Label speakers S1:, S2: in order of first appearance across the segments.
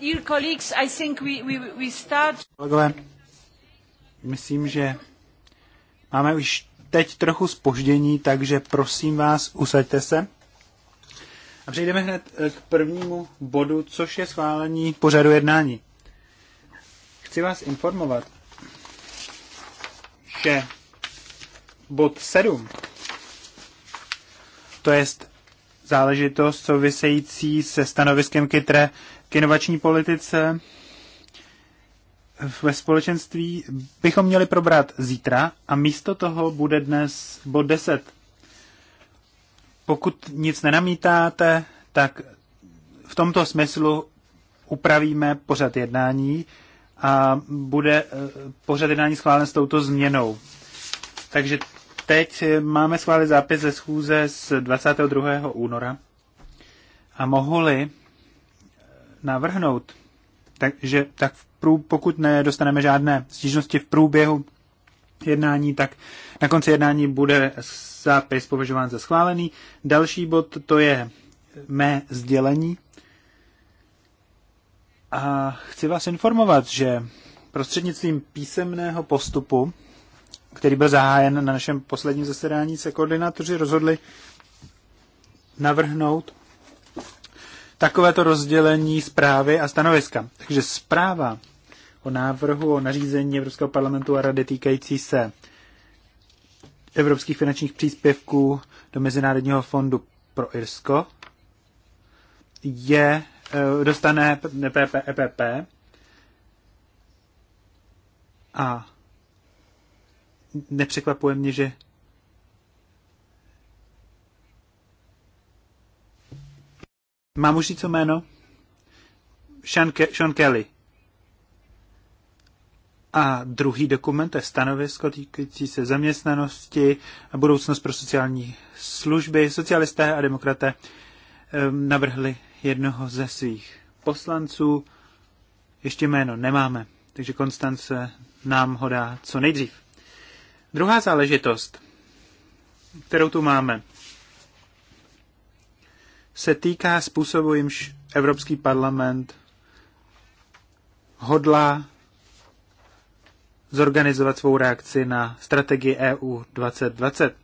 S1: Dear colleagues, I think we, we, we start...
S2: Kolegové, myslím, že máme už teď trochu spoždění, takže prosím vás, usaďte se. A přejdeme hned eh, k prvnímu bodu, což je schválení pořadu jednání. Chci vás informovat, že bod 7, to jest záležitost související se stanoviskem kytre k inovační politice ve společenství bychom měli probrat zítra a místo toho bude dnes bod 10. Pokud nic nenamítáte, tak v tomto smyslu upravíme pořad jednání a bude eh, pořad jednání schválen s touto změnou. Takže teď eh, máme schválit zápis ze schůze z 22. února. A mohu-li eh, navrhnout, že tak v prů, pokud nedostaneme žádné stížnosti v průběhu jednání, tak na konci jednání bude zápis považován za schválený. Další bod to je mé sdělení. A chci vás informovat, že prostřednictvím písemného postupu který byl zahájen na našem posledním zasedání, se koordinátoři rozhodli navrhnout takovéto rozdělení zprávy a stanoviska. Takže zpráva o návrhu o nařízení Evropského parlamentu a rady týkající se evropských finančních příspěvků do Mezinárodního fondu pro Irsko je, eh, dostane EPP a nepřekvapuje mě, že Mám už říct jméno? Sean, Ke- Sean Kelly. A druhý dokument je stanovisko týkající se zaměstnanosti a budoucnost pro sociální služby. Socialisté a demokraté ehm, navrhli jednoho ze svých poslanců. Ještě jméno nemáme, takže Konstance nám ho dá co nejdřív. Druhá záležitost, kterou tu máme, se týká způsobu, jimž Evropský parlament hodlá zorganizovat svou reakci na strategii EU 2020.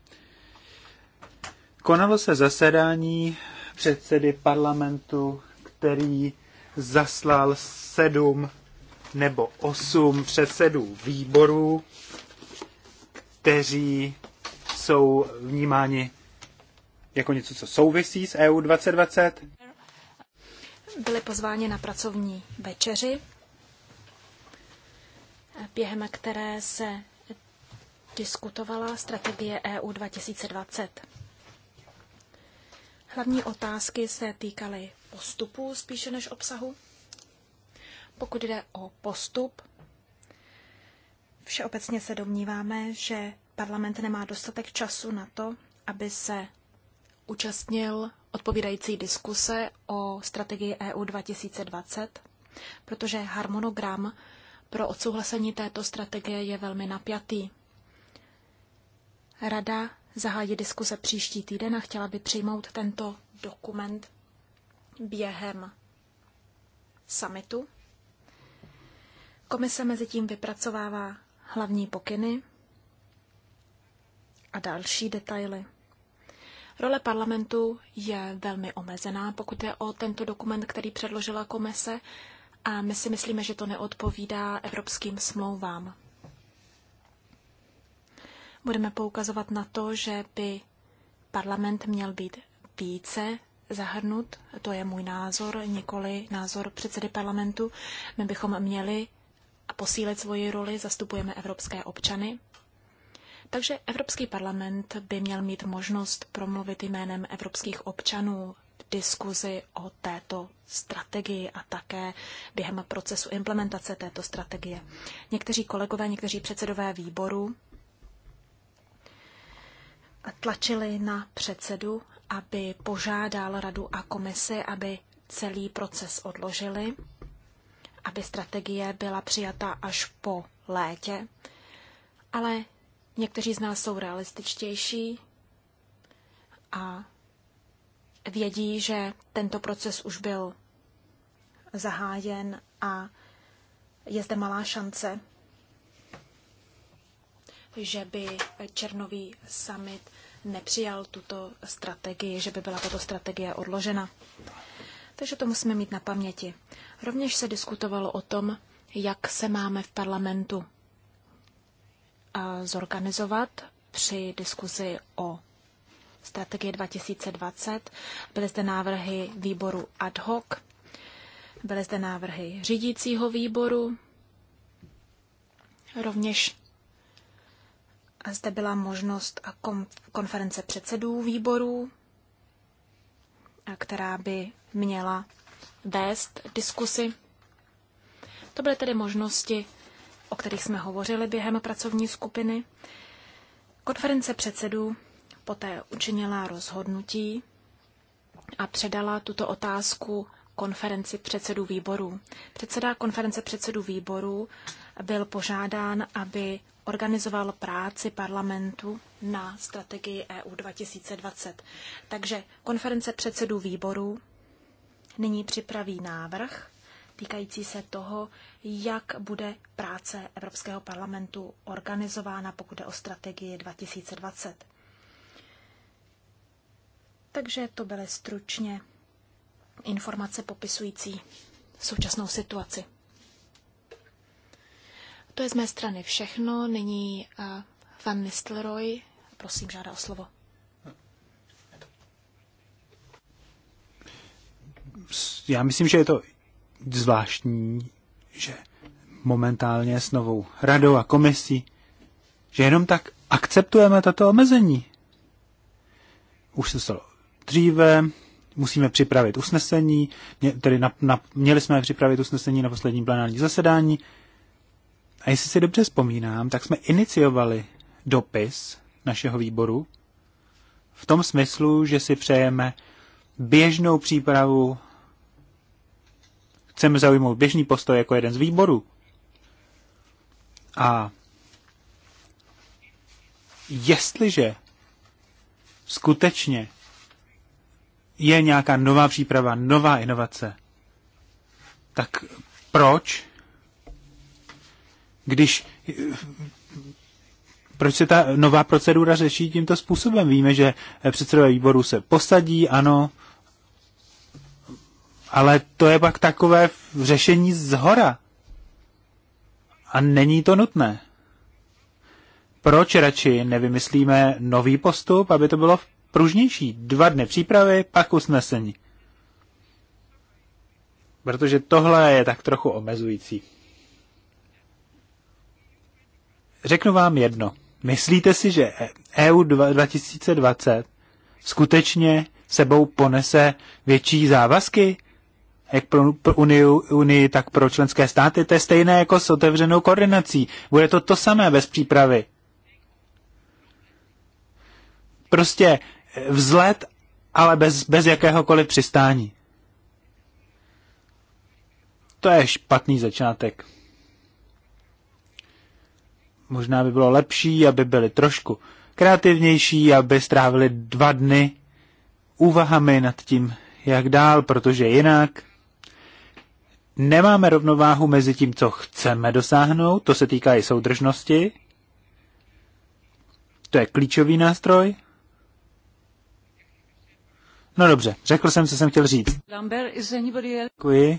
S2: Konalo se zasedání předsedy parlamentu, který zaslal sedm nebo osm předsedů výborů kteří jsou vnímáni jako něco, co souvisí s EU 2020.
S1: Byli pozváni na pracovní večeři, během které se diskutovala strategie EU 2020. Hlavní otázky se týkaly postupu spíše než obsahu. Pokud jde o postup, Všeobecně se domníváme, že parlament nemá dostatek času na to, aby se účastnil odpovídající diskuse o strategii EU 2020, protože harmonogram pro odsouhlasení této strategie je velmi napjatý. Rada zahájí diskuse příští týden a chtěla by přijmout tento dokument během summitu. Komise mezi tím vypracovává hlavní pokyny a další detaily. Role parlamentu je velmi omezená, pokud je o tento dokument, který předložila komise, a my si myslíme, že to neodpovídá evropským smlouvám. Budeme poukazovat na to, že by parlament měl být více zahrnut, to je můj názor, nikoli názor předsedy parlamentu. My bychom měli a posílit svoji roli, zastupujeme evropské občany. Takže Evropský parlament by měl mít možnost promluvit jménem evropských občanů v diskuzi o této strategii a také během procesu implementace této strategie. Někteří kolegové, někteří předsedové výboru tlačili na předsedu, aby požádal radu a komisi, aby celý proces odložili aby strategie byla přijata až po létě, ale někteří z nás jsou realističtější a vědí, že tento proces už byl zahájen a je zde malá šance, že by černový summit nepřijal tuto strategii, že by byla tato strategie odložena takže to musíme mít na paměti. Rovněž se diskutovalo o tom, jak se máme v parlamentu zorganizovat při diskuzi o strategii 2020. Byly zde návrhy výboru ad hoc, byly zde návrhy řídícího výboru, rovněž zde byla možnost konference předsedů výborů která by měla vést diskusy. To byly tedy možnosti, o kterých jsme hovořili během pracovní skupiny. Konference předsedů poté učinila rozhodnutí a předala tuto otázku konferenci předsedů výborů. Předseda konference předsedů výborů byl požádán, aby organizoval práci parlamentu na strategii EU 2020. Takže konference předsedů výborů nyní připraví návrh týkající se toho, jak bude práce Evropského parlamentu organizována, pokud je o strategii 2020. Takže to byly stručně informace popisující současnou situaci. To je z mé strany všechno. Nyní eh, Van Nistelrooy, prosím, žádá o slovo.
S2: Já myslím, že je to zvláštní, že momentálně s novou radou a komisí, že jenom tak akceptujeme tato omezení. Už se stalo dříve, musíme připravit usnesení, mě, tedy na, na, měli jsme připravit usnesení na poslední plenární zasedání, a jestli si dobře vzpomínám, tak jsme iniciovali dopis našeho výboru v tom smyslu, že si přejeme běžnou přípravu, chceme zaujmout běžný postoj jako jeden z výborů. A jestliže skutečně je nějaká nová příprava, nová inovace, tak proč když proč se ta nová procedura řeší tímto způsobem? Víme, že předsedové výboru se posadí, ano, ale to je pak takové řešení z hora. A není to nutné. Proč radši nevymyslíme nový postup, aby to bylo pružnější? Dva dny přípravy, pak usnesení. Protože tohle je tak trochu omezující. Řeknu vám jedno. Myslíte si, že EU 2020 skutečně sebou ponese větší závazky? Jak pro, pro Unii, Unii, tak pro členské státy. To je stejné jako s otevřenou koordinací. Bude to to samé bez přípravy. Prostě vzlet, ale bez, bez jakéhokoliv přistání. To je špatný začátek. Možná by bylo lepší, aby byli trošku kreativnější, aby strávili dva dny úvahami nad tím, jak dál, protože jinak nemáme rovnováhu mezi tím, co chceme dosáhnout, to se týká i soudržnosti, to je klíčový nástroj. No dobře, řekl jsem, co jsem chtěl říct. Děkuji.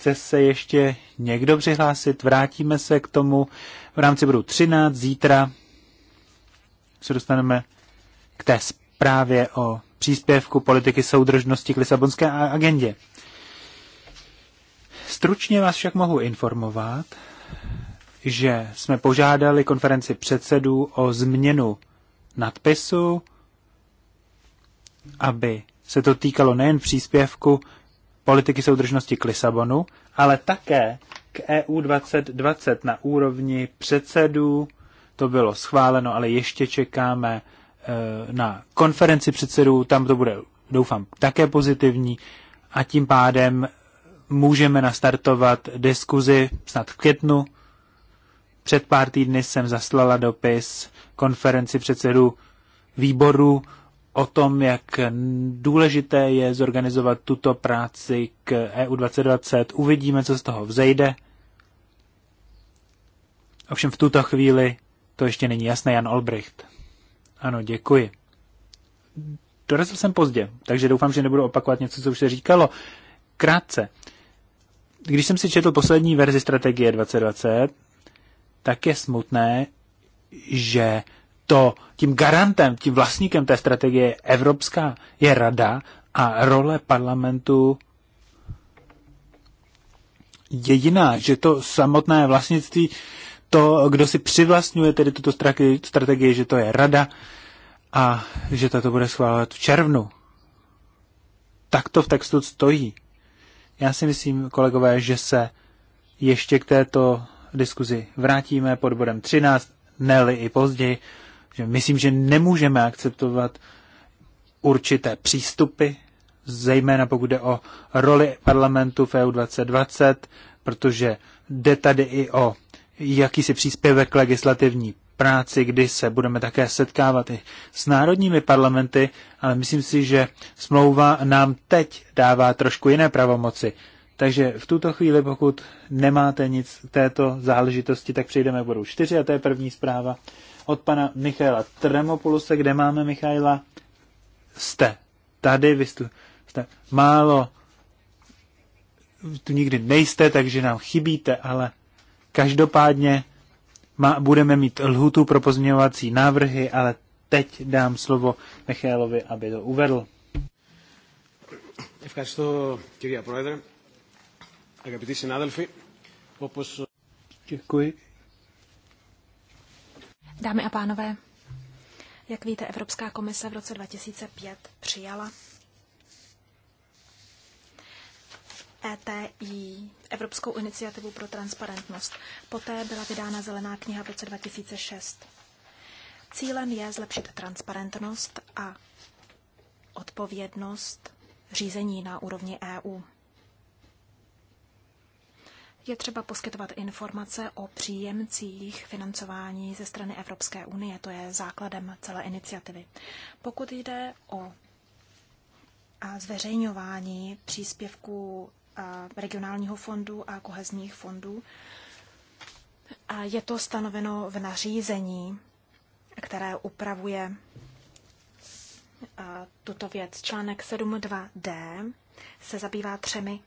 S2: Chce se ještě někdo přihlásit? Vrátíme se k tomu v rámci bodu 13. Zítra se dostaneme k té zprávě o příspěvku politiky soudržnosti k Lisabonské agendě. Stručně vás však mohu informovat, že jsme požádali konferenci předsedů o změnu nadpisu, aby se to týkalo nejen příspěvku politiky soudržnosti k Lisabonu, ale také k EU 2020 na úrovni předsedů. To bylo schváleno, ale ještě čekáme e, na konferenci předsedů, tam to bude, doufám, také pozitivní a tím pádem můžeme nastartovat diskuzi snad v květnu. Před pár týdny jsem zaslala dopis konferenci předsedů výboru o tom, jak důležité je zorganizovat tuto práci k EU 2020. Uvidíme, co z toho vzejde. Ovšem v tuto chvíli to ještě není jasné, Jan Olbricht. Ano, děkuji. Dorazil jsem pozdě, takže doufám, že nebudu opakovat něco, co už se říkalo. Krátce. Když jsem si četl poslední verzi strategie 2020, tak je smutné, že to, tím garantem, tím vlastníkem té strategie je Evropská je rada a role parlamentu je jiná, že to samotné vlastnictví, to, kdo si přivlastňuje tedy tuto strategii, že to je rada a že to bude schválovat v červnu. Tak to v textu stojí. Já si myslím, kolegové, že se ještě k této diskuzi vrátíme pod bodem 13, neli i později, Myslím, že nemůžeme akceptovat určité přístupy, zejména pokud jde o roli parlamentu v EU 2020, protože jde tady i o jakýsi příspěvek legislativní práci, kdy se budeme také setkávat i s národními parlamenty, ale myslím si, že smlouva nám teď dává trošku jiné pravomoci. Takže v tuto chvíli, pokud nemáte nic k této záležitosti, tak přejdeme k bodu 4 a to je první zpráva od pana Michaela Tremopulose, kde máme Michaela. Jste tady, vy jste, jste málo, tu nikdy nejste, takže nám chybíte, ale každopádně má, budeme mít lhutu pro pozměňovací návrhy, ale teď dám slovo Michailovi, aby to uvedl. Ευχαριστώ κυρία Πρόεδρε, αγαπητοί συνάδελφοι, όπως... Děkuji,
S1: Dámy a pánové, jak víte, Evropská komise v roce 2005 přijala ETI, Evropskou iniciativu pro transparentnost. Poté byla vydána zelená kniha v roce 2006. Cílem je zlepšit transparentnost a odpovědnost řízení na úrovni EU je třeba poskytovat informace o příjemcích financování ze strany Evropské unie. To je základem celé iniciativy. Pokud jde o zveřejňování příspěvků regionálního fondu a kohezních fondů, je to stanoveno v nařízení, které upravuje tuto věc. Článek 7.2d se zabývá třemi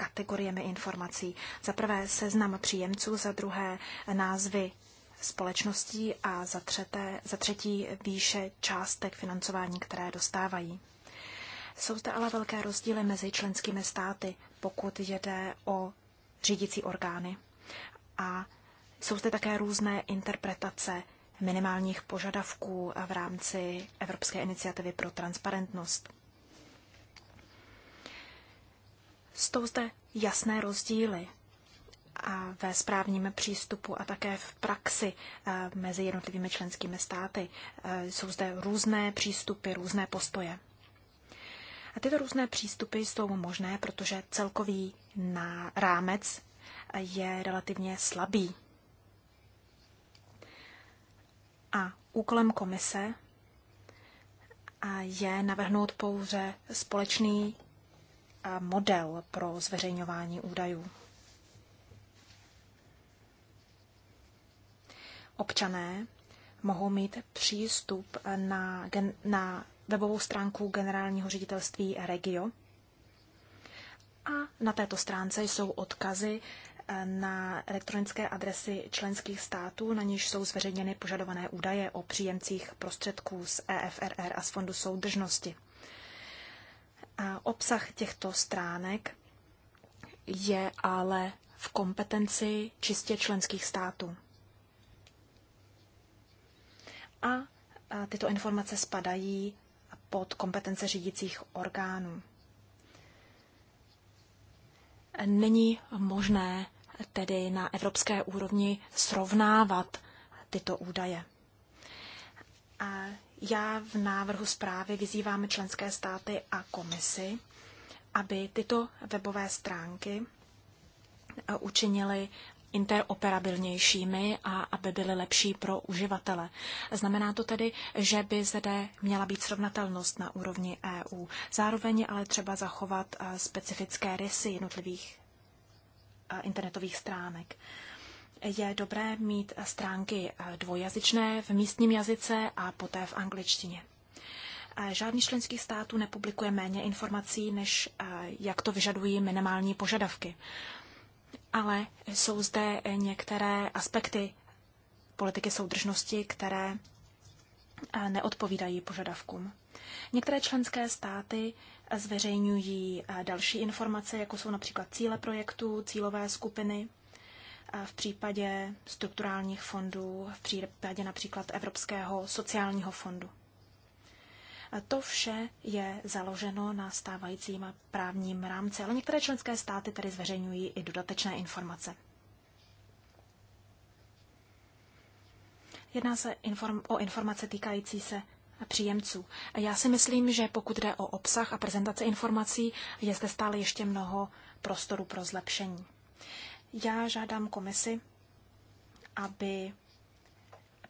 S1: kategoriemi informací. Za prvé seznam příjemců, za druhé názvy společností a za, třeté, za třetí výše částek financování, které dostávají. Jsou zde ale velké rozdíly mezi členskými státy, pokud jde o řídící orgány. A jsou zde také různé interpretace minimálních požadavků v rámci Evropské iniciativy pro transparentnost. Jsou zde jasné rozdíly a ve správním přístupu a také v praxi e, mezi jednotlivými členskými státy. E, jsou zde různé přístupy, různé postoje. A tyto různé přístupy jsou možné, protože celkový na rámec je relativně slabý. A úkolem komise je navrhnout pouze společný model pro zveřejňování údajů. Občané mohou mít přístup na, gen, na webovou stránku generálního ředitelství Regio. A na této stránce jsou odkazy eh, na elektronické adresy členských států, na níž jsou zveřejněny požadované údaje o příjemcích prostředků z EFRR a z Fondu soudržnosti. Obsah těchto stránek je ale v kompetenci čistě členských států. A tyto informace spadají pod kompetence řídících orgánů. Není možné tedy na evropské úrovni srovnávat tyto údaje. A já v návrhu zprávy vyzývám členské státy a komisi, aby tyto webové stránky eh, učinily interoperabilnějšími a aby byly lepší pro uživatele. Znamená to tedy, že by zde měla být srovnatelnost na úrovni EU. Zároveň ale třeba zachovat eh, specifické rysy jednotlivých eh, internetových stránek je dobré mít stránky eh, dvojazyčné v místním jazyce a poté v angličtině. Eh, žádný členský států nepublikuje méně informací, než eh, jak to vyžadují minimální požadavky. Ale jsou zde některé aspekty politiky soudržnosti, které neodpovídají požadavkům. Některé členské státy zveřejňují další informace, jako jsou například cíle projektu, cílové skupiny v případě strukturálních fondů, v případě například Evropského sociálního fondu. A to vše je založeno na stávajícím právním rámci, ale některé členské státy tedy zveřejňují i dodatečné informace. Jedná se inform- o informace týkající se příjemců. Já si myslím, že pokud jde o obsah a prezentaci informací, je zde stále ještě mnoho prostoru pro zlepšení. Já žádám komisi, aby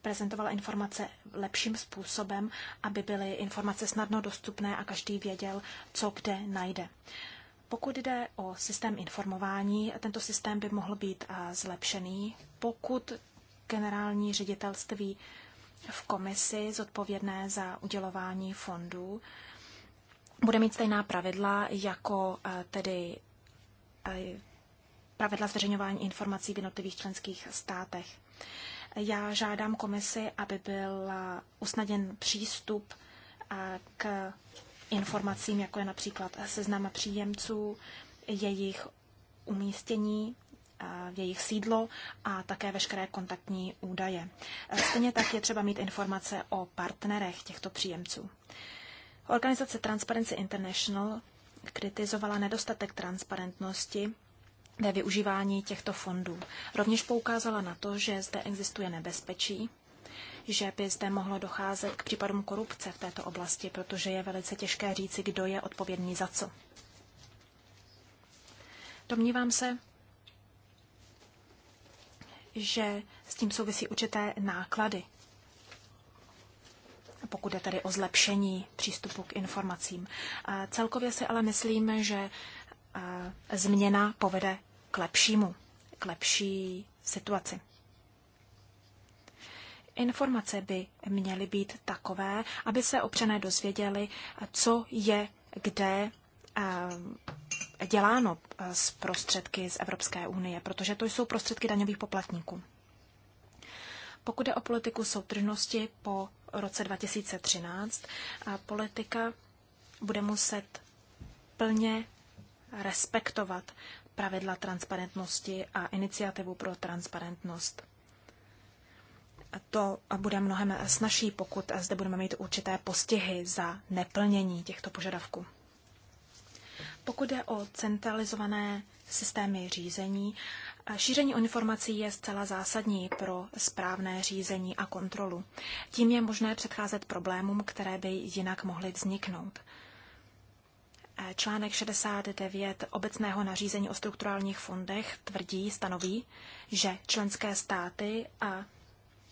S1: prezentovala informace lepším způsobem, aby byly informace snadno dostupné a každý věděl, co kde najde. Pokud jde o systém informování, tento systém by mohl být zlepšený, pokud generální ředitelství v komisi zodpovědné za udělování fondů bude mít stejná pravidla jako tedy pravidla zveřejňování informací v jednotlivých členských státech. Já žádám komisi, aby byl usnaděn přístup k informacím, jako je například seznam příjemců, jejich umístění, jejich sídlo a také veškeré kontaktní údaje. Stejně tak je třeba mít informace o partnerech těchto příjemců. Organizace Transparency International kritizovala nedostatek transparentnosti ve využívání těchto fondů. Rovněž poukázala na to, že zde existuje nebezpečí, že by zde mohlo docházet k případům korupce v této oblasti, protože je velice těžké říci, kdo je odpovědný za co. Domnívám se, že s tím souvisí určité náklady, pokud je tedy o zlepšení přístupu k informacím. Celkově si ale myslím, že změna povede k lepšímu, k lepší situaci. Informace by měly být takové, aby se občané dozvěděli, co je kde eh, děláno z eh, prostředky z Evropské unie, protože to jsou prostředky daňových poplatníků. Pokud je o politiku soudržnosti po roce 2013, eh, politika bude muset plně respektovat pravidla transparentnosti a iniciativu pro transparentnost. To bude mnohem snažší, pokud zde budeme mít určité postihy za neplnění těchto požadavků. Pokud jde o centralizované systémy řízení, šíření informací je zcela zásadní pro správné řízení a kontrolu. Tím je možné předcházet problémům, které by jinak mohly vzniknout. Článek 69 obecného nařízení o strukturálních fondech tvrdí, stanoví, že členské státy a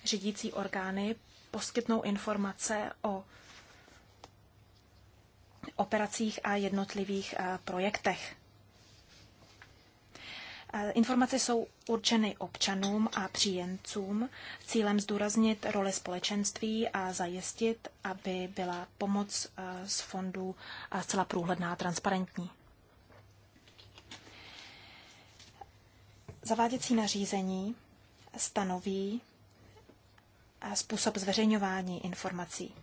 S1: řídící orgány poskytnou informace o operacích a jednotlivých eh, projektech. Eh, informace jsou určeny občanům a příjemcům cílem zdůraznit roli společenství a zajistit, aby byla pomoc eh, z fondů eh, zcela průhledná a transparentní. Zaváděcí nařízení stanoví způsob zveřejňování informací.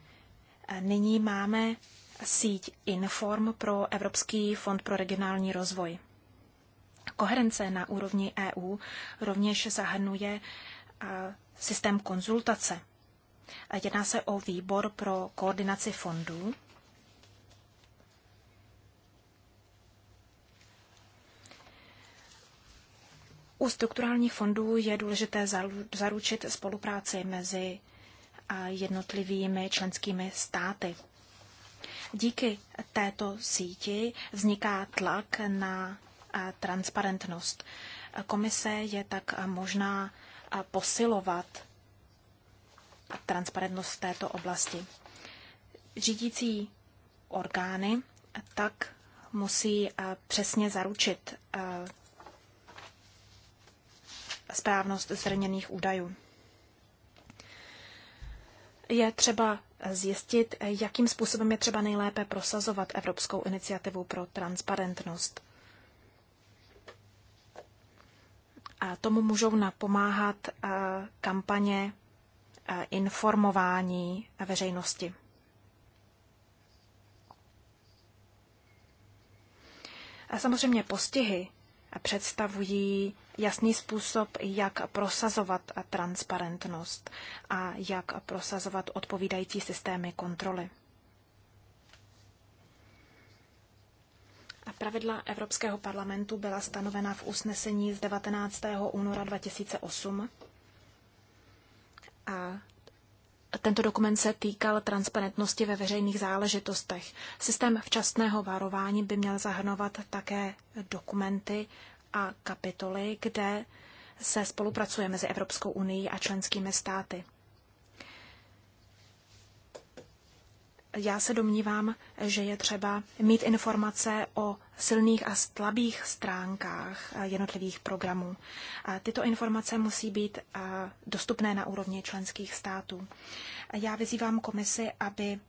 S1: Nyní máme síť Inform pro Evropský fond pro regionální rozvoj. Koherence na úrovni EU rovněž zahrnuje eh, systém konzultace. Jedná se o výbor pro koordinaci fondů. U strukturálních fondů je důležité zaručit spolupráci mezi eh, jednotlivými členskými státy. Díky této síti vzniká tlak na transparentnost. Komise je tak možná posilovat transparentnost v této oblasti. Řídící orgány tak musí přesně zaručit správnost zraněných údajů. Je třeba zjistit, jakým způsobem je třeba nejlépe prosazovat Evropskou iniciativu pro transparentnost. A tomu můžou napomáhat eh, kampaně eh, informování veřejnosti. A samozřejmě postihy představují jasný způsob, jak prosazovat transparentnost a jak prosazovat odpovídající systémy kontroly. Pravidla Evropského parlamentu byla stanovena v usnesení z 19. února 2008 a tento dokument se týkal transparentnosti ve veřejných záležitostech. Systém včasného varování by měl zahrnovat také dokumenty a kapitoly, kde se spolupracuje mezi Evropskou unii a členskými státy. já se domnívám, že je třeba mít informace o silných a slabých stránkách eh, jednotlivých programů. Tyto informace musí být eh, dostupné na úrovni členských států. Já vyzývám komisi, aby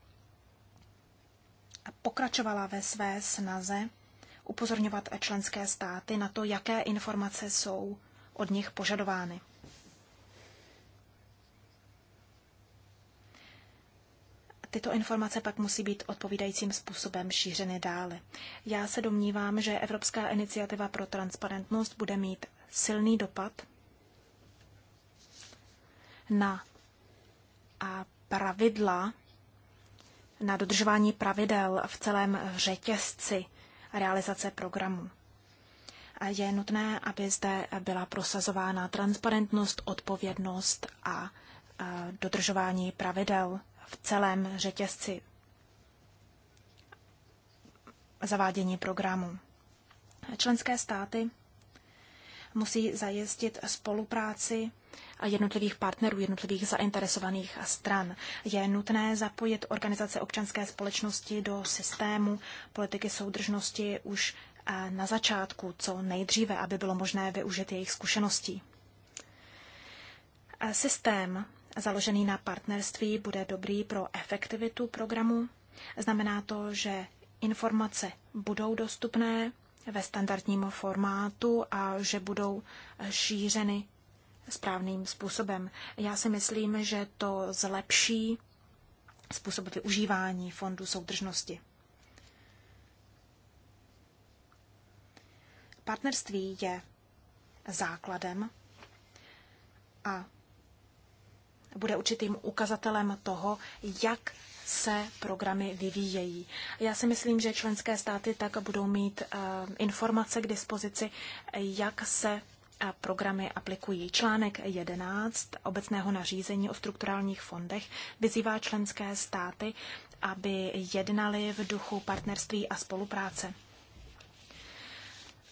S1: pokračovala ve své snaze upozorňovat členské státy na to, jaké informace jsou od nich požadovány. tyto informace pak musí být odpovídajícím způsobem šířeny dále. Já se domnívám, že Evropská iniciativa pro transparentnost bude mít silný dopad na a pravidla, na dodržování pravidel v celém řetězci realizace programu. Je nutné, aby zde byla prosazována transparentnost, odpovědnost a dodržování pravidel v celém řetězci zavádění programu. Členské státy musí zajistit spolupráci jednotlivých partnerů, jednotlivých zainteresovaných stran. Je nutné zapojit organizace občanské společnosti do systému politiky soudržnosti už eh, na začátku, co nejdříve, aby bylo možné využít jejich zkušeností. Eh, systém založený na partnerství bude dobrý pro efektivitu programu. Znamená to, že informace budou dostupné ve standardním formátu a že budou šířeny správným způsobem. Já si myslím, že to zlepší způsob využívání fondu soudržnosti. Partnerství je základem a bude určitým ukazatelem toho, jak se programy vyvíjejí. Já si myslím, že členské státy tak budou mít eh, informace k dispozici, jak se a eh, programy aplikují. Článek 11 obecného nařízení o strukturálních fondech vyzývá členské státy, aby jednali v duchu partnerství a spolupráce.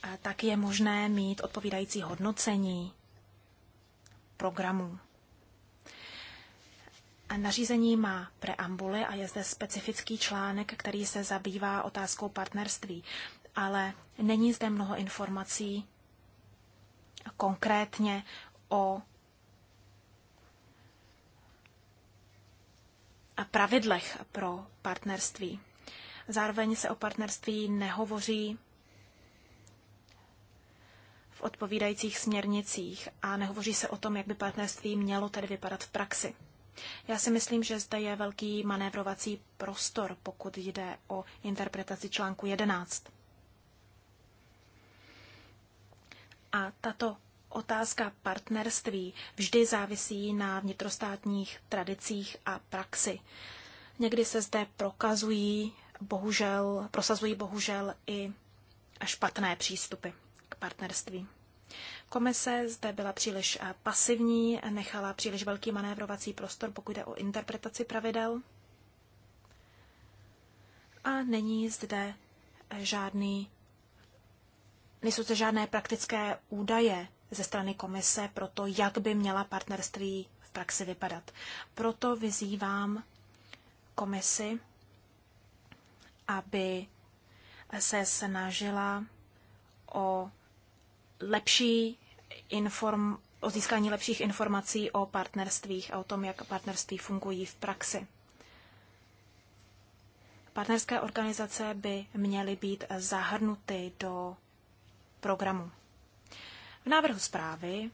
S1: A eh, tak je možné mít odpovídající hodnocení programů. Nařízení má preambule a je zde specifický článek, který se zabývá otázkou partnerství, ale není zde mnoho informací konkrétně o pravidlech pro partnerství. Zároveň se o partnerství nehovoří v odpovídajících směrnicích a nehovoří se o tom, jak by partnerství mělo tedy vypadat v praxi. Já si myslím, že zde je velký manévrovací prostor, pokud jde o interpretaci článku 11. A tato otázka partnerství vždy závisí na vnitrostátních tradicích a praxi. Někdy se zde prokazují, bohužel, prosazují bohužel i špatné přístupy k partnerství. Komise zde byla příliš eh, pasivní, nechala příliš velký manévrovací prostor, pokud jde o interpretaci pravidel. A není zde eh, žádný, nejsou zde žádné praktické údaje ze strany komise pro to, jak by měla partnerství v praxi vypadat. Proto vyzývám komisi, aby se snažila o lepší inform, o získání lepších informací o partnerstvích a o tom, jak partnerství fungují v praxi. Partnerské organizace by měly být zahrnuty do programu. V návrhu zprávy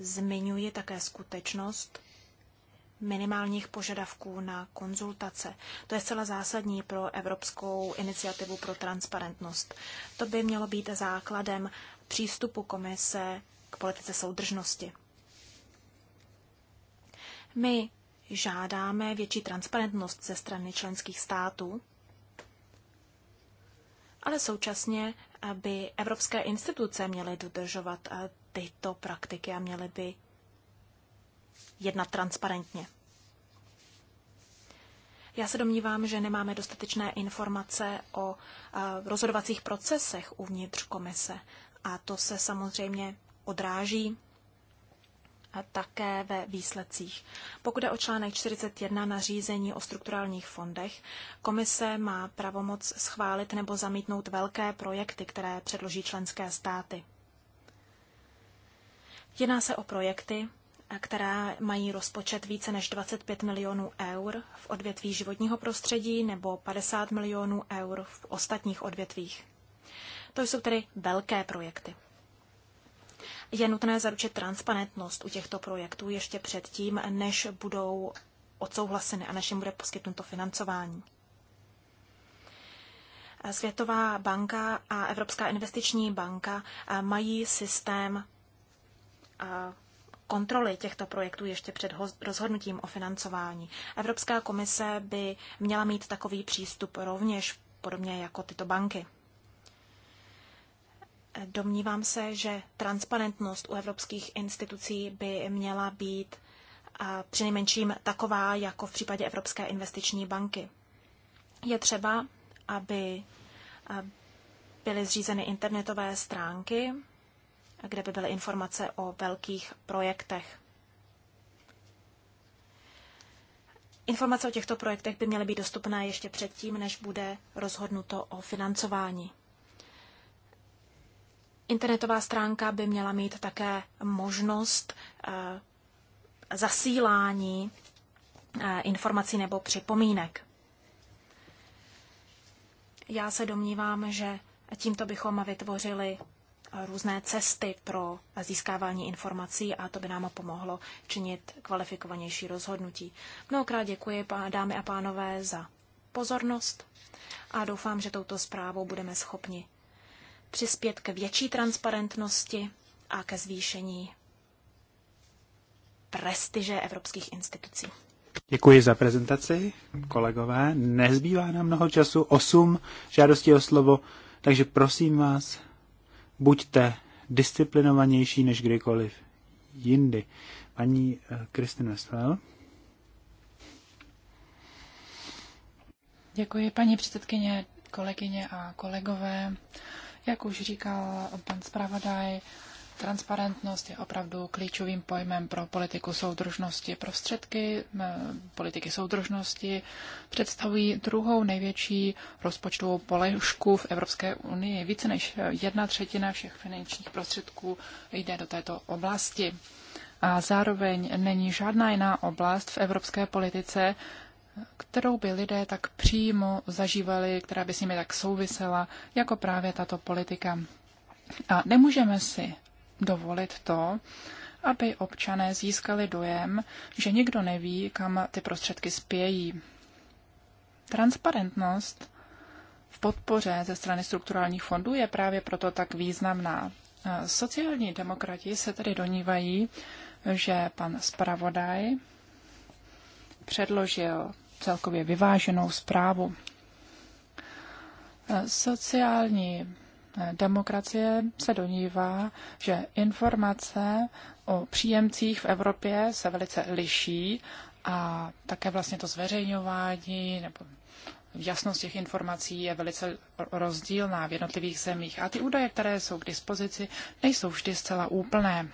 S1: zmiňuji také skutečnost minimálních požadavků na konzultace. To je zcela zásadní pro Evropskou iniciativu pro transparentnost. To by mělo být základem přístupu komise k politice soudržnosti. My žádáme větší transparentnost ze strany členských států, ale současně by evropské instituce měly dodržovat eh, tyto praktiky a měly by jednat transparentně. Já se domnívám, že nemáme dostatečné informace o eh, rozhodovacích procesech uvnitř komise a to se samozřejmě odráží a také ve výsledcích. Pokud je o článek 41 nařízení o strukturálních fondech, komise má pravomoc schválit nebo zamítnout velké projekty, které předloží členské státy. Jedná se o projekty, která mají rozpočet více než 25 milionů eur v odvětví životního prostředí nebo 50 milionů eur v ostatních odvětvích. To jsou tedy velké projekty. Je nutné zaručit transparentnost u těchto projektů ještě předtím, než budou odsouhlaseny a než jim bude poskytnuto financování. Světová banka a Evropská investiční banka eh, mají systém eh, kontroly těchto projektů ještě před rozhodnutím o financování. Evropská komise by měla mít takový přístup rovněž podobně jako tyto banky. Domnívám se, že transparentnost u evropských institucí by měla být přinejmenším taková, jako v případě Evropské investiční banky. Je třeba, aby byly zřízeny internetové stránky, kde by byly informace o velkých projektech. Informace o těchto projektech by měly být dostupné ještě předtím, než bude rozhodnuto o financování. Internetová stránka by měla mít také možnost eh, zasílání eh, informací nebo připomínek. Já se domnívám, že tímto bychom vytvořili eh, různé cesty pro získávání informací a to by nám pomohlo činit kvalifikovanější rozhodnutí. Mnohokrát děkuji, dámy a pánové, za pozornost a doufám, že touto zprávou budeme schopni přispět k větší transparentnosti a ke zvýšení prestiže evropských institucí.
S2: Děkuji za prezentaci, kolegové. Nezbývá nám mnoho času, osm žádostí o slovo, takže prosím vás, buďte disciplinovanější než kdykoliv jindy. Paní eh, Kristin Westphal.
S3: Děkuji, paní předsedkyně, kolegyně a kolegové. Jak už říkal pan zpravodaj, transparentnost je opravdu klíčovým pojmem pro politiku soudržnosti. Prostředky eh, politiky soudržnosti představují druhou největší rozpočtovou položku v Evropské unii. Více než jedna třetina všech finančních prostředků jde do této oblasti. A zároveň není žádná jiná oblast v evropské politice, kterou by lidé tak přímo zažívali, která by s nimi tak souvisela, jako právě tato politika. A nemůžeme si dovolit to, aby občané získali dojem, že nikdo neví, kam ty prostředky spějí. Transparentnost v podpoře ze strany strukturálních fondů je právě proto tak významná. Sociální demokrati se tedy donívají, že pan zpravodaj předložil celkově vyváženou zprávu. Eh, sociální eh, demokracie se domnívá, že informace o příjemcích v Evropě se velice liší a také vlastně to zveřejňování nebo jasnost těch informací je velice rozdílná v jednotlivých zemích a ty údaje, které jsou k dispozici, nejsou vždy zcela úplné.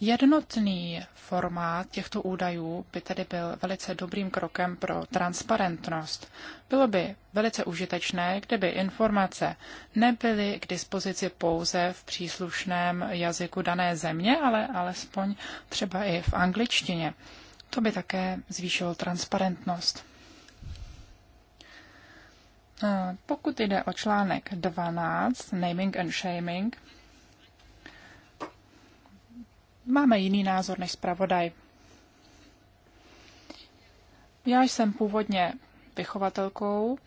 S3: Jednotný formát těchto údajů by tedy byl velice dobrým krokem pro transparentnost. Bylo by velice užitečné, kdyby informace nebyly k dispozici pouze v příslušném jazyku dané země, ale alespoň třeba i v angličtině. To by také zvýšilo transparentnost. Pokud jde o článek 12, naming and shaming, máme jiný názor než zpravodaj. Já jsem původně vychovatelkou,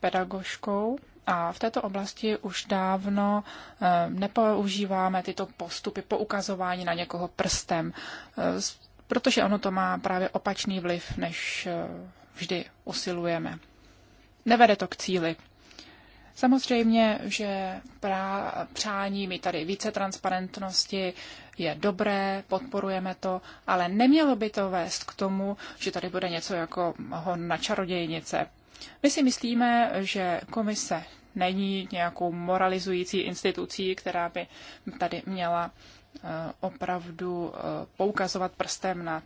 S3: pedagoškou a v této oblasti už dávno eh, nepoužíváme tyto postupy ukazování na někoho prstem, eh, protože ono to má právě opačný vliv, než eh, vždy usilujeme. Nevede to k cíli. Samozřejmě, že prá, přání mi tady více transparentnosti je dobré, podporujeme to, ale nemělo by to vést k tomu, že tady bude něco jako hon na čarodějnice. My si myslíme, že komise není nějakou moralizující institucí, která by tady měla eh, opravdu eh, poukazovat prstem na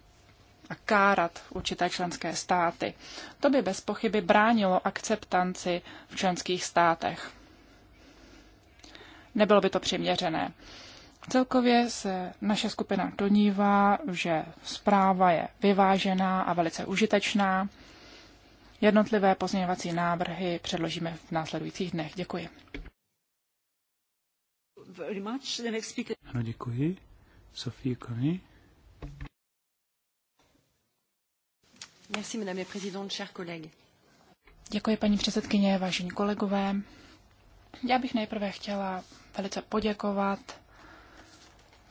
S3: a kárat určité členské státy. To by bez pochyby bránilo akceptanci v členských státech. Nebylo by to přiměřené. Celkově se naše skupina donívá, že zpráva je vyvážená a velice užitečná. Jednotlivé pozměňovací návrhy předložíme v následujících dnech. Děkuji.
S2: Ano, děkuji. Sofie Kony.
S4: Merci, madame la présidente, chers collègues.
S3: Děkuji, paní předsedkyně, vážení kolegové. Já bych nejprve chtěla velice poděkovat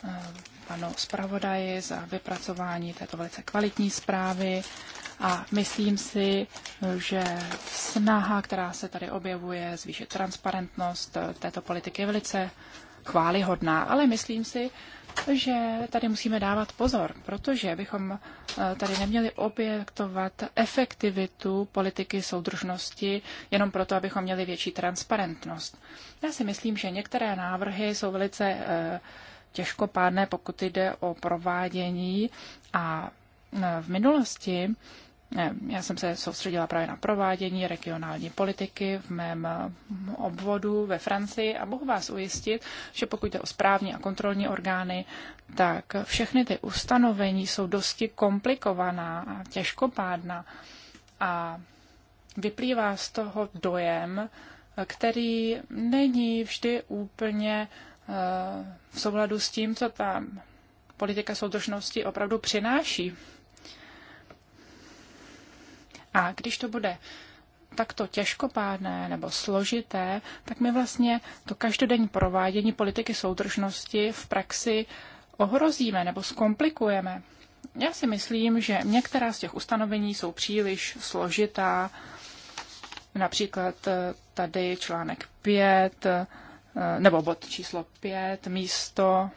S3: eh, panu zpravodaji za vypracování této velice kvalitní zprávy a myslím si, že snaha, která se tady objevuje, zvýšit transparentnost eh, této politiky je velice chválihodná, ale myslím si, že tady musíme dávat pozor, protože bychom eh, tady neměli objektovat efektivitu politiky soudržnosti jenom proto, abychom měli větší transparentnost. Já si myslím, že některé návrhy jsou velice eh, těžkopádné, pokud jde o provádění a eh, v minulosti já jsem se soustředila právě na provádění regionální politiky v mém eh, obvodu ve Francii a mohu vás ujistit, že pokud jde o správní a kontrolní orgány, tak všechny ty ustanovení jsou dosti komplikovaná a těžkopádná a vyplývá z toho dojem, který není vždy úplně eh, v souladu s tím, co ta politika soudržnosti opravdu přináší a když to bude takto těžkopádné nebo složité, tak my vlastně to každodenní provádění politiky soudržnosti v praxi ohrozíme nebo zkomplikujeme. Já si myslím, že některá z těch ustanovení jsou příliš složitá, například eh, tady článek 5 eh, nebo bod číslo 5, místo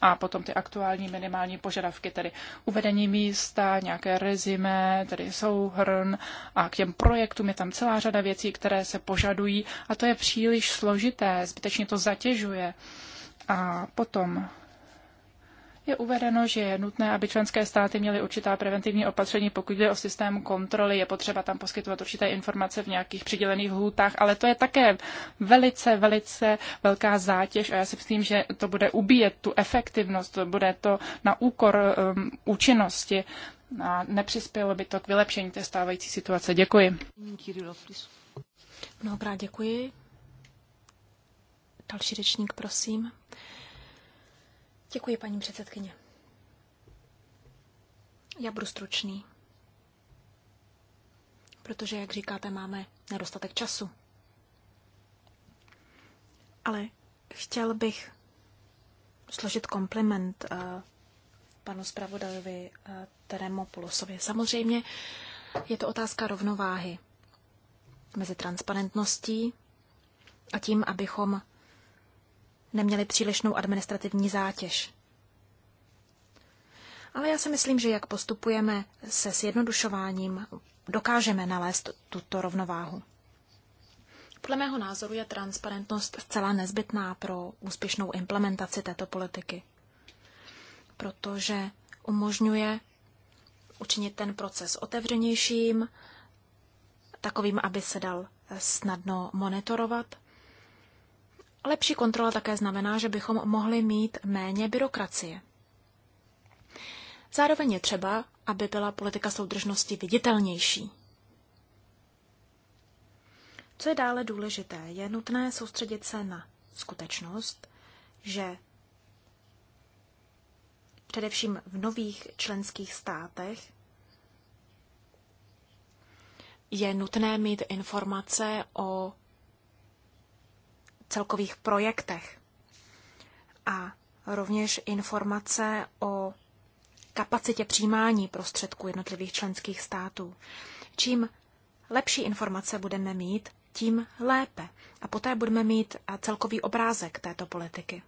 S3: a potom ty aktuální minimální požadavky, tedy uvedení místa, nějaké rezime, tedy souhrn a k těm projektům je tam celá řada věcí, které se požadují a to je příliš složité, zbytečně to zatěžuje. A potom je uvedeno, že je nutné, aby členské státy měly určitá preventivní opatření, pokud jde o systém kontroly, je potřeba tam poskytovat určité informace v nějakých přidělených hůtách, ale to je také velice, velice velká zátěž a já si myslím, že to bude ubíjet tu efektivnost, to bude to na úkor um, účinnosti a nepřispělo by to k vylepšení té stávající situace. Děkuji. Mnohokrát děkuji.
S1: Další řečník, prosím. Děkuji, paní předsedkyně. Já budu stručný, protože, jak říkáte, máme nedostatek času. Ale chtěl bych složit kompliment eh, panu zpravodajovi eh, Teremopoulosovi. Samozřejmě je to otázka rovnováhy mezi transparentností a tím, abychom neměli přílišnou administrativní zátěž. Ale já si myslím, že jak postupujeme se sjednodušováním, dokážeme nalézt tuto rovnováhu. Podle mého názoru je transparentnost zcela nezbytná pro úspěšnou implementaci této politiky, protože umožňuje učinit ten proces otevřenějším, takovým, aby se dal snadno monitorovat Lepší kontrola také znamená, že bychom mohli mít méně byrokracie. Zároveň je třeba, aby byla politika soudržnosti viditelnější. Co je dále důležité, je nutné soustředit se na skutečnost, že především v nových členských státech je nutné mít informace o celkových projektech a rovněž informace o kapacitě přijímání prostředků jednotlivých členských států. Čím lepší informace budeme mít, tím lépe. A poté budeme mít celkový obrázek této politiky.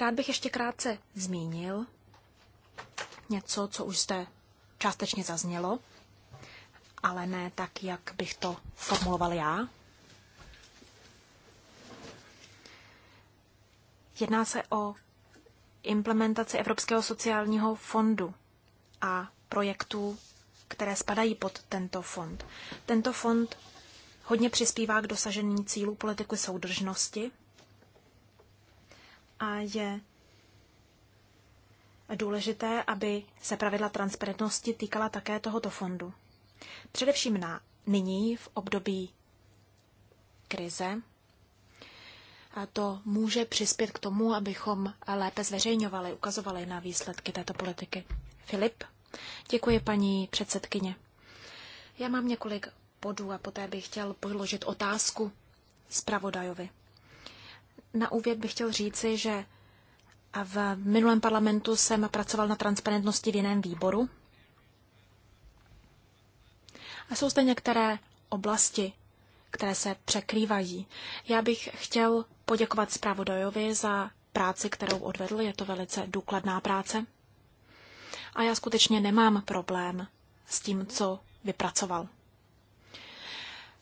S1: Rád bych ještě krátce zmínil něco, co už zde částečně zaznělo, ale ne tak, jak bych to formuloval já. Jedná se o implementaci Evropského sociálního fondu a projektů, které spadají pod tento fond. Tento fond hodně přispívá k dosažení cílů politiky soudržnosti a je důležité, aby se pravidla transparentnosti týkala také tohoto fondu. Především na nyní v období krize to může přispět k tomu, abychom lépe zveřejňovali, ukazovali na výsledky této politiky. Filip? Děkuji, paní předsedkyně. Já mám několik bodů a poté bych chtěl položit otázku zpravodajovi. Na úvěd bych chtěl říci, že v minulém parlamentu jsem pracoval na transparentnosti v jiném výboru. A jsou zde některé oblasti, které se překrývají. Já bych chtěl poděkovat zpravodajovi za práci, kterou odvedl. Je to velice důkladná práce. A já skutečně nemám problém s tím, co vypracoval.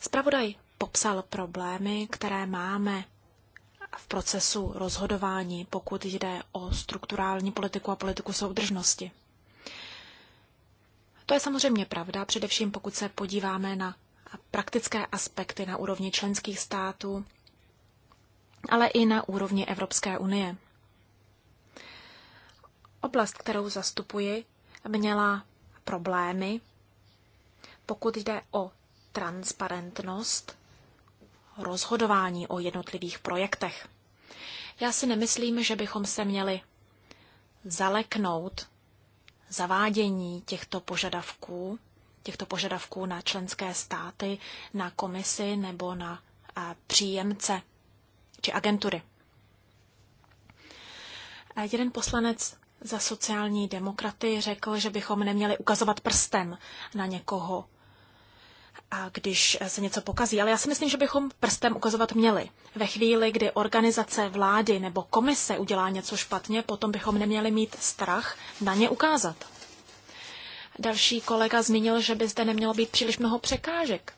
S1: Spravodaj popsal problémy, které máme v procesu rozhodování, pokud jde o strukturální politiku a politiku soudržnosti. To je samozřejmě pravda, především pokud se podíváme na praktické aspekty na úrovni členských států, ale i na úrovni Evropské unie. Oblast, kterou zastupuji, měla problémy, pokud jde o transparentnost rozhodování o jednotlivých projektech. Já si nemyslím, že bychom se měli zaleknout zavádění těchto požadavků těchto požadavků na členské státy, na komisi nebo na eh, příjemce či agentury. Eh, jeden poslanec za sociální demokraty řekl, že bychom neměli ukazovat prstem na někoho, a když se něco pokazí. Ale já si myslím, že bychom prstem ukazovat měli. Ve chvíli, kdy organizace vlády nebo komise udělá něco špatně, potom bychom neměli mít strach na ně ukázat. Další kolega zmínil, že by zde nemělo být příliš mnoho překážek,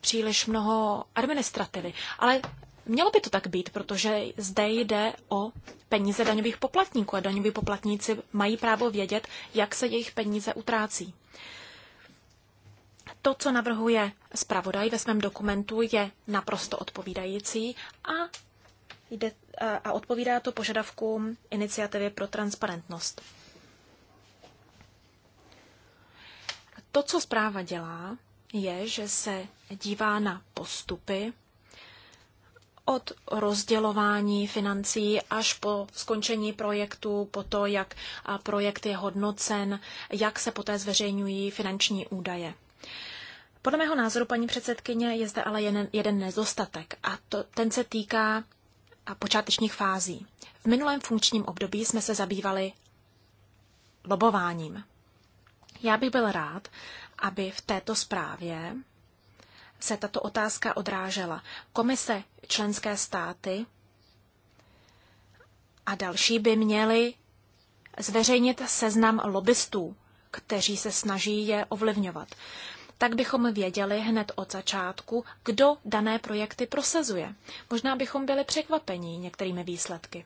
S1: příliš mnoho administrativy. Ale mělo by to tak být, protože zde jde o peníze daňových poplatníků a daňoví poplatníci mají právo vědět, jak se jejich peníze utrácí. To, co navrhuje zpravodaj ve svém dokumentu, je naprosto odpovídající a, jde, a odpovídá to požadavkům iniciativy pro transparentnost. To, co zpráva dělá, je, že se dívá na postupy od rozdělování financí až po skončení projektu, po to, jak projekt je hodnocen, jak se poté zveřejňují finanční údaje. Podle mého názoru, paní předsedkyně, je zde ale jeden, jeden nedostatek a to, ten se týká počátečních fází. V minulém funkčním období jsme se zabývali lobováním. Já bych byl rád, aby v této zprávě se tato otázka odrážela. Komise členské státy a další by měli zveřejnit seznam lobbystů, kteří se snaží je ovlivňovat. Tak bychom věděli hned od začátku, kdo dané projekty prosazuje. Možná bychom byli překvapení některými výsledky.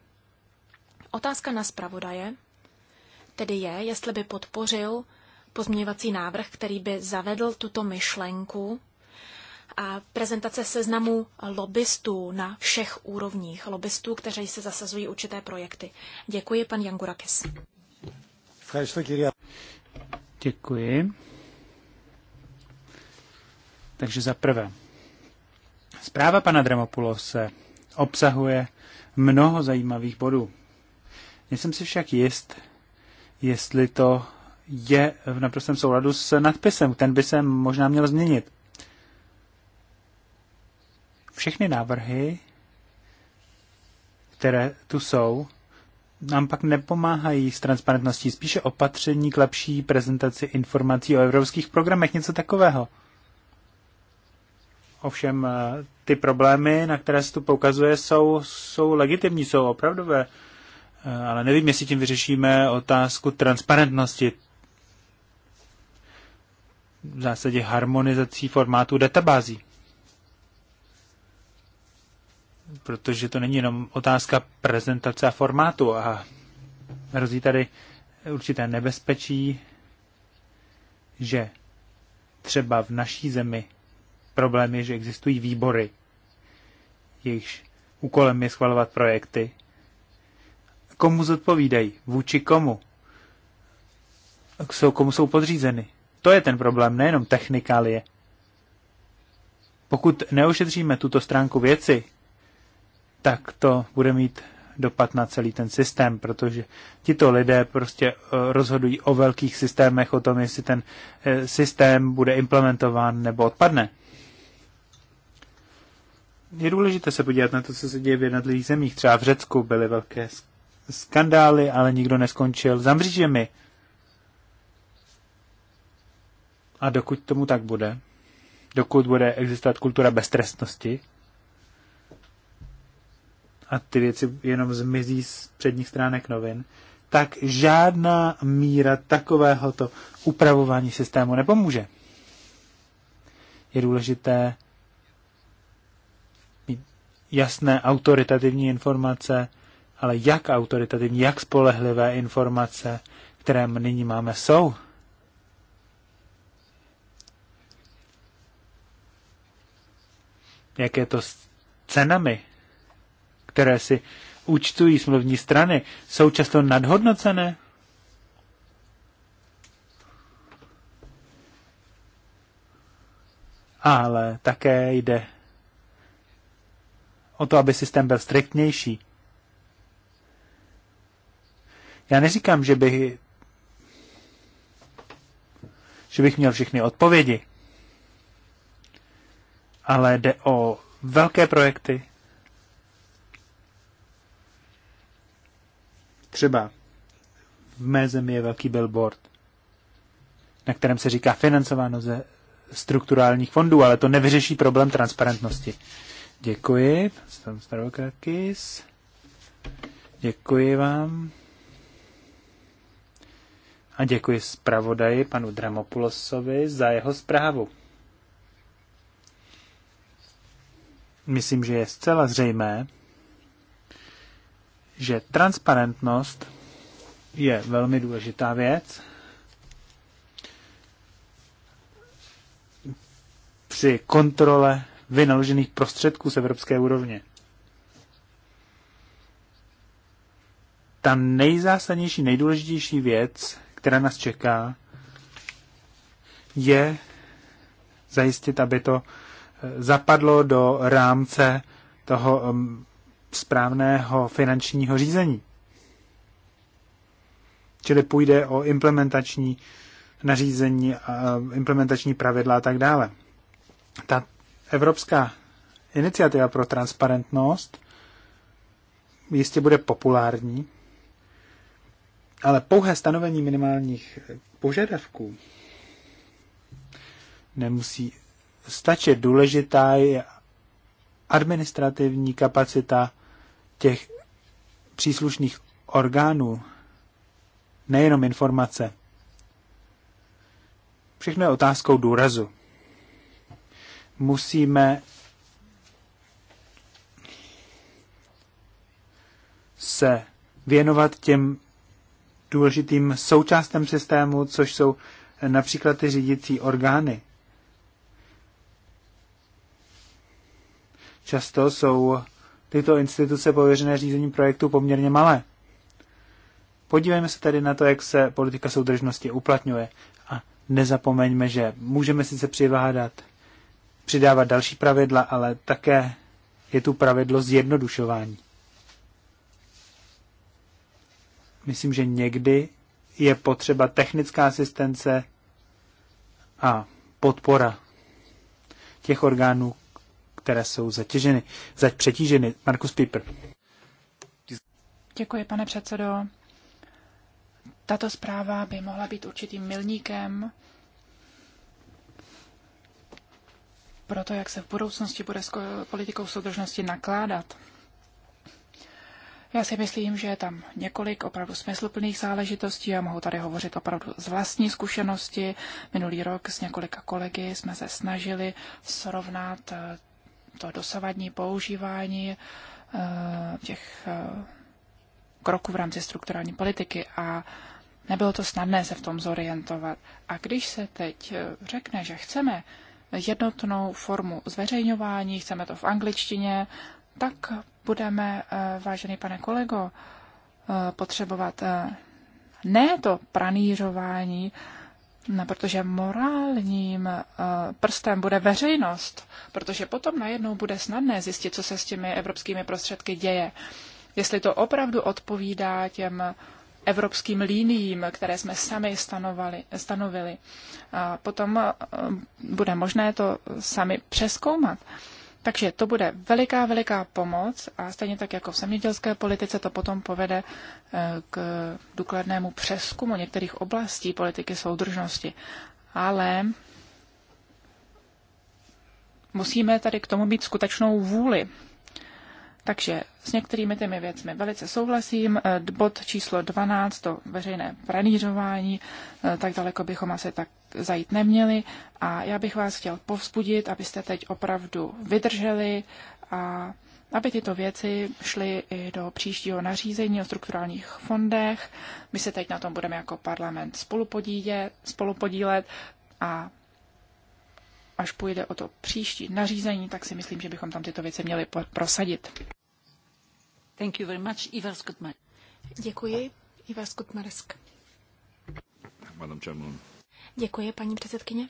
S1: Otázka na zpravodaje tedy je, jestli by podpořil pozměňovací návrh, který by zavedl tuto myšlenku a prezentace seznamu lobbystů na všech úrovních, lobbystů, kteří se zasazují určité projekty. Děkuji, pan Jangurakis.
S2: Děkuji. Takže za prvé, zpráva pana Dremopulose obsahuje mnoho zajímavých bodů. Nejsem si však jist, jestli to je v naprostém souladu s nadpisem. Ten by se možná měl změnit. Všechny návrhy, které tu jsou, nám pak nepomáhají s transparentností, spíše opatření k lepší prezentaci informací o evropských programech, něco takového. Ovšem eh, ty problémy, na které se tu poukazuje, jsou, jsou legitimní, jsou opravdové, eh, ale nevím, jestli tím vyřešíme otázku transparentnosti v zásadě harmonizací formátů databází. Protože to není jenom otázka prezentace a formátu a hrozí tady určité nebezpečí, že třeba v naší zemi problém je, že existují výbory, jejichž úkolem je schvalovat projekty. Komu zodpovídají? Vůči komu? Jsou, komu jsou podřízeny? To je ten problém, nejenom technikálie. Pokud neušetříme tuto stránku věci, tak to bude mít dopad na celý ten systém, protože tito lidé prostě eh, rozhodují o velkých systémech, o tom, jestli ten eh, systém bude implementován nebo odpadne. Je důležité se podívat na to, co se děje v jednotlivých zemích. Třeba v Řecku byly velké skandály, ale nikdo neskončil za mřížemi. A dokud tomu tak bude, dokud bude existovat kultura beztrestnosti, a ty věci jenom zmizí z předních stránek novin, tak žádná míra takovéhoto upravování systému nepomůže. Je důležité mít jasné autoritativní informace, ale jak autoritativní, jak spolehlivé informace, které nyní máme, jsou. jak je to s cenami, které si účtují smluvní strany, jsou často nadhodnocené. Ale také jde o to, aby systém byl striktnější. Já neříkám, že bych, že bych měl všechny odpovědi ale jde o velké projekty. Třeba v mé zemi je velký billboard, na kterém se říká financováno ze strukturálních fondů, ale to nevyřeší problém transparentnosti. Děkuji, jsem Děkuji vám. A děkuji zpravodaji panu Dramopulosovi za jeho zprávu. myslím, že je zcela zřejmé, že transparentnost je velmi důležitá věc. Při kontrole vynaložených prostředků z evropské úrovně. Ta nejzásadnější, nejdůležitější věc, která nás čeká, je zajistit, aby to zapadlo do rámce toho um, správného finančního řízení. Čili půjde o implementační nařízení, um, implementační pravidla a tak dále. Ta evropská iniciativa pro transparentnost jistě bude populární, ale pouhé stanovení minimálních požadavků nemusí Stačí Důležitá je administrativní kapacita těch příslušných orgánů, nejenom informace. Všechno je otázkou důrazu. Musíme se věnovat těm důležitým součástem systému, což jsou například ty řídící orgány. Často jsou tyto instituce pověřené řízením projektu poměrně malé. Podívejme se tedy na to, jak se politika soudržnosti uplatňuje. A nezapomeňme, že můžeme sice přivádat, přidávat další pravidla, ale také je tu pravidlo zjednodušování. Myslím, že někdy je potřeba technická asistence a podpora těch orgánů, které jsou zatěženy, zať přetíženy. Markus Pieper.
S3: Děkuji, pane předsedo. Tato zpráva by mohla být určitým milníkem pro to, jak se v budoucnosti bude s politikou soudržnosti nakládat. Já si myslím, že je tam několik opravdu smysluplných záležitostí. Já mohu tady hovořit opravdu z vlastní zkušenosti. Minulý rok s několika kolegy jsme se snažili srovnat eh, to dosavadní používání eh, těch eh, kroků v rámci strukturální politiky a nebylo to snadné se v tom zorientovat. A když se teď eh, řekne, že chceme jednotnou formu zveřejňování, chceme to v angličtině, tak budeme, vážený pane kolego, potřebovat ne to pranířování, protože morálním eh, prstem bude veřejnost, protože potom najednou bude snadné zjistit, co se s těmi evropskými prostředky děje. Jestli to opravdu odpovídá těm evropským líním, které jsme sami stanovali, stanovili. A potom eh, bude možné to sami přeskoumat. Takže to bude veliká, veliká pomoc a stejně tak jako v zemědělské politice to potom povede eh, k důkladnému přeskumu některých oblastí politiky soudržnosti. Ale musíme tady k tomu být skutečnou vůli. Takže s některými těmi věcmi velice souhlasím. Eh, bod číslo 12, to veřejné pranířování, eh, tak daleko bychom asi tak zajít neměli. A já bych vás chtěl povzbudit, abyste teď opravdu vydrželi a aby tyto věci šly i do příštího nařízení o strukturálních fondech. My se teď na tom budeme jako parlament spolupodílet, spolupodílet a až půjde o to příští nařízení, tak si myslím, že bychom tam tyto věci měli prosadit. Thank you very much, Ivar Děkuji, Ivar Skutmarsk. Madam
S1: Děkuji, paní předsedkyně.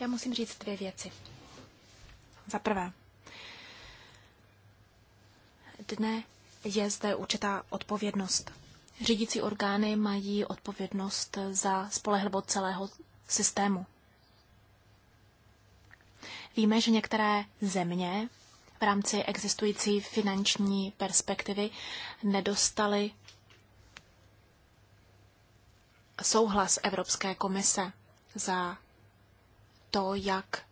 S1: Já musím říct dvě věci. Za prvé, dne je zde určitá odpovědnost. Řídící orgány mají odpovědnost za spolehlivost celého systému. Víme, že některé země v rámci existující finanční perspektivy nedostaly souhlas Evropské komise za to, jak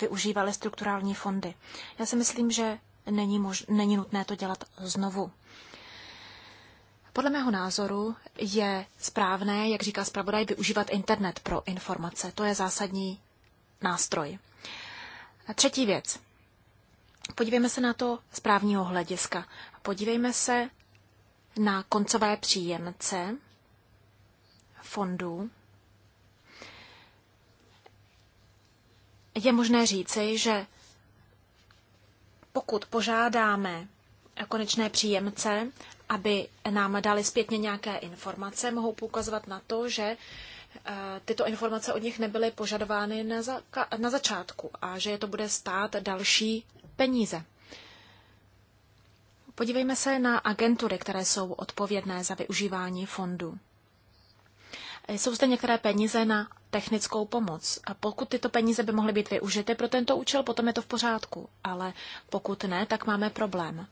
S1: využívaly strukturální fondy. Já si myslím, že není, mož- není nutné to dělat znovu. Podle mého názoru je správné, jak říká zpravodaj, využívat internet pro informace. To je zásadní nástroj. A třetí věc. Podívejme se na to z právního hlediska. Podívejme se na koncové příjemce fondů. Je možné říci, že pokud požádáme konečné příjemce, aby nám dali zpětně nějaké informace, mohou poukazovat na to, že Eh, tyto informace od nich nebyly požadovány na, za, na začátku a že je to bude stát další peníze. Podívejme se na agentury, které jsou odpovědné za využívání fondu. Jsou zde některé peníze na technickou pomoc. A pokud tyto peníze by mohly být využity pro tento účel, potom je to v pořádku. Ale pokud ne, tak máme problém.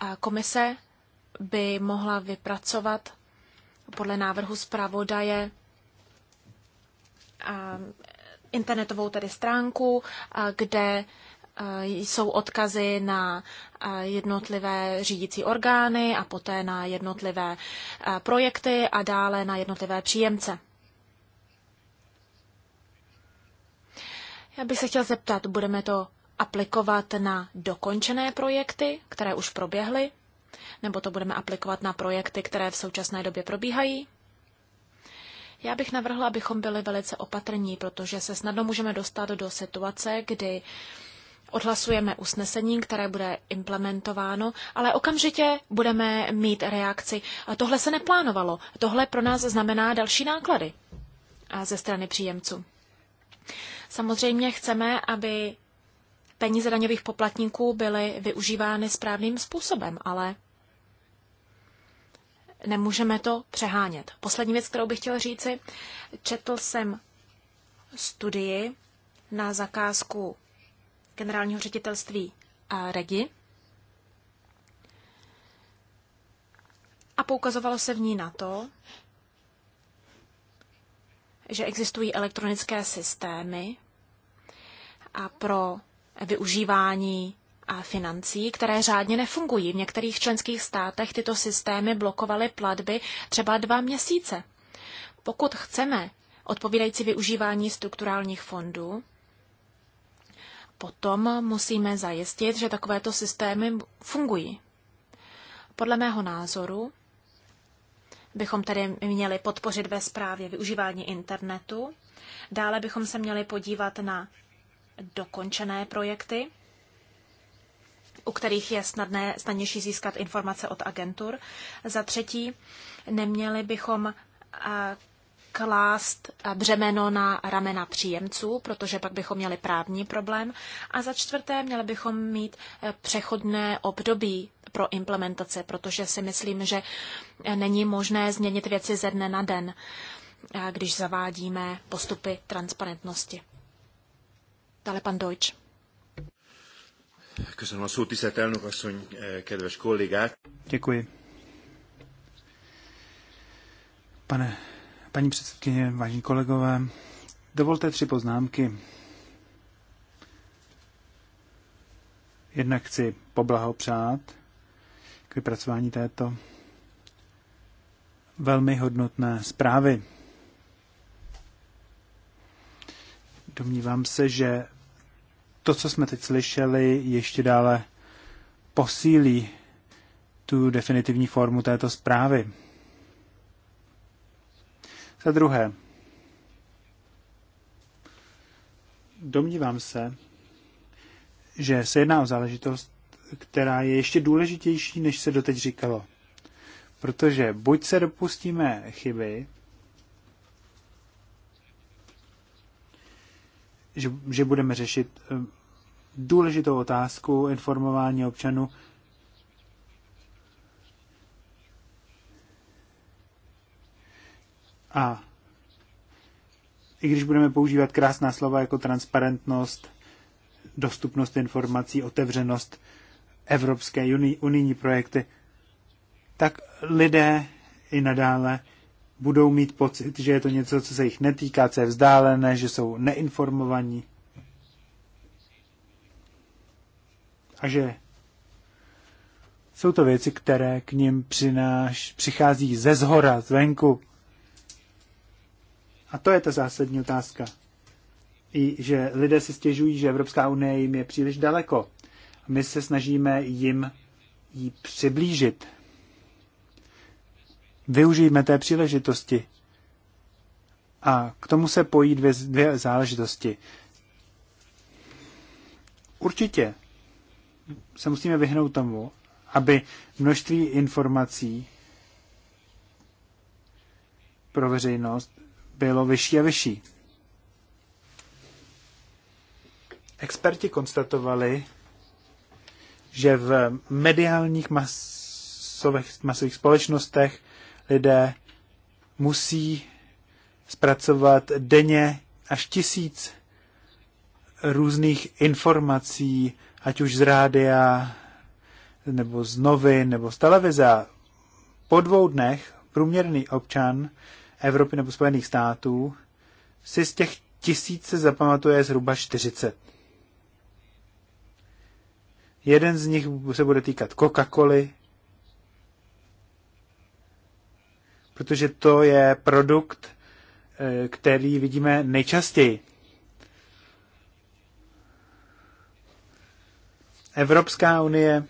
S1: A komise by mohla vypracovat podle návrhu zpravodaje internetovou tedy stránku, kde jsou odkazy na jednotlivé řídící orgány a poté na jednotlivé projekty a dále na jednotlivé příjemce. Já bych se chtěl zeptat, budeme to aplikovat na dokončené projekty, které už proběhly? Nebo to budeme aplikovat na projekty, které v současné době probíhají? Já bych navrhla, abychom byli velice opatrní, protože se snadno můžeme dostat do situace, kdy odhlasujeme usnesení, které bude implementováno, ale okamžitě budeme mít reakci. A tohle se neplánovalo. Tohle pro nás znamená další náklady a ze strany příjemců. Samozřejmě chceme, aby peníze daňových poplatníků byly využívány správným způsobem, ale nemůžeme to přehánět. Poslední věc, kterou bych chtěl říci, četl jsem studii na zakázku generálního ředitelství a eh, Regi a poukazovalo se v ní na to, že existují elektronické systémy a pro využívání a financí, které řádně nefungují. V některých členských státech tyto systémy blokovaly platby třeba dva měsíce. Pokud chceme odpovídající využívání strukturálních fondů, potom musíme zajistit, že takovéto systémy fungují. Podle mého názoru bychom tedy měli podpořit ve zprávě využívání internetu. Dále bychom se měli podívat na dokončené projekty u kterých je snadné, snadnější získat informace od agentur. Za třetí, neměli bychom klást břemeno na ramena příjemců, protože pak bychom měli právní problém. A za čtvrté, měli bychom mít e, přechodné období pro implementace, protože si myslím, že e, není možné změnit věci ze dne na den, e, když zavádíme postupy transparentnosti. Dále pan
S2: Deutsch. Köszönöm a szót, tisztelt elnök asszony, eh, kedves kollégák. Děkuji. Pane, paní předsedkyně, vážení kolegové, dovolte tři poznámky. Jednak chci poblahopřát k vypracování této velmi hodnotné zprávy. Domnívám se, že to, co jsme teď slyšeli, ještě dále posílí tu definitivní formu této zprávy. Za druhé, domnívám se, že se jedná o záležitost, která je ještě důležitější, než se doteď říkalo. Protože buď se dopustíme chyby, že, že budeme řešit eh, důležitou otázku informování občanů. A i když budeme používat krásná slova jako transparentnost, dostupnost informací, otevřenost, evropské unijní projekty, tak lidé i nadále budou mít pocit, že je to něco, co se jich netýká, co je vzdálené, že jsou neinformovaní. A že jsou to věci, které k ním přináš, přichází ze zhora, zvenku. A to je ta zásadní otázka. I že lidé si stěžují, že Evropská unie jim je příliš daleko. My se snažíme jim ji přiblížit. Využijme té příležitosti. A k tomu se pojí dvě, dvě záležitosti. Určitě se musíme vyhnout tomu, aby množství informací pro veřejnost bylo vyšší a vyšší. Experti konstatovali, že v mediálních masových, masových společnostech lidé musí zpracovat denně až tisíc různých informací, ať už z rádia, nebo z novin, nebo z televize. Po dvou dnech průměrný občan Evropy nebo Spojených států si z těch tisíce zapamatuje zhruba 40. Jeden z nich se bude týkat Coca-Coly, protože to je produkt, eh, který vidíme nejčastěji. Evropská unie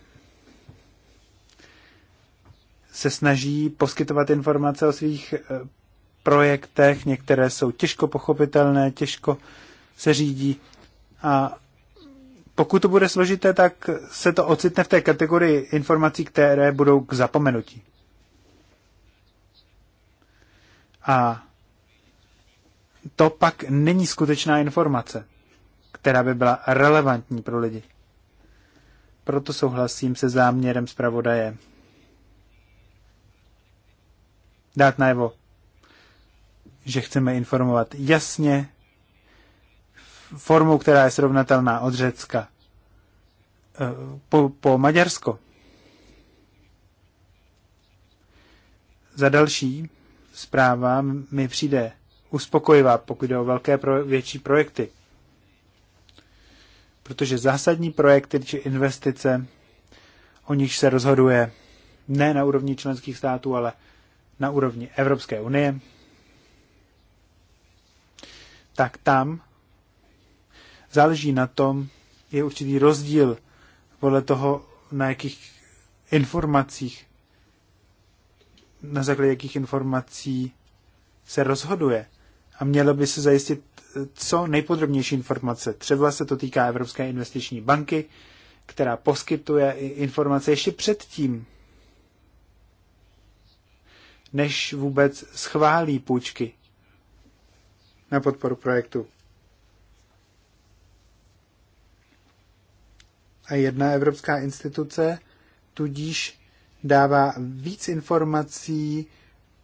S2: se snaží poskytovat informace o svých eh, projektech, některé jsou těžko pochopitelné, těžko se řídí a pokud to bude složité, tak se to ocitne v té kategorii informací, které budou k zapomenutí. A to pak není skutečná informace, která by byla relevantní pro lidi. Proto souhlasím se záměrem zpravodaje. Dát najevo, že chceme informovat jasně, formou, která je srovnatelná od Řecka eh, po, po Maďarsko. Za další, zpráva mi přijde uspokojivá, pokud jde o velké pro, větší projekty. Protože zásadní projekty či investice, o nich se rozhoduje ne na úrovni členských států, ale na úrovni Evropské unie, tak tam záleží na tom, je určitý rozdíl podle toho, na jakých informacích na základě jakých informací se rozhoduje. A mělo by se zajistit eh, co nejpodrobnější informace. Třeba se to týká Evropské investiční banky, která poskytuje informace ještě předtím, než vůbec schválí půjčky na podporu projektu. A jedna evropská instituce tudíž dává víc informací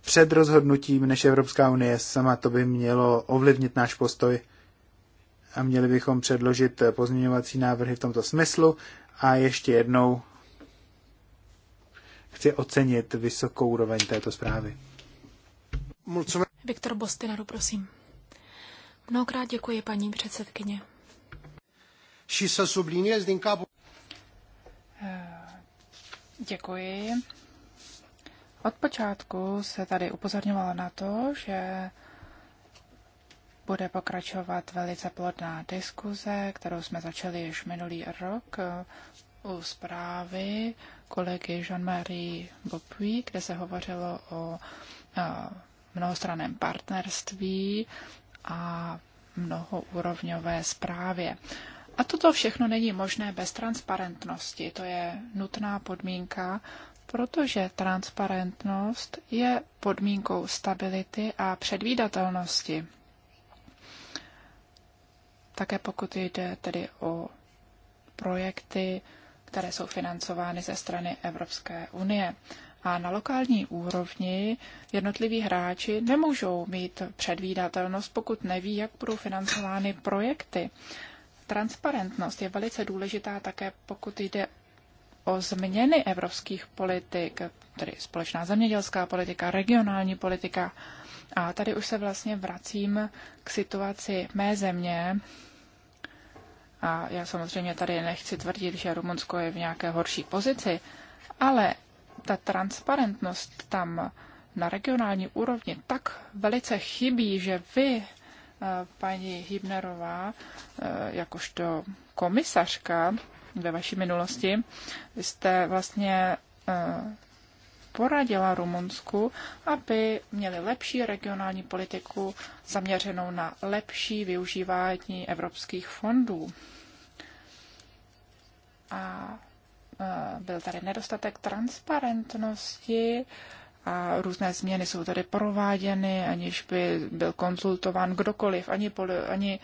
S2: před rozhodnutím než Evropská unie sama. To by mělo ovlivnit náš postoj a měli bychom předložit pozměňovací návrhy v tomto smyslu. A ještě jednou chci ocenit vysokou úroveň této zprávy.
S3: Viktor
S1: Bostinaru, prosím. Mnohokrát děkuji, paní předsedkyně.
S2: Și să z din capul
S3: Děkuji. Od počátku se tady upozorňovalo na to, že bude pokračovat velice plodná diskuze, kterou jsme začali již minulý rok eh, u zprávy kolegy Jean-Marie Bopuy, kde se hovořilo o eh, mnohostraném partnerství a mnohoúrovňové zprávě. A toto všechno není možné bez transparentnosti. To je nutná podmínka, protože transparentnost je podmínkou stability a předvídatelnosti. Také pokud jde tedy o projekty, které jsou financovány ze strany Evropské unie. A na lokální úrovni jednotliví hráči nemůžou mít předvídatelnost, pokud neví, jak budou financovány projekty. Transparentnost je velice důležitá také, pokud jde o změny evropských politik, tedy společná zemědělská politika, regionální politika. A tady už se vlastně vracím k situaci mé země. A já samozřejmě tady nechci tvrdit, že Rumunsko je v nějaké horší pozici, ale ta transparentnost tam na regionální úrovni tak velice chybí, že vy paní Hibnerová, eh, jakožto komisařka ve vaší minulosti, vy jste vlastně eh, poradila Rumunsku, aby měli lepší regionální politiku zaměřenou na lepší využívání evropských fondů. A eh, byl tady nedostatek transparentnosti a různé změny jsou tady prováděny, aniž by byl konzultován kdokoliv, ani, poli, ani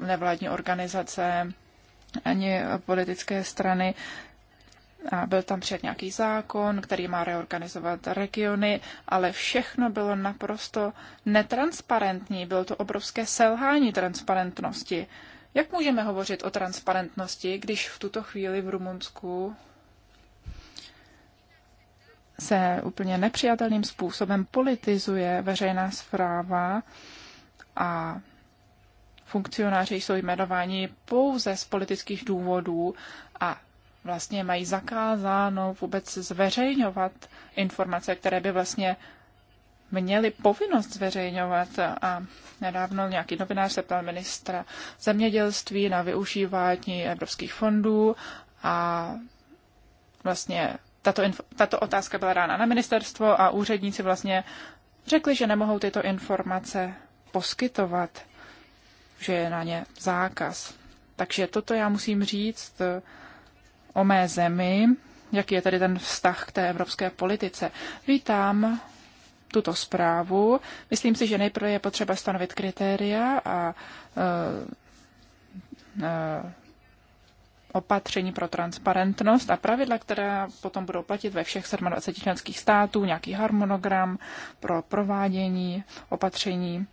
S3: uh, nevládní organizace, ani politické strany. A byl tam před nějaký zákon, který má reorganizovat regiony, ale všechno bylo naprosto netransparentní. Bylo to obrovské selhání transparentnosti. Jak můžeme hovořit o transparentnosti, když v tuto chvíli v Rumunsku se úplně nepřijatelným způsobem politizuje veřejná zpráva a funkcionáři jsou jmenováni pouze z politických důvodů a vlastně mají zakázáno vůbec zveřejňovat informace, které by vlastně měli povinnost zveřejňovat a nedávno nějaký novinář se ptal ministra zemědělství na využívání evropských fondů a vlastně tato, tato otázka byla rána na ministerstvo a úředníci vlastně řekli, že nemohou tyto informace poskytovat, že je na ně zákaz. Takže toto já musím říct eh, o mé zemi, jaký je tady ten vztah k té evropské politice. Vítám tuto zprávu. Myslím si, že nejprve je potřeba stanovit kritéria a e, e, opatření pro transparentnost a pravidla, která potom budou platit ve všech 27 členských států, nějaký harmonogram pro provádění opatření.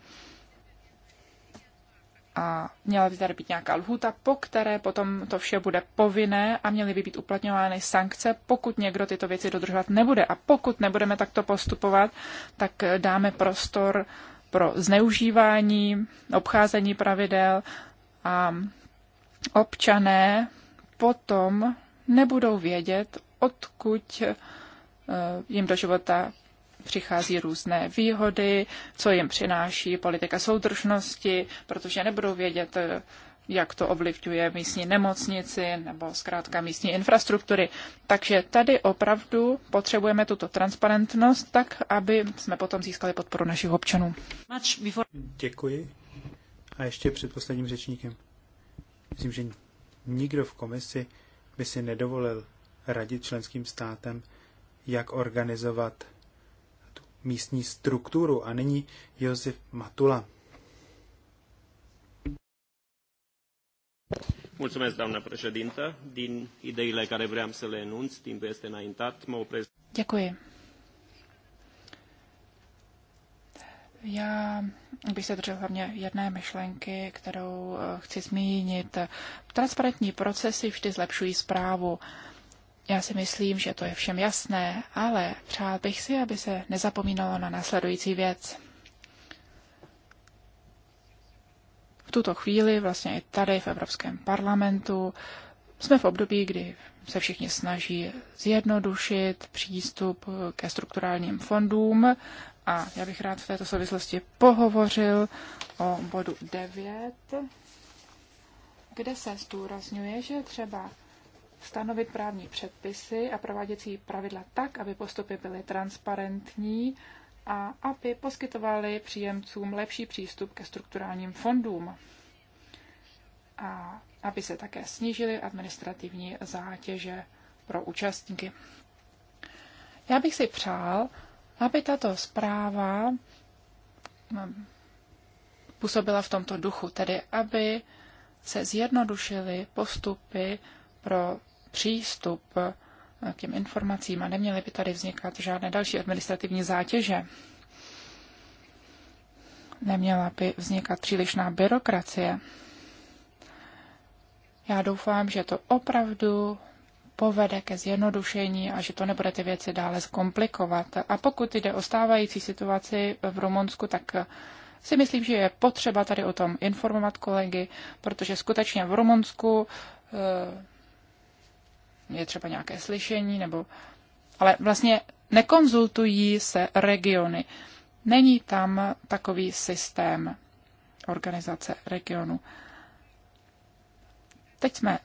S3: A měla by tady být nějaká lhůta, po které potom to vše bude povinné a měly by být uplatňovány sankce, pokud někdo tyto věci dodržovat nebude. A pokud nebudeme takto postupovat, tak dáme prostor pro zneužívání, obcházení pravidel a občané potom nebudou vědět, odkud eh, jim do života přichází různé výhody, co jim přináší politika soudržnosti, protože nebudou vědět, eh, jak to ovlivňuje místní nemocnici nebo zkrátka místní infrastruktury. Takže tady opravdu potřebujeme tuto transparentnost tak, aby jsme potom získali podporu našich občanů.
S2: Děkuji. A ještě před posledním řečníkem. Myslím, že nikdo v komisi by si nedovolil radit členským státem, jak organizovat tu místní strukturu. A nyní Josef Matula.
S3: Děkuji, Já bych se držel hlavně jedné myšlenky, kterou eh, chci zmínit. Transparentní procesy vždy zlepšují zprávu. Já si myslím, že to je všem jasné, ale přál bych si, aby se nezapomínalo na následující věc. V tuto chvíli, vlastně i tady v Evropském parlamentu, jsme v období, kdy se všichni snaží zjednodušit přístup ke strukturálním fondům a já bych rád v této souvislosti pohovořil o bodu 9, kde se zdůrazňuje, že třeba stanovit právní předpisy a prováděcí pravidla tak, aby postupy byly transparentní a aby poskytovaly příjemcům lepší přístup ke strukturálním fondům. A aby se také snížily administrativní zátěže pro účastníky. Já bych si přál, aby tato zpráva no, působila v tomto duchu, tedy aby se zjednodušily postupy pro přístup k těm informacím a neměly by tady vznikat žádné další administrativní zátěže. Neměla by vznikat přílišná byrokracie. Já doufám, že to opravdu povede ke zjednodušení a že to nebude ty věci dále zkomplikovat. A pokud jde o stávající situaci v Rumunsku, tak si myslím, že je potřeba tady o tom informovat kolegy, protože skutečně v Rumunsku eh, je třeba nějaké slyšení, nebo, ale vlastně nekonzultují se regiony. Není tam takový systém organizace regionu. Teď jsme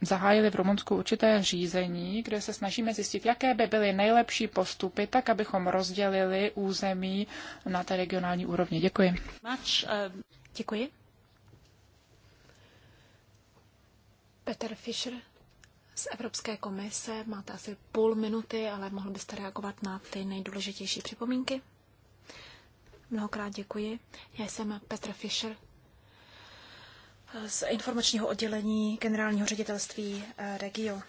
S3: zahájili v Rumunsku určité řízení, kde se snažíme zjistit, jaké by byly nejlepší postupy, tak abychom rozdělili území na té regionální úrovni. Děkuji.
S1: Eh, děkuji. Peter Fischer z Evropské komise. Máte asi půl minuty, ale mohl byste reagovat na ty nejdůležitější připomínky. Mnohokrát děkuji. Já jsem Petr Fischer z informačního oddělení generálního ředitelství eh, Regio.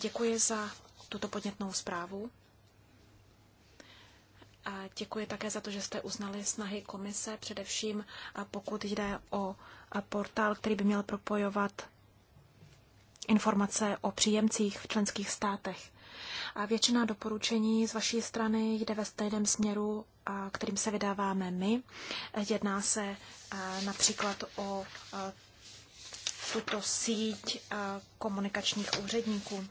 S1: Děkuji za tuto podnětnou zprávu. A děkuji také za to, že jste uznali snahy komise, především pokud jde o portál, který by měl propojovat informace o příjemcích v členských státech. A většina doporučení z vaší strany jde ve stejném směru, kterým se vydáváme my. Jedná se například o tuto síť eh, komunikačních úředníků.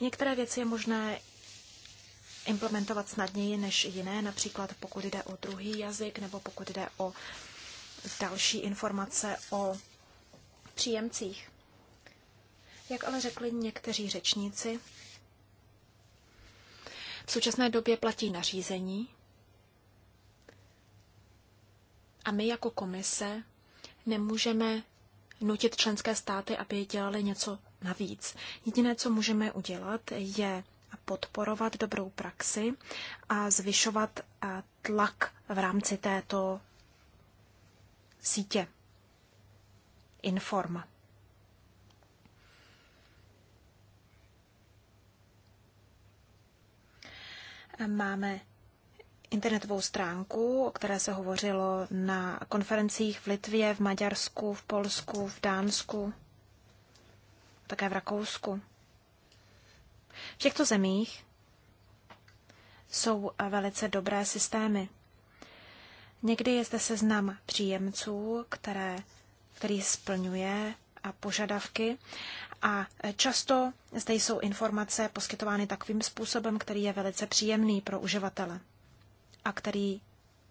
S1: Některé věci je možné implementovat snadněji než jiné, například pokud jde o druhý jazyk nebo pokud jde o další informace o příjemcích. Jak ale řekli někteří řečníci, v současné době platí nařízení a my jako komise nemůžeme nutit členské státy, aby dělali něco navíc. Jediné, co můžeme udělat, je podporovat dobrou praxi a zvyšovat eh, tlak v rámci této sítě. Informa. Máme internetovou stránku, o které se hovořilo na konferencích v Litvě, v Maďarsku, v Polsku, v Dánsku, také v Rakousku. V těchto zemích jsou velice dobré systémy. Někdy je zde seznam příjemců, které, který splňuje a požadavky a často zde jsou informace poskytovány takovým způsobem, který je velice příjemný pro uživatele a který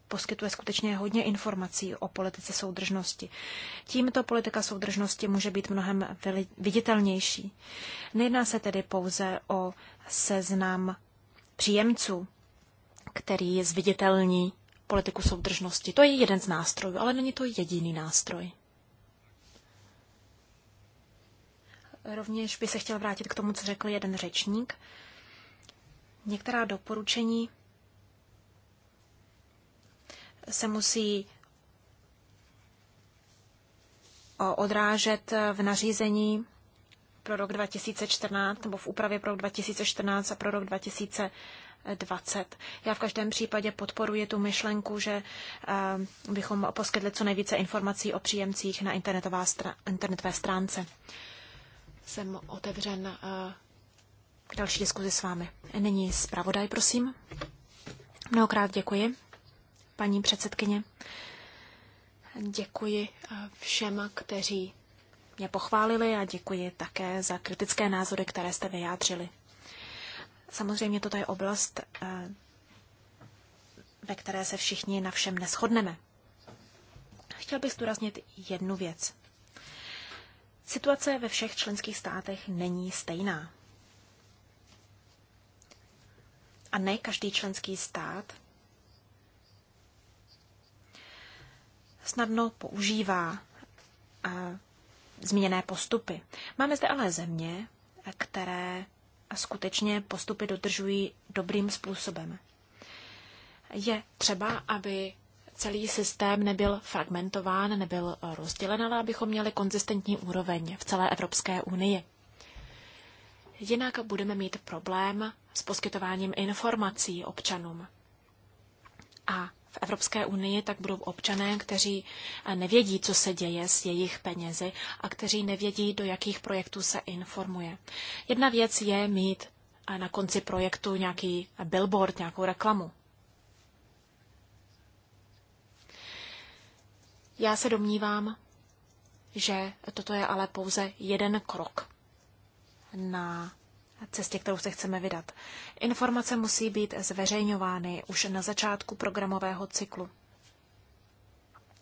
S1: poskytuje skutečně hodně informací o politice soudržnosti. Tímto politika soudržnosti může být mnohem viditelnější. Nejedná se tedy pouze o seznam příjemců, který je zviditelní politiku soudržnosti. To je jeden z nástrojů, ale není to jediný nástroj. Rovněž by se chtěl vrátit k tomu, co řekl jeden řečník. Některá doporučení se musí odrážet v nařízení pro rok 2014 nebo v úpravě pro rok 2014 a pro rok 2020. Já v každém případě podporuji tu myšlenku, že eh, bychom poskytli co nejvíce informací o příjemcích na internetová str- internetové stránce. Jsem otevřen eh, k další diskuzi s vámi. Nyní zpravodaj, prosím. Mnohokrát děkuji paní předsedkyně. Děkuji eh, všem, kteří mě pochválili a děkuji také za kritické názory, které jste vyjádřili. Samozřejmě toto je oblast, eh, ve které se všichni na všem neschodneme. Chtěl bych zdůraznit jednu věc. Situace ve všech členských státech není stejná. A ne každý členský stát snadno používá eh, zmíněné postupy. Máme zde ale země, které skutečně postupy dodržují dobrým způsobem. Je třeba, aby celý systém nebyl fragmentován, nebyl rozdělen, ale abychom měli konzistentní úroveň v celé Evropské unii. Jinak budeme mít problém s poskytováním informací občanům. A v Evropské unii, tak budou občané, kteří eh, nevědí, co se děje s jejich penězi a kteří nevědí, do jakých projektů se informuje. Jedna věc je mít eh, na konci projektu nějaký billboard, nějakou reklamu. Já se domnívám, že toto je ale pouze jeden krok na cestě, kterou se chceme vydat. Informace musí být zveřejňovány už na začátku programového cyklu.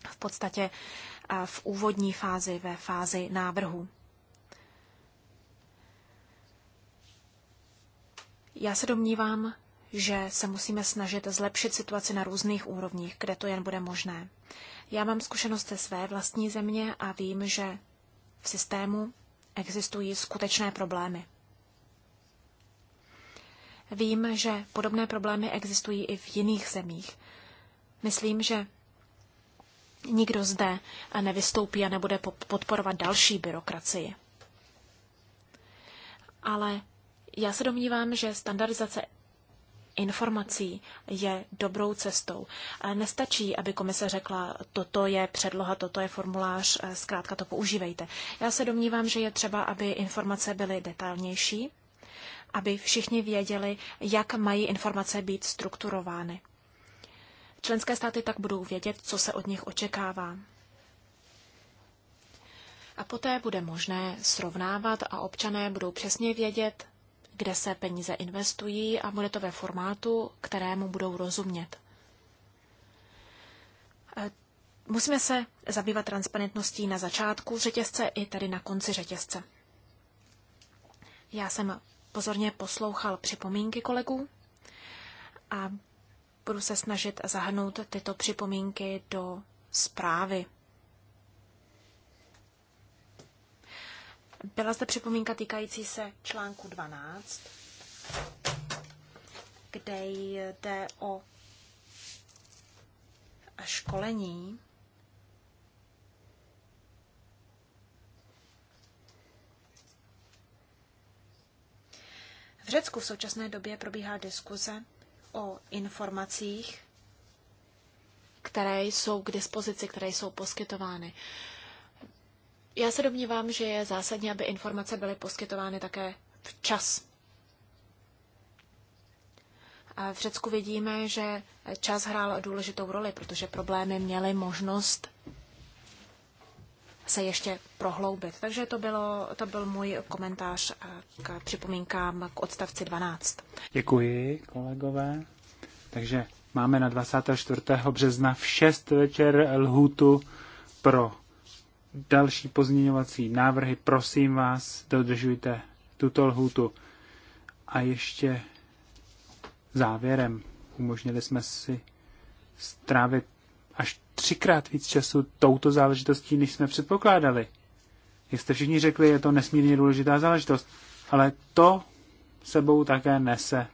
S1: V podstatě v úvodní fázi, ve fázi návrhu. Já se domnívám, že se musíme snažit zlepšit situaci na různých úrovních, kde to jen bude možné. Já mám zkušenost ze své vlastní země a vím, že v systému existují skutečné problémy. Vím, že podobné problémy existují i v jiných zemích. Myslím, že nikdo zde nevystoupí a nebude podporovat další byrokracii. Ale já se domnívám, že standardizace informací je dobrou cestou. Nestačí, aby komise řekla, toto je předloha, toto je formulář, eh, zkrátka to používejte. Já se domnívám, že je třeba, aby informace byly detailnější aby všichni věděli, jak mají informace být strukturovány. Členské státy tak budou vědět, co se od nich očekává. A poté bude možné srovnávat a občané budou přesně vědět, kde se peníze investují a bude to ve formátu, kterému budou rozumět. E, musíme se zabývat transparentností na začátku řetězce i tedy na konci řetězce. Já jsem pozorně poslouchal připomínky kolegů a budu se snažit zahrnout tyto připomínky do zprávy. Byla zde připomínka týkající se článku 12, kde jde o školení V Řecku v současné době probíhá diskuze o informacích, které jsou k dispozici, které jsou poskytovány. Já se domnívám, že je zásadní, aby informace byly poskytovány také včas. A v Řecku vidíme, že čas hrál důležitou roli, protože problémy měly možnost se ještě prohloubit. Takže to, bylo, to byl můj komentář eh, k připomínkám k odstavci 12.
S2: Děkuji, kolegové. Takže máme na 24. března v 6 večer lhůtu pro další pozměňovací návrhy. Prosím vás, dodržujte tuto lhůtu. A ještě závěrem umožnili jsme si strávit až třikrát víc času touto záležitostí, než jsme předpokládali. Jak jste všichni řekli, je to nesmírně důležitá záležitost, ale to sebou také nese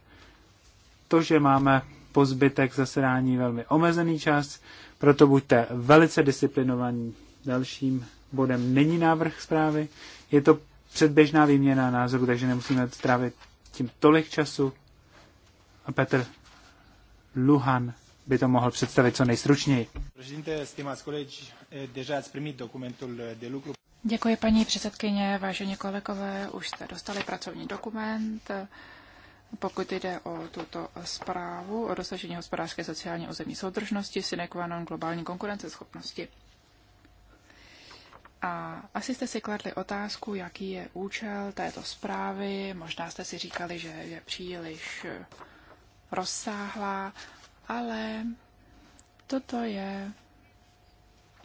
S2: to, že máme po zbytek zasedání velmi omezený čas, proto buďte velice disciplinovaní. Dalším bodem není návrh zprávy, je to předběžná výměna názoru, takže nemusíme strávit tím tolik času. A Petr Luhan by to mohl představit co nejstručněji. Eh, eh,
S3: Děkuji paní předsedkyně, vážení kolegové, už jste dostali pracovní dokument. Pokud jde o tuto zprávu o dosažení hospodářské sociální územní soudržnosti, sine qua non globální konkurenceschopnosti. A asi jste si kladli otázku, jaký je účel této zprávy. Možná jste si říkali, že je příliš rozsáhlá ale toto je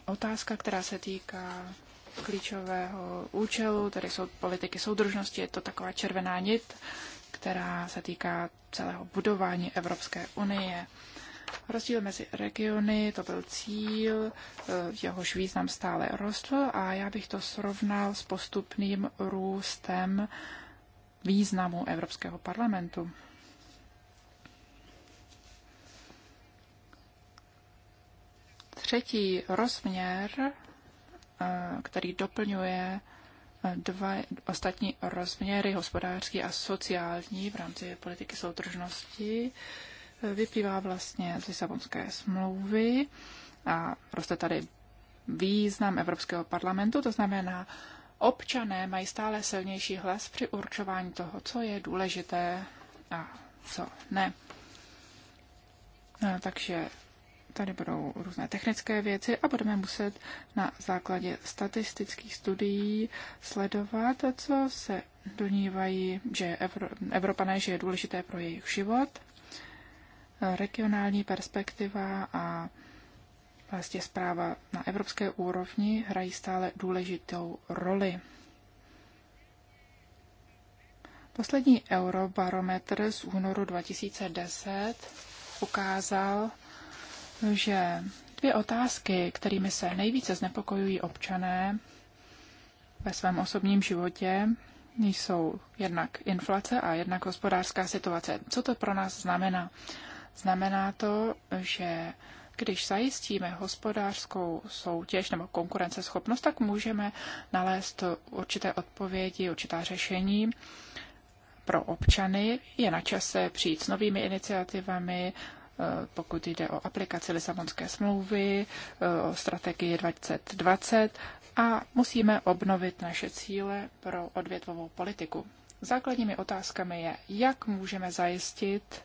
S3: otázka, která se týká klíčového účelu, tedy jsou politiky soudržnosti, je to taková červená nit, která se týká celého budování Evropské unie. Rozdíl mezi regiony, to byl cíl, eh, jehož význam stále rostl a já bych to srovnal s postupným růstem významu Evropského parlamentu. Třetí rozměr, eh, který doplňuje eh, dva ostatní rozměry, hospodářský a sociální v rámci politiky soudržnosti, eh, vyplývá vlastně z Lisabonské smlouvy a prostě tady význam Evropského parlamentu, to znamená, občané mají stále silnější hlas při určování toho, co je důležité a co ne. Takže tady budou různé technické věci a budeme muset na základě statistických studií sledovat, co se donívají, že Evropané, že je důležité pro jejich život, regionální perspektiva a vlastně zpráva na evropské úrovni hrají stále důležitou roli. Poslední eurobarometr z únoru 2010 ukázal, že dvě otázky, kterými se nejvíce znepokojují občané ve svém osobním životě, jsou jednak inflace a jednak hospodářská situace. Co to pro nás znamená? Znamená to, že když zajistíme hospodářskou soutěž nebo konkurenceschopnost, tak můžeme nalézt určité odpovědi, určitá řešení pro občany. Je na čase přijít s novými iniciativami, Eh, pokud jde o aplikaci Lisabonské smlouvy, eh, o strategii 2020 a musíme obnovit naše cíle pro odvětvovou politiku. Základními otázkami je, jak můžeme zajistit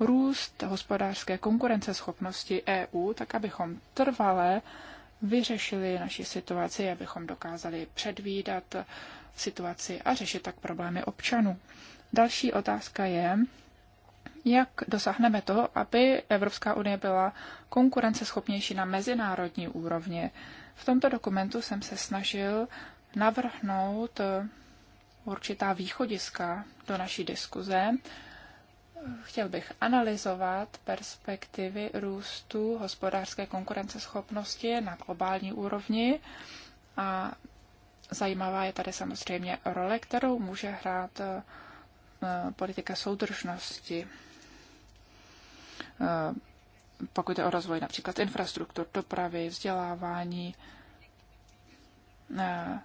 S3: růst hospodářské konkurenceschopnosti EU, tak abychom trvale vyřešili naši situaci, abychom dokázali předvídat situaci a řešit tak problémy občanů. Další otázka je, jak dosáhneme toho, aby Evropská unie byla konkurenceschopnější na mezinárodní úrovni. V tomto dokumentu jsem se snažil navrhnout eh, určitá východiska do naší diskuze. Chtěl bych analyzovat perspektivy růstu hospodářské konkurenceschopnosti na globální úrovni a zajímavá je tady samozřejmě role, kterou může hrát eh, politika soudržnosti. Eh, pokud jde o rozvoj například infrastruktur, dopravy, vzdělávání, eh,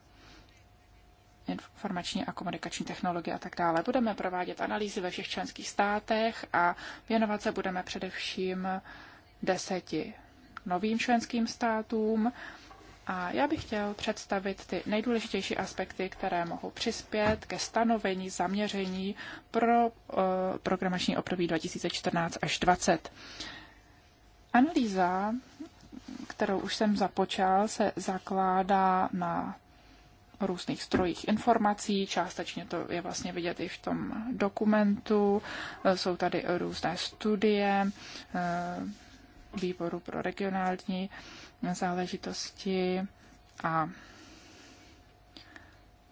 S3: informační a komunikační technologie a tak dále. Budeme provádět analýzy ve všech členských státech a věnovat se budeme především deseti novým členským státům. A já bych chtěl představit ty nejdůležitější aspekty, které mohou přispět ke stanovení zaměření pro uh, programační období 2014 až 2020. Analýza, kterou už jsem započal, se zakládá na různých strojích informací. Částečně to je vlastně vidět i v tom dokumentu. Eh, jsou tady různé studie eh, výboru pro regionální záležitosti a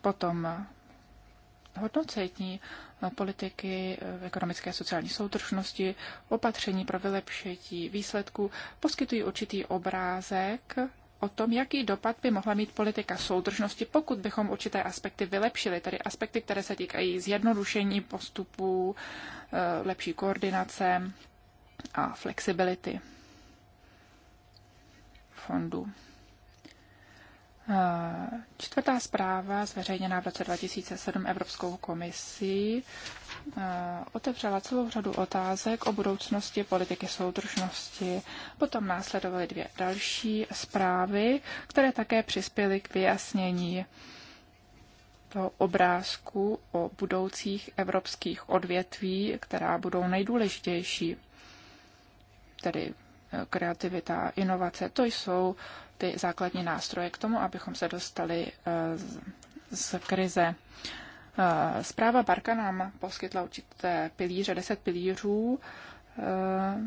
S3: potom hodnocení politiky ekonomické a sociální soudržnosti, opatření pro vylepšení výsledků poskytují určitý obrázek o tom, jaký dopad by mohla mít politika soudržnosti, pokud bychom určité aspekty vylepšili, tedy aspekty, které se týkají zjednodušení postupů, eh, lepší koordinace a flexibility fondů. Eh, čtvrtá zpráva, zveřejněná v roce 2007 Evropskou komisí, eh, otevřela celou řadu otázek o budoucnosti politiky soudržnosti. Potom následovaly dvě další zprávy, které také přispěly k vyjasnění toho obrázku o budoucích evropských odvětví, která budou nejdůležitější, tedy kreativita, inovace, to jsou ty základní nástroje k tomu, abychom se dostali eh, z krize. Eh, zpráva Barka nám poskytla určité pilíře, deset pilířů, eh,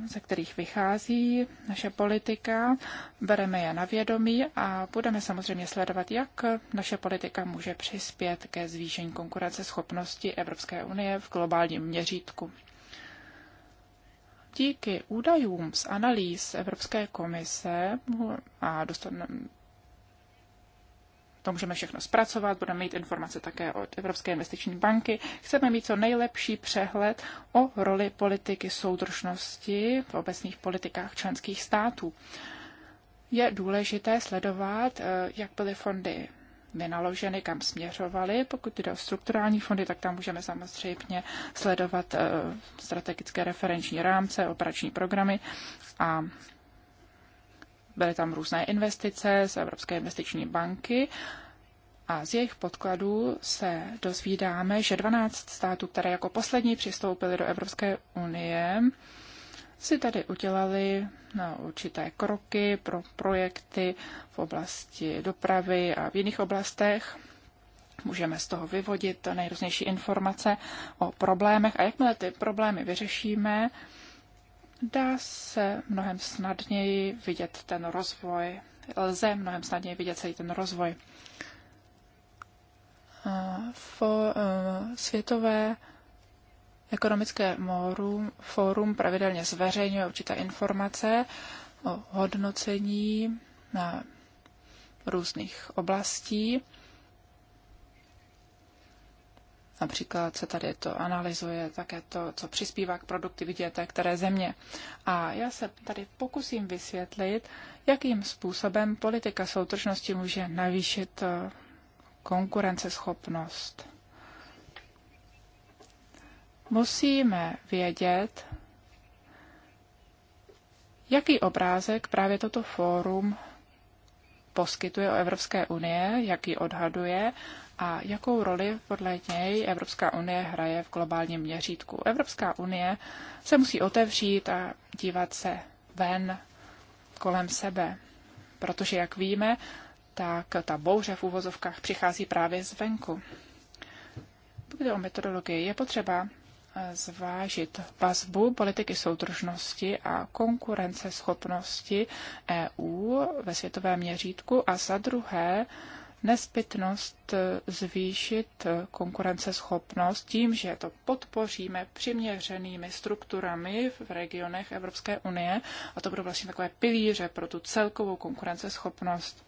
S3: ze kterých vychází naše politika. Bereme je na vědomí a budeme samozřejmě sledovat, jak naše politika může přispět ke zvýšení konkurenceschopnosti Evropské unie v globálním měřítku díky údajům z analýz Evropské komise a dostaneme to můžeme všechno zpracovat, budeme mít informace také od Evropské investiční banky. Chceme mít co nejlepší přehled o roli politiky soudržnosti v obecných politikách členských států. Je důležité sledovat, eh, jak byly fondy vynaloženy, kam směřovaly. Pokud jde o strukturální fondy, tak tam můžeme samozřejmě sledovat eh, strategické referenční rámce, operační programy a byly tam různé investice z Evropské investiční banky. A z jejich podkladů se dozvídáme, že 12 států, které jako poslední přistoupily do Evropské unie, si tady udělali na no, určité kroky pro projekty v oblasti dopravy a v jiných oblastech. Můžeme z toho vyvodit nejrůznější informace o problémech a jakmile ty problémy vyřešíme, dá se mnohem snadněji vidět ten rozvoj. Lze mnohem snadněji vidět celý ten rozvoj. V světové Ekonomické mórum, fórum pravidelně zveřejňuje určité informace o hodnocení na různých oblastí. Například se tady to analyzuje také to, co přispívá k produktivitě té které země. A já se tady pokusím vysvětlit, jakým způsobem politika soutržnosti může navýšit eh, konkurenceschopnost musíme vědět, jaký obrázek právě toto fórum poskytuje o Evropské unie, jaký odhaduje a jakou roli podle něj Evropská unie hraje v globálním měřítku. Evropská unie se musí otevřít a dívat se ven kolem sebe, protože, jak víme, tak ta bouře v úvozovkách přichází právě zvenku. Pokud je o metodologii, je potřeba zvážit vazbu politiky soudržnosti a konkurenceschopnosti EU ve světovém měřítku a za druhé nezbytnost zvýšit konkurenceschopnost tím, že to podpoříme přiměřenými strukturami v regionech Evropské unie a to budou vlastně takové pilíře pro tu celkovou konkurenceschopnost.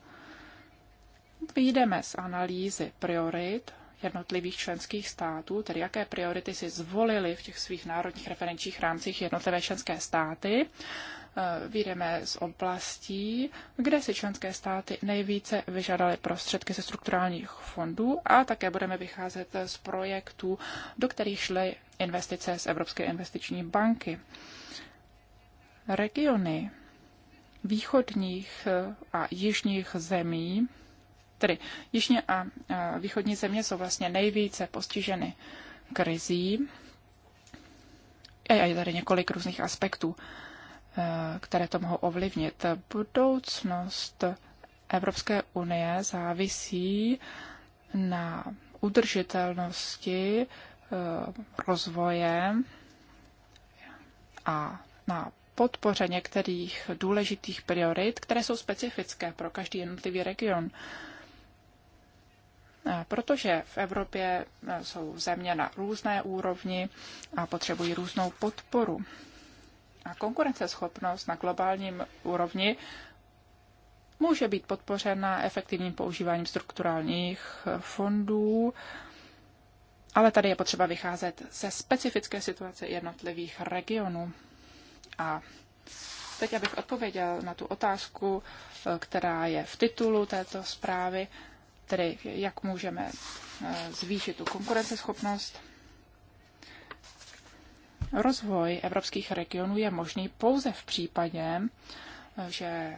S3: Vyjdeme z analýzy priorit jednotlivých členských států, tedy jaké priority si zvolili v těch svých národních referenčních rámcích jednotlivé členské státy. Eh, Výjdeme z oblastí, kde si členské státy nejvíce vyžadaly prostředky ze strukturálních fondů a také budeme vycházet z projektů, do kterých šly investice z Evropské investiční banky. Regiony východních eh, a jižních zemí Tedy jižní a východní země jsou vlastně nejvíce postiženy krizí. A je tady několik různých aspektů, e, které to mohou ovlivnit. Budoucnost Evropské unie závisí na udržitelnosti e, rozvoje a na podpoře některých důležitých priorit, které jsou specifické pro každý jednotlivý region. Eh, protože v Evropě eh, jsou země na různé úrovni a potřebují různou podporu. A konkurenceschopnost na globálním úrovni může být podpořena efektivním používáním strukturálních eh, fondů, ale tady je potřeba vycházet ze specifické situace jednotlivých regionů. A teď, abych odpověděl na tu otázku, která je v titulu této zprávy, tedy jak můžeme eh, zvýšit tu konkurenceschopnost. Rozvoj evropských regionů je možný pouze v případě, eh, že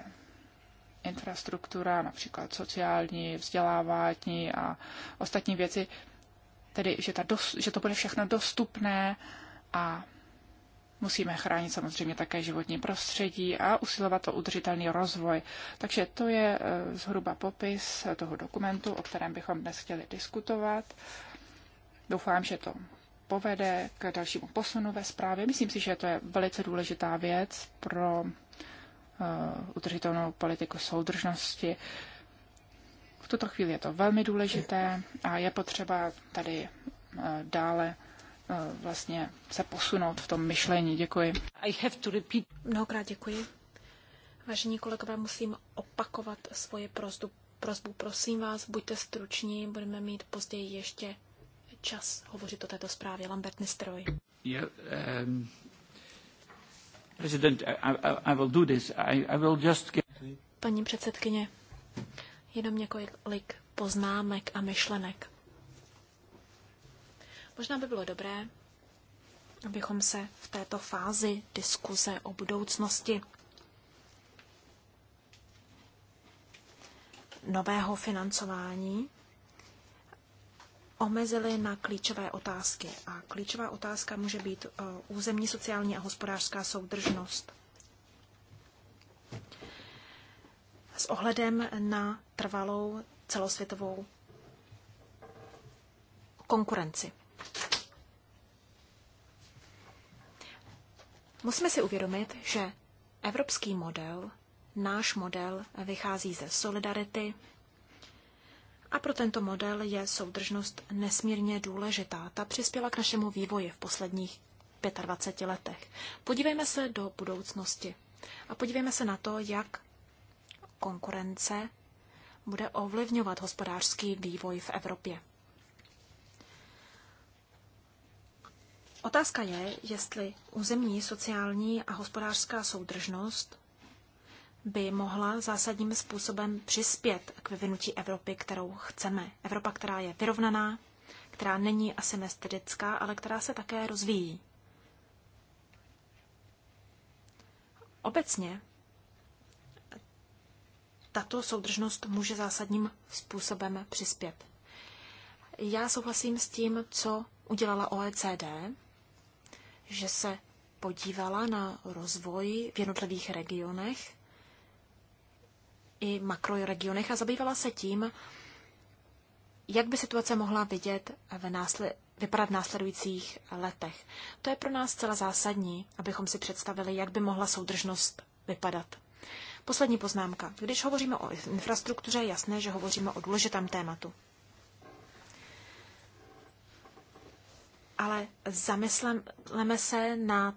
S3: infrastruktura, například sociální, vzdělávání a ostatní věci, tedy že, ta dos, že to bude všechno dostupné a Musíme chránit samozřejmě také životní prostředí a usilovat o udržitelný rozvoj. Takže to je e, zhruba popis toho dokumentu, o kterém bychom dnes chtěli diskutovat. Doufám, že to povede k dalšímu posunu ve zprávě. Myslím si, že to je velice důležitá věc pro e, udržitelnou politiku soudržnosti. V tuto chvíli je to velmi důležité a je potřeba tady e, dále Eh, vlastně se posunout v tom myšlení. Děkuji.
S1: I have to repeat. Mnohokrát děkuji. Vážení kolegové, musím opakovat svoji prozbu. prozbu. Prosím vás, buďte struční, budeme mít později ještě čas hovořit o této zprávě. Lambert Nestroj.
S2: Yeah, um, president, I, I, I will do this. I, I will just get...
S1: Paní předsedkyně, jenom několik poznámek a myšlenek. Možná by bylo dobré, abychom se v této fázi diskuze o budoucnosti nového financování omezili na klíčové otázky. A klíčová otázka může být eh, územní, sociální a hospodářská soudržnost. S ohledem na trvalou celosvětovou konkurenci. Musíme si uvědomit, že evropský model, náš model, vychází ze solidarity a pro tento model je soudržnost nesmírně důležitá. Ta přispěla k našemu vývoji v posledních 25 letech. Podívejme se do budoucnosti a podívejme se na to, jak konkurence bude ovlivňovat hospodářský vývoj v Evropě. Otázka je, jestli územní, sociální a hospodářská soudržnost by mohla zásadním způsobem přispět k vyvinutí Evropy, kterou chceme. Evropa, která je vyrovnaná, která není asymetrická, ale která se také rozvíjí. Obecně tato soudržnost může zásadním způsobem přispět. Já souhlasím s tím, co udělala OECD že se podívala na rozvoj v jednotlivých regionech i makroregionech a zabývala se tím, jak by situace mohla vidět v násle- vypadat v následujících letech. To je pro nás celá zásadní, abychom si představili, jak by mohla soudržnost vypadat. Poslední poznámka. Když hovoříme o infrastruktuře, je jasné, že hovoříme o důležitém tématu. ale zamysleme se nad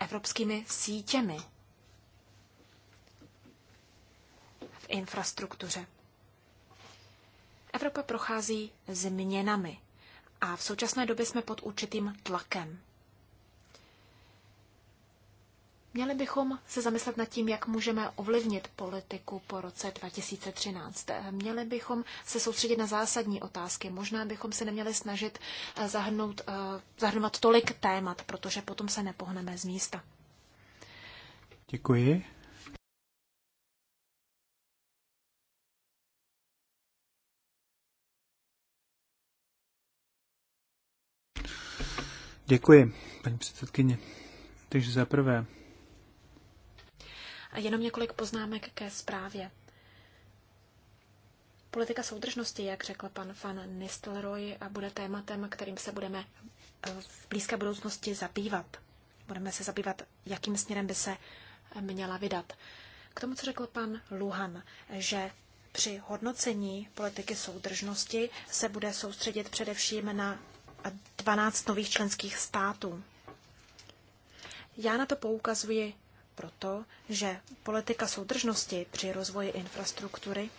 S1: evropskými sítěmi v infrastruktuře. Evropa prochází změnami a v současné době jsme pod určitým tlakem. Měli bychom se zamyslet nad tím, jak můžeme ovlivnit politiku po roce 2013. Měli bychom se soustředit na zásadní otázky. Možná bychom se neměli snažit eh, zahrnout, eh, zahrnovat tolik témat, protože potom se nepohneme z místa.
S2: Děkuji. Děkuji, paní předsedkyně. Takže za prvé,
S1: a jenom několik poznámek ke zprávě. Politika soudržnosti, jak řekl pan Van Nistelrooy, bude tématem, kterým se budeme eh, v blízké budoucnosti zabývat. Budeme se zabývat, jakým směrem by se eh, měla vydat. K tomu, co řekl pan Luhan, že při hodnocení politiky soudržnosti se bude soustředit především na 12 nových členských států. Já na to poukazuji proto, že politika soudržnosti při rozvoji infrastruktury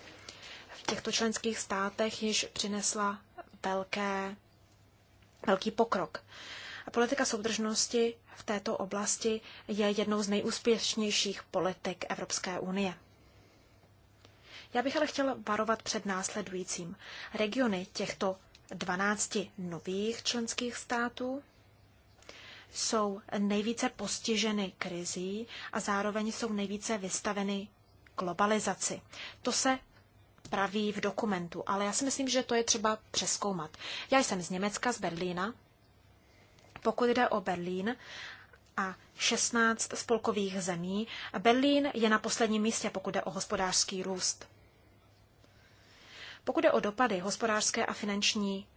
S1: v těchto členských státech již přinesla velké, velký pokrok. A politika soudržnosti v této oblasti je jednou z nejúspěšnějších politik Evropské unie. Já bych ale chtěla varovat před následujícím. Regiony těchto 12 nových členských států jsou nejvíce postiženy krizí a zároveň jsou nejvíce vystaveny globalizaci. To se praví v dokumentu, ale já si myslím, že to je třeba přeskoumat. Já jsem z Německa, z Berlína. Pokud jde o Berlín a 16 spolkových zemí, Berlín je na posledním místě, pokud jde o hospodářský růst. Pokud jde o dopady hospodářské a finanční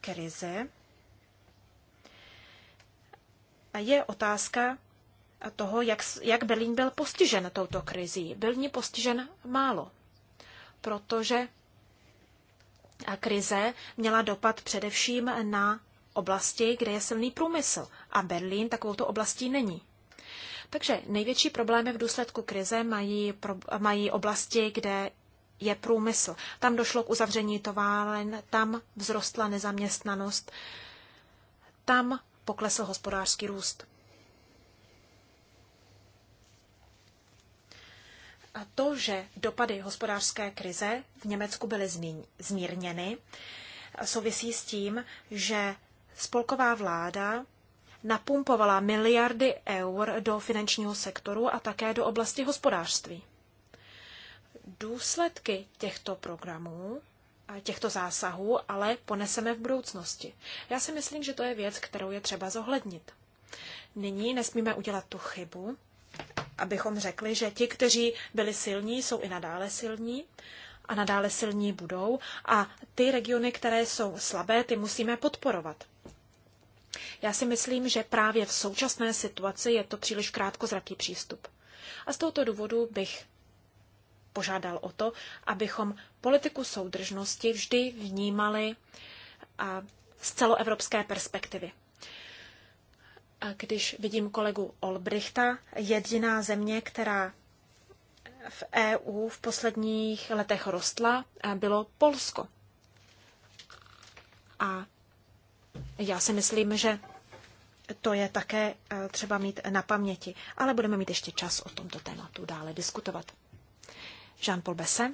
S1: krize, je otázka toho, jak, jak Berlín byl postižen touto krizí. Byl ní postižen málo, protože krize měla dopad především na oblasti, kde je silný průmysl a Berlín takovouto oblastí není. Takže největší problémy v důsledku krize mají, pro, mají oblasti, kde je průmysl. Tam došlo k uzavření továren, tam vzrostla nezaměstnanost, tam poklesl hospodářský růst. A to, že dopady hospodářské krize v Německu byly zmírněny, souvisí s tím, že spolková vláda napumpovala miliardy eur do finančního sektoru a také do oblasti hospodářství. Důsledky těchto programů těchto zásahů, ale poneseme v budoucnosti. Já si myslím, že to je věc, kterou je třeba zohlednit. Nyní nesmíme udělat tu chybu, abychom řekli, že ti, kteří byli silní, jsou i nadále silní a nadále silní budou a ty regiony, které jsou slabé, ty musíme podporovat. Já si myslím, že právě v současné situaci je to příliš krátkozraký přístup. A z tohoto důvodu bych požádal o to, abychom politiku soudržnosti vždy vnímali z celoevropské perspektivy. Když vidím kolegu Olbrichta, jediná země, která v EU v posledních letech rostla, bylo Polsko. A já si myslím, že to je také třeba mít na paměti. Ale budeme mít ještě čas o tomto tématu dále diskutovat. Jean-Paul Besse.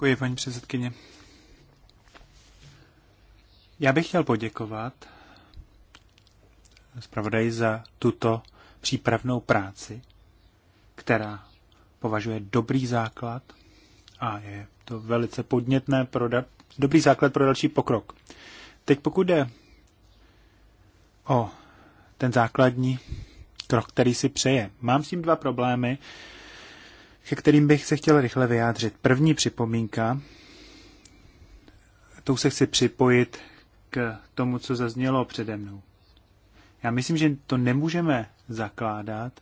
S2: Děkuji, paní předsedkyně. Já bych chtěl poděkovat zpravodaji za tuto přípravnou práci, která považuje dobrý základ a je to velice podnětné pro da- dobrý základ pro další pokrok. Teď pokud jde o ten základní krok, který si přeje. Mám s tím dva problémy, ke kterým bych se chtěl rychle vyjádřit. První připomínka, tou se chci připojit k tomu, co zaznělo přede mnou. Já myslím, že to nemůžeme zakládat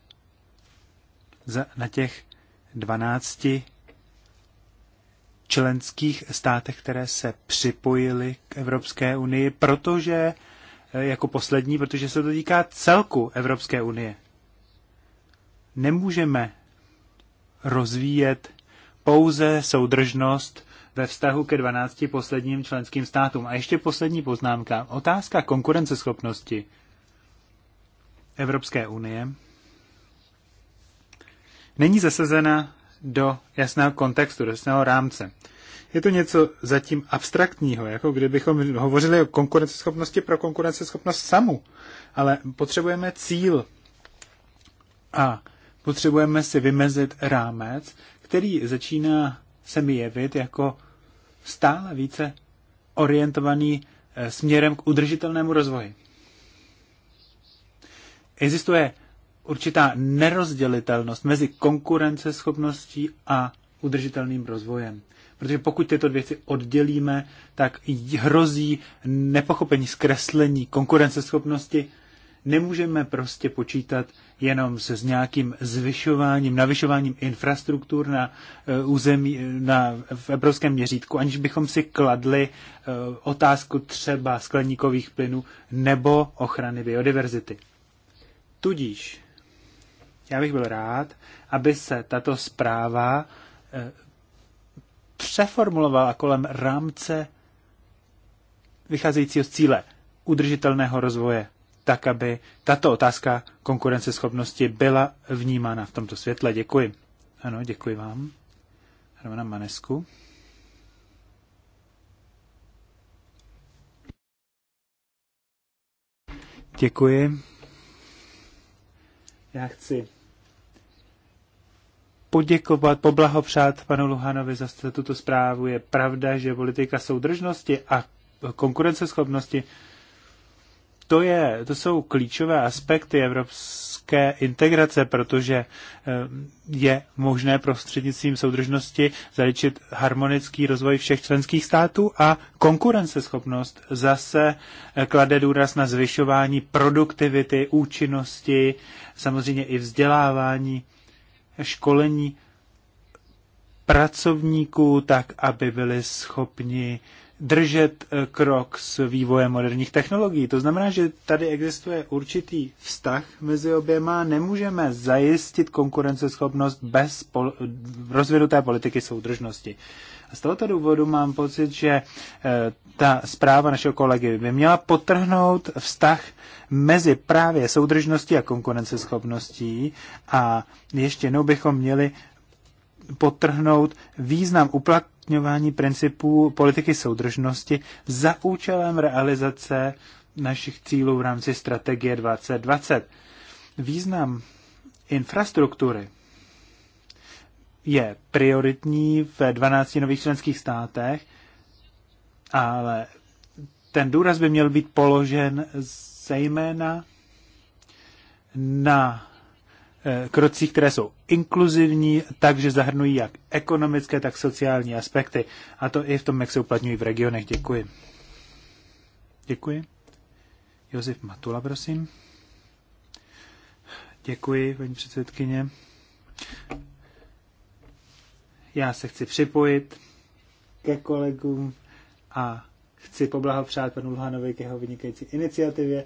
S2: za, na těch 12 členských státech, které se připojily k Evropské unii, protože Eh, jako poslední, protože se to týká celku Evropské unie. Nemůžeme rozvíjet pouze soudržnost ve vztahu ke 12 posledním členským státům. A ještě poslední poznámka. Otázka konkurenceschopnosti Evropské unie není zasazena do jasného kontextu, do jasného rámce. Je to něco zatím abstraktního, jako kdybychom hovořili o konkurenceschopnosti pro konkurenceschopnost samu. Ale potřebujeme cíl a potřebujeme si vymezit rámec, který začíná se mi jevit jako stále více orientovaný eh, směrem k udržitelnému rozvoji. Existuje určitá nerozdělitelnost mezi konkurenceschopností a udržitelným rozvojem. Protože pokud tyto dvě věci oddělíme, tak hrozí nepochopení, zkreslení konkurenceschopnosti. Nemůžeme prostě počítat jenom se s nějakým zvyšováním, navyšováním infrastruktur na e, území, e, na, v evropském měřítku, aniž bychom si kladli e, otázku třeba skleníkových plynů nebo ochrany biodiverzity. Tudíž já bych byl rád, aby se tato zpráva přeformulovala kolem rámce vycházejícího z cíle udržitelného rozvoje, tak aby tato otázka konkurenceschopnosti byla vnímána v tomto světle. Děkuji. Ano, děkuji vám. Romana Manesku. Děkuji. Já chci poděkovat, poblahopřát panu Luhanovi za tuto zprávu. Je pravda, že politika soudržnosti a konkurenceschopnosti to, je, to jsou klíčové aspekty evropské integrace, protože eh, je možné prostřednictvím soudržnosti zaličit harmonický rozvoj všech členských států a konkurenceschopnost zase eh, klade důraz na zvyšování produktivity, účinnosti, samozřejmě i vzdělávání školení pracovníků tak, aby byli schopni držet e, krok s vývojem moderních technologií. To znamená, že tady existuje určitý vztah mezi oběma. Nemůžeme zajistit konkurenceschopnost bez pol- rozvinuté politiky soudržnosti z tohoto důvodu mám pocit, že eh, ta zpráva našeho kolegy by měla potrhnout vztah mezi právě soudržností a konkurenceschopností a ještě jednou bychom měli potrhnout význam uplatňování principů politiky soudržnosti za účelem realizace našich cílů v rámci strategie 2020. Význam infrastruktury je prioritní ve 12 nových členských státech, ale ten důraz by měl být položen zejména na eh, krocích, které jsou inkluzivní, takže zahrnují jak ekonomické, tak sociální aspekty. A to i v tom, jak se uplatňují v regionech. Děkuji. Děkuji. Josef Matula, prosím. Děkuji, paní předsedkyně. Já se chci připojit ke kolegům a chci poblahopřát panu Luhanovi k jeho vynikající iniciativě,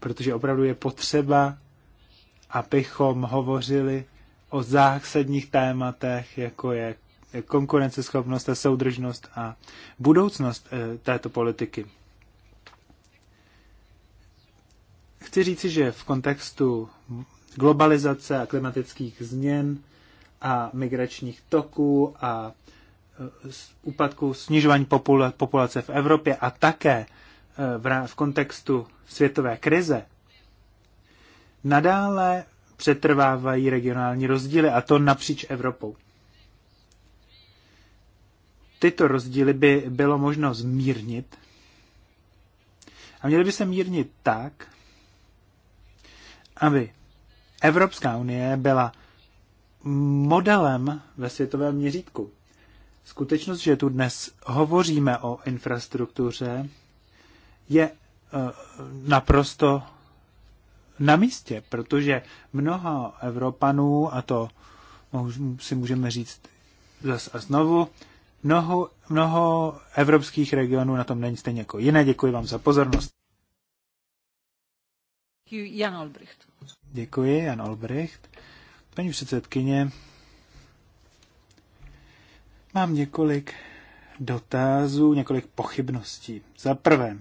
S2: protože opravdu je potřeba, abychom hovořili o zásadních tématech, jako je konkurenceschopnost a soudržnost a budoucnost eh, této politiky. Chci říci, že v kontextu globalizace a klimatických změn a migračních toků a e, úpadku snižování populace v Evropě a také e, v kontextu světové krize, nadále přetrvávají regionální rozdíly, a to napříč Evropou. Tyto rozdíly by bylo možno zmírnit. A měly by se mírnit tak, aby Evropská unie byla modelem ve světovém měřítku. Skutečnost, že tu dnes hovoříme o infrastruktuře, je eh, naprosto na místě, protože mnoho Evropanů, a to si můžeme říct zase a znovu, mnoho, mnoho evropských regionů na tom není stejně jako jiné. Děkuji vám za pozornost.
S3: Jan Albrecht.
S2: Děkuji, Jan Olbricht. Paní předsedkyně, mám několik dotazů, několik pochybností. Za prvé,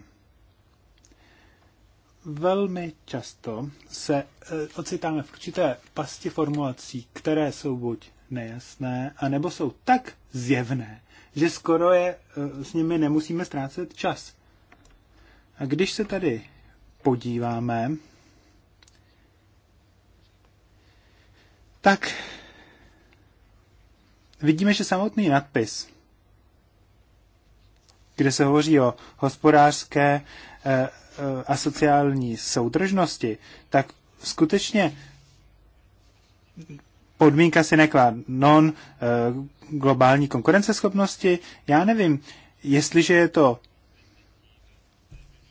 S2: velmi často se eh, ocitáme v určité pasti formulací, které jsou buď nejasné, anebo jsou tak zjevné, že skoro je eh, s nimi nemusíme ztrácet čas. A když se tady podíváme tak vidíme, že samotný nadpis, kde se hovoří o hospodářské eh, eh, a sociální soudržnosti, tak skutečně podmínka sine qua non eh, globální konkurenceschopnosti, já nevím, jestliže je to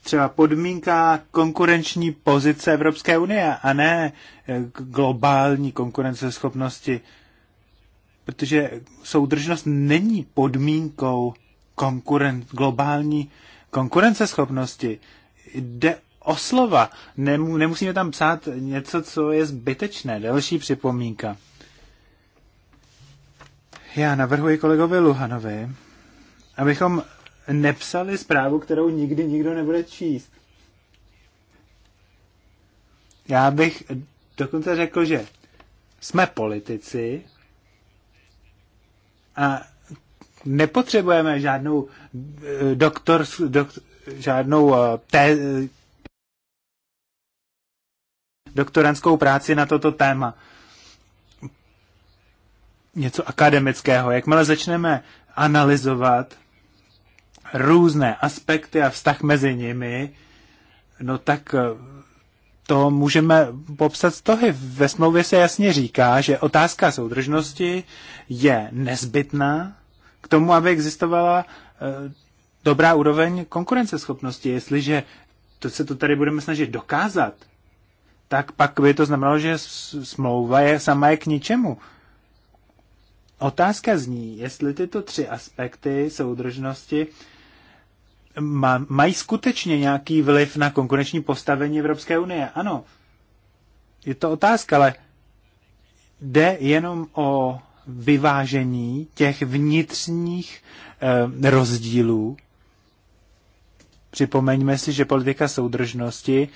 S2: třeba podmínka konkurenční pozice Evropské unie a ne eh, globální konkurenceschopnosti. Protože soudržnost není podmínkou konkuren- globální konkurenceschopnosti. Jde o slova. Nemu, nemusíme tam psát něco, co je zbytečné. Další připomínka. Já navrhuji kolegovi Luhanovi, abychom nepsali zprávu, kterou nikdy nikdo nebude číst. Já bych dokonce řekl, že jsme politici a nepotřebujeme žádnou eh, doktor, doktor žádnou eh, té, doktorantskou práci na toto téma. Něco akademického. Jakmile začneme analyzovat různé aspekty a vztah mezi nimi, no tak eh, to můžeme popsat z toho. Ve smlouvě se jasně říká, že otázka soudržnosti je nezbytná k tomu, aby existovala eh, dobrá úroveň konkurenceschopnosti. Jestliže to se to tady budeme snažit dokázat, tak pak by to znamenalo, že smlouva je sama je k ničemu. Otázka zní, jestli tyto tři aspekty soudržnosti mají skutečně nějaký vliv na konkurenční postavení Evropské unie. Ano, je to otázka, ale jde jenom o vyvážení těch vnitřních eh, rozdílů. Připomeňme si, že politika soudržnosti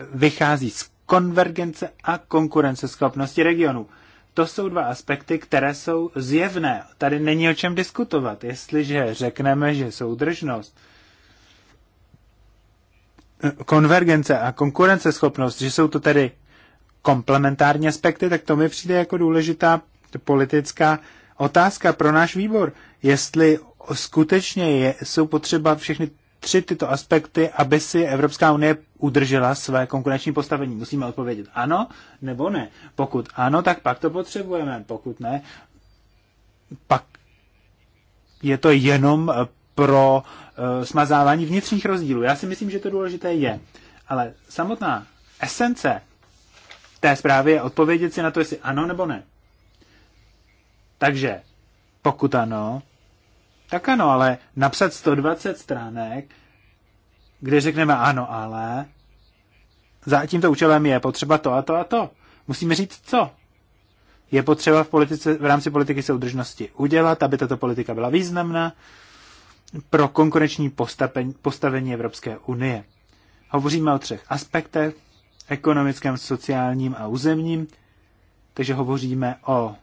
S2: eh, vychází z konvergence a konkurenceschopnosti regionu. To jsou dva aspekty, které jsou zjevné. Tady není o čem diskutovat. Jestliže řekneme, že soudržnost eh, konvergence a konkurenceschopnost, že jsou to tedy komplementární aspekty, tak to mi přijde jako důležitá politická otázka pro náš výbor. Jestli skutečně je, jsou potřeba všechny tři tyto aspekty, aby si Evropská unie udržela své konkurenční postavení. Musíme odpovědět ano nebo ne. Pokud ano, tak pak to potřebujeme. Pokud ne, pak je to jenom pro eh, smazávání vnitřních rozdílů. Já si myslím, že to důležité je. Ale samotná esence té zprávy je odpovědět si na to, jestli ano nebo ne. Takže pokud ano, tak ano, ale napsat 120 stránek, kde řekneme ano, ale za tímto účelem je potřeba to a to a to. Musíme říct co. Je potřeba v, politice, v rámci politiky soudržnosti udělat, aby tato politika byla významná, pro konkurenční postavení, Evropské unie. Hovoříme o třech aspektech, ekonomickém, sociálním a územním, takže hovoříme o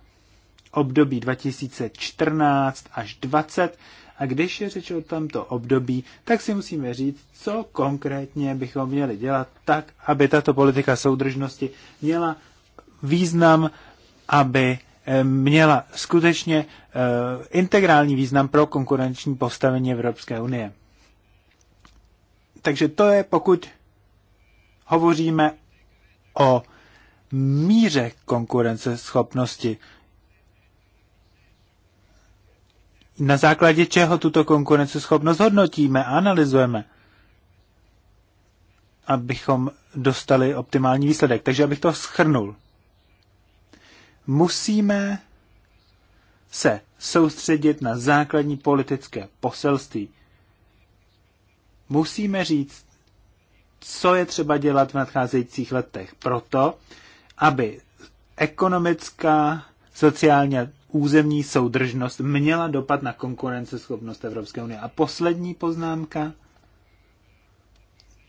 S2: období 2014 až 2020 a když je řeč o tomto období, tak si musíme říct, co konkrétně bychom měli dělat tak, aby tato politika soudržnosti měla význam, aby Eh, měla skutečně eh, integrální význam pro konkurenční postavení Evropské unie. Takže to je, pokud hovoříme o míře konkurenceschopnosti, na základě čeho tuto konkurenceschopnost hodnotíme a analyzujeme, abychom dostali optimální výsledek. Takže abych to schrnul musíme se soustředit na základní politické poselství. Musíme říct, co je třeba dělat v nadcházejících letech proto, aby ekonomická, sociální a územní soudržnost měla dopad na konkurenceschopnost Evropské unie. A poslední poznámka.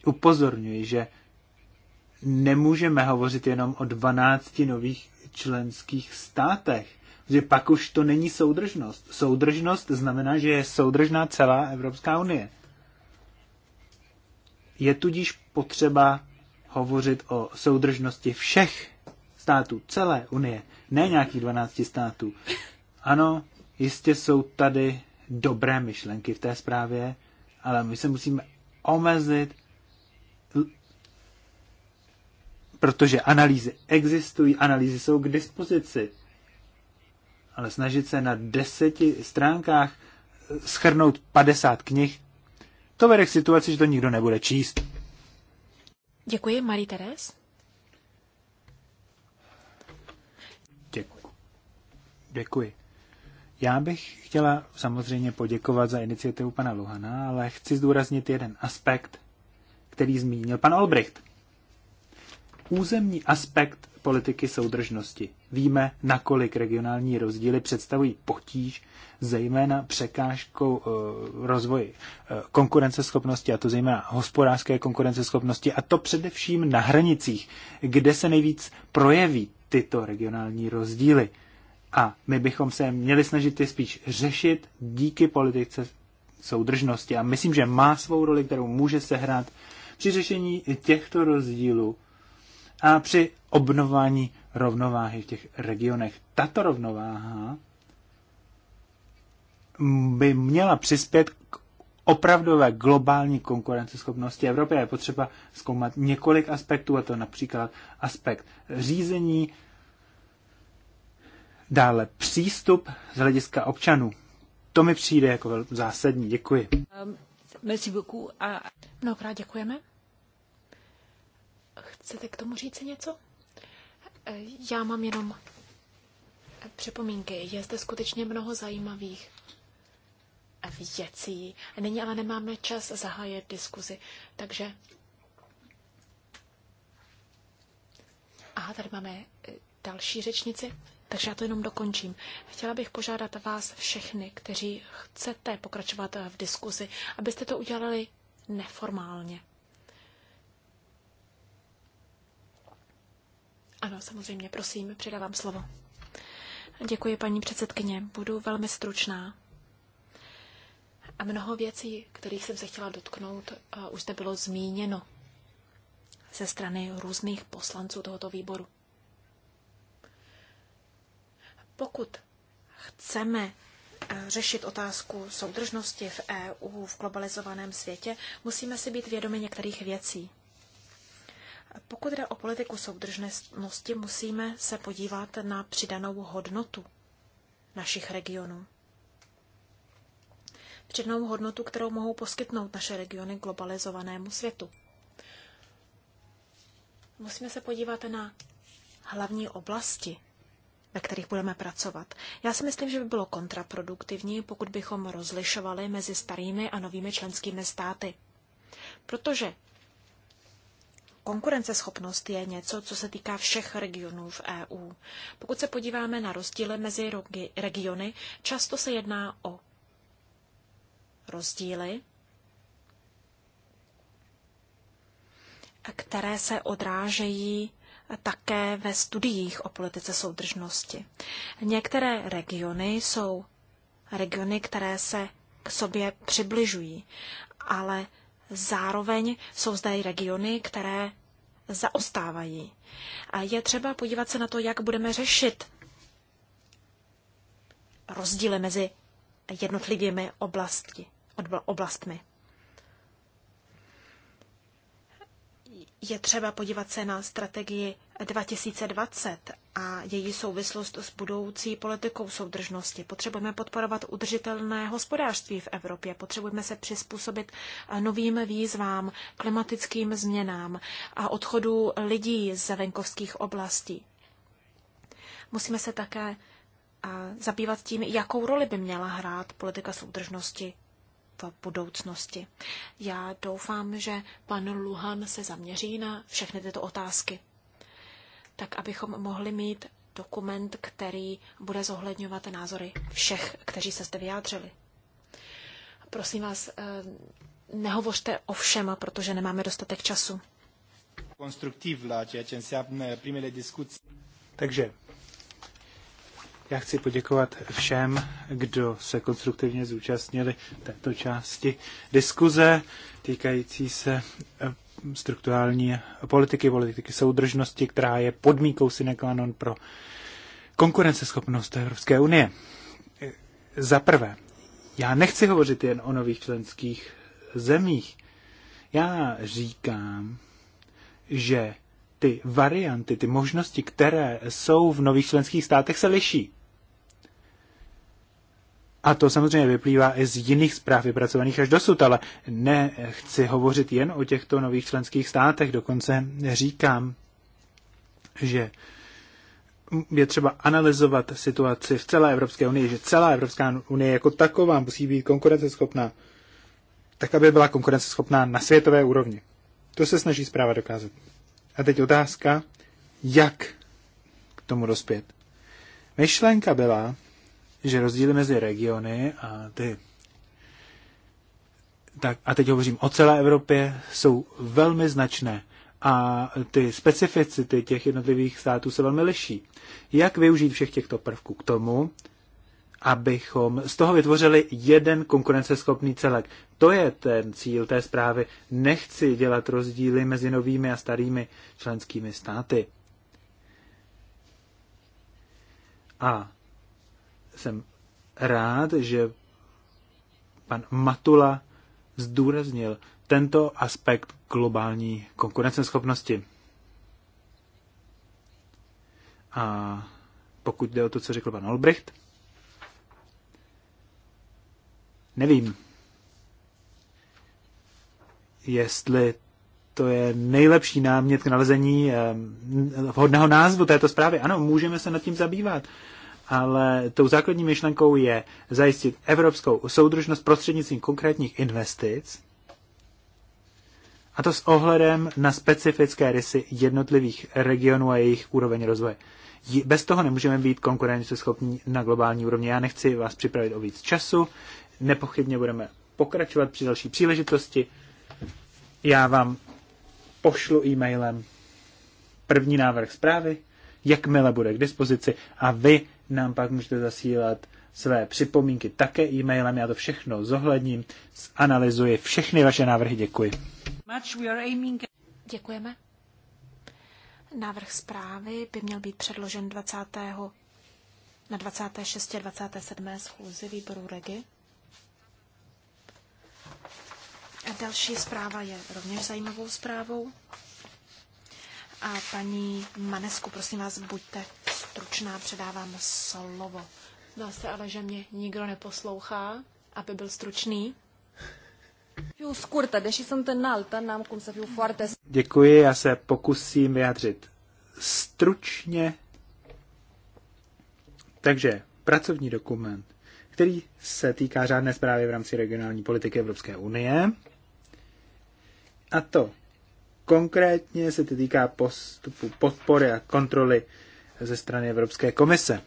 S2: Upozorňuji, že nemůžeme hovořit jenom o 12 nových členských státech. Že pak už to není soudržnost. Soudržnost znamená, že je soudržná celá Evropská unie. Je tudíž potřeba hovořit o soudržnosti všech států, celé unie, ne nějakých 12 států. Ano, jistě jsou tady dobré myšlenky v té zprávě, ale my se musíme omezit protože analýzy existují, analýzy jsou k dispozici. Ale snažit se na deseti stránkách eh, schrnout 50 knih, to vede k situaci, že to nikdo nebude číst.
S1: Děkuji, Marie Teres.
S2: Děkuji. Děkuji. Já bych chtěla samozřejmě poděkovat za iniciativu pana Luhana, ale chci zdůraznit jeden aspekt, který zmínil pan Olbricht územní aspekt politiky soudržnosti. Víme, nakolik regionální rozdíly představují potíž, zejména překážkou eh, rozvoji eh, konkurenceschopnosti, a to zejména hospodářské konkurenceschopnosti, a to především na hranicích, kde se nejvíc projeví tyto regionální rozdíly. A my bychom se měli snažit je spíš řešit díky politice soudržnosti. A myslím, že má svou roli, kterou může sehrát při řešení těchto rozdílů a při obnovování rovnováhy v těch regionech. Tato rovnováha by měla přispět k opravdové globální konkurenceschopnosti Evropy. Je potřeba zkoumat několik aspektů, a to například aspekt řízení, dále přístup z hlediska občanů. To mi přijde jako zásadní. Děkuji.
S1: Um, merci beaucoup. A... Mnohokrát děkujeme. Chcete k tomu říct něco? E, já mám jenom připomínky. Je zde skutečně mnoho zajímavých věcí. Není, ale nemáme čas zahájit diskuzi, takže... Aha, tady máme e, další řečnici, takže já to jenom dokončím. Chtěla bych požádat vás všechny, kteří chcete pokračovat v diskuzi, abyste to udělali neformálně. Ano, samozřejmě, prosím, předávám slovo. Děkuji, paní předsedkyně. Budu velmi stručná. A mnoho věcí, kterých jsem se chtěla dotknout, eh, už zde bylo zmíněno ze strany různých poslanců tohoto výboru. Pokud chceme eh, řešit otázku soudržnosti v EU v globalizovaném světě, musíme si být vědomi některých věcí. Pokud jde o politiku soudržnosti, musíme se podívat na přidanou hodnotu našich regionů. Přidanou hodnotu, kterou mohou poskytnout naše regiony globalizovanému světu. Musíme se podívat na hlavní oblasti, ve kterých budeme pracovat. Já si myslím, že by bylo kontraproduktivní, pokud bychom rozlišovali mezi starými a novými členskými státy. Protože Konkurenceschopnost je něco, co se týká všech regionů v EU. Pokud se podíváme na rozdíly mezi regiony, často se jedná o rozdíly, které se odrážejí také ve studiích o politice soudržnosti. Některé regiony jsou regiony, které se k sobě přibližují, ale Zároveň jsou zde i regiony, které zaostávají. A je třeba podívat se na to, jak budeme řešit rozdíly mezi jednotlivými oblasti, oblastmi. je třeba podívat se na strategii 2020 a její souvislost s budoucí politikou soudržnosti. Potřebujeme podporovat udržitelné hospodářství v Evropě, potřebujeme se přizpůsobit novým výzvám, klimatickým změnám a odchodu lidí z venkovských oblastí. Musíme se také zabývat tím, jakou roli by měla hrát politika soudržnosti v budoucnosti. Já doufám, že pan Luhan se zaměří na všechny tyto otázky, tak abychom mohli mít dokument, který bude zohledňovat názory všech, kteří se zde vyjádřili. Prosím vás, eh, nehovořte o všem, protože nemáme dostatek času.
S2: Takže já chci poděkovat všem, kdo se konstruktivně zúčastnili této části diskuze týkající se eh, strukturální politiky, politiky soudržnosti, která je podmínkou sine qua non pro konkurenceschopnost Evropské unie. Eh, za prvé, já nechci hovořit jen o nových členských zemích. Já říkám, že ty varianty, ty možnosti, které jsou v nových členských státech, se liší. A to samozřejmě vyplývá i z jiných zpráv vypracovaných až dosud, ale nechci hovořit jen o těchto nových členských státech. Dokonce říkám, že je třeba analyzovat situaci v celé Evropské unii, že celá Evropská unie jako taková musí být konkurenceschopná, tak aby byla konkurenceschopná na světové úrovni. To se snaží zpráva dokázat. A teď otázka, jak k tomu dospět. Myšlenka byla, že rozdíly mezi regiony a ty tak, a teď hovořím o celé Evropě, jsou velmi značné a ty specificity těch jednotlivých států se velmi liší. Jak využít všech těchto prvků k tomu, abychom z toho vytvořili jeden konkurenceschopný celek. To je ten cíl té zprávy. Nechci dělat rozdíly mezi novými a starými členskými státy. A jsem rád, že pan Matula zdůraznil tento aspekt globální konkurenceschopnosti. A pokud jde o to, co řekl pan Olbricht, nevím, jestli to je nejlepší námět k nalezení eh, vhodného názvu této zprávy. Ano, můžeme se nad tím zabývat ale tou základní myšlenkou je zajistit evropskou soudržnost prostřednictvím konkrétních investic, a to s ohledem na specifické rysy jednotlivých regionů a jejich úroveň rozvoje. Bez toho nemůžeme být konkurenceschopní na globální úrovni. Já nechci vás připravit o víc času, nepochybně budeme pokračovat při další příležitosti. Já vám pošlu e-mailem první návrh zprávy, jakmile bude k dispozici a vy nám pak můžete zasílat své připomínky také e-mailem. Já to všechno zohledním, zanalizuji všechny vaše návrhy. Děkuji.
S1: Děkujeme. Návrh zprávy by měl být předložen 20. na 26. 27. schůzi výboru Regi. A další zpráva je rovněž zajímavou zprávou. A paní Manesku, prosím vás, buďte stručná, předávám slovo. Zdá no, se ale, že mě nikdo neposlouchá, aby byl stručný.
S2: Děkuji, já se pokusím vyjádřit stručně. Takže pracovní dokument, který se týká řádné zprávy v rámci regionální politiky Evropské unie. A to konkrétně se týká postupu podpory a kontroly ze strany Evropské komise.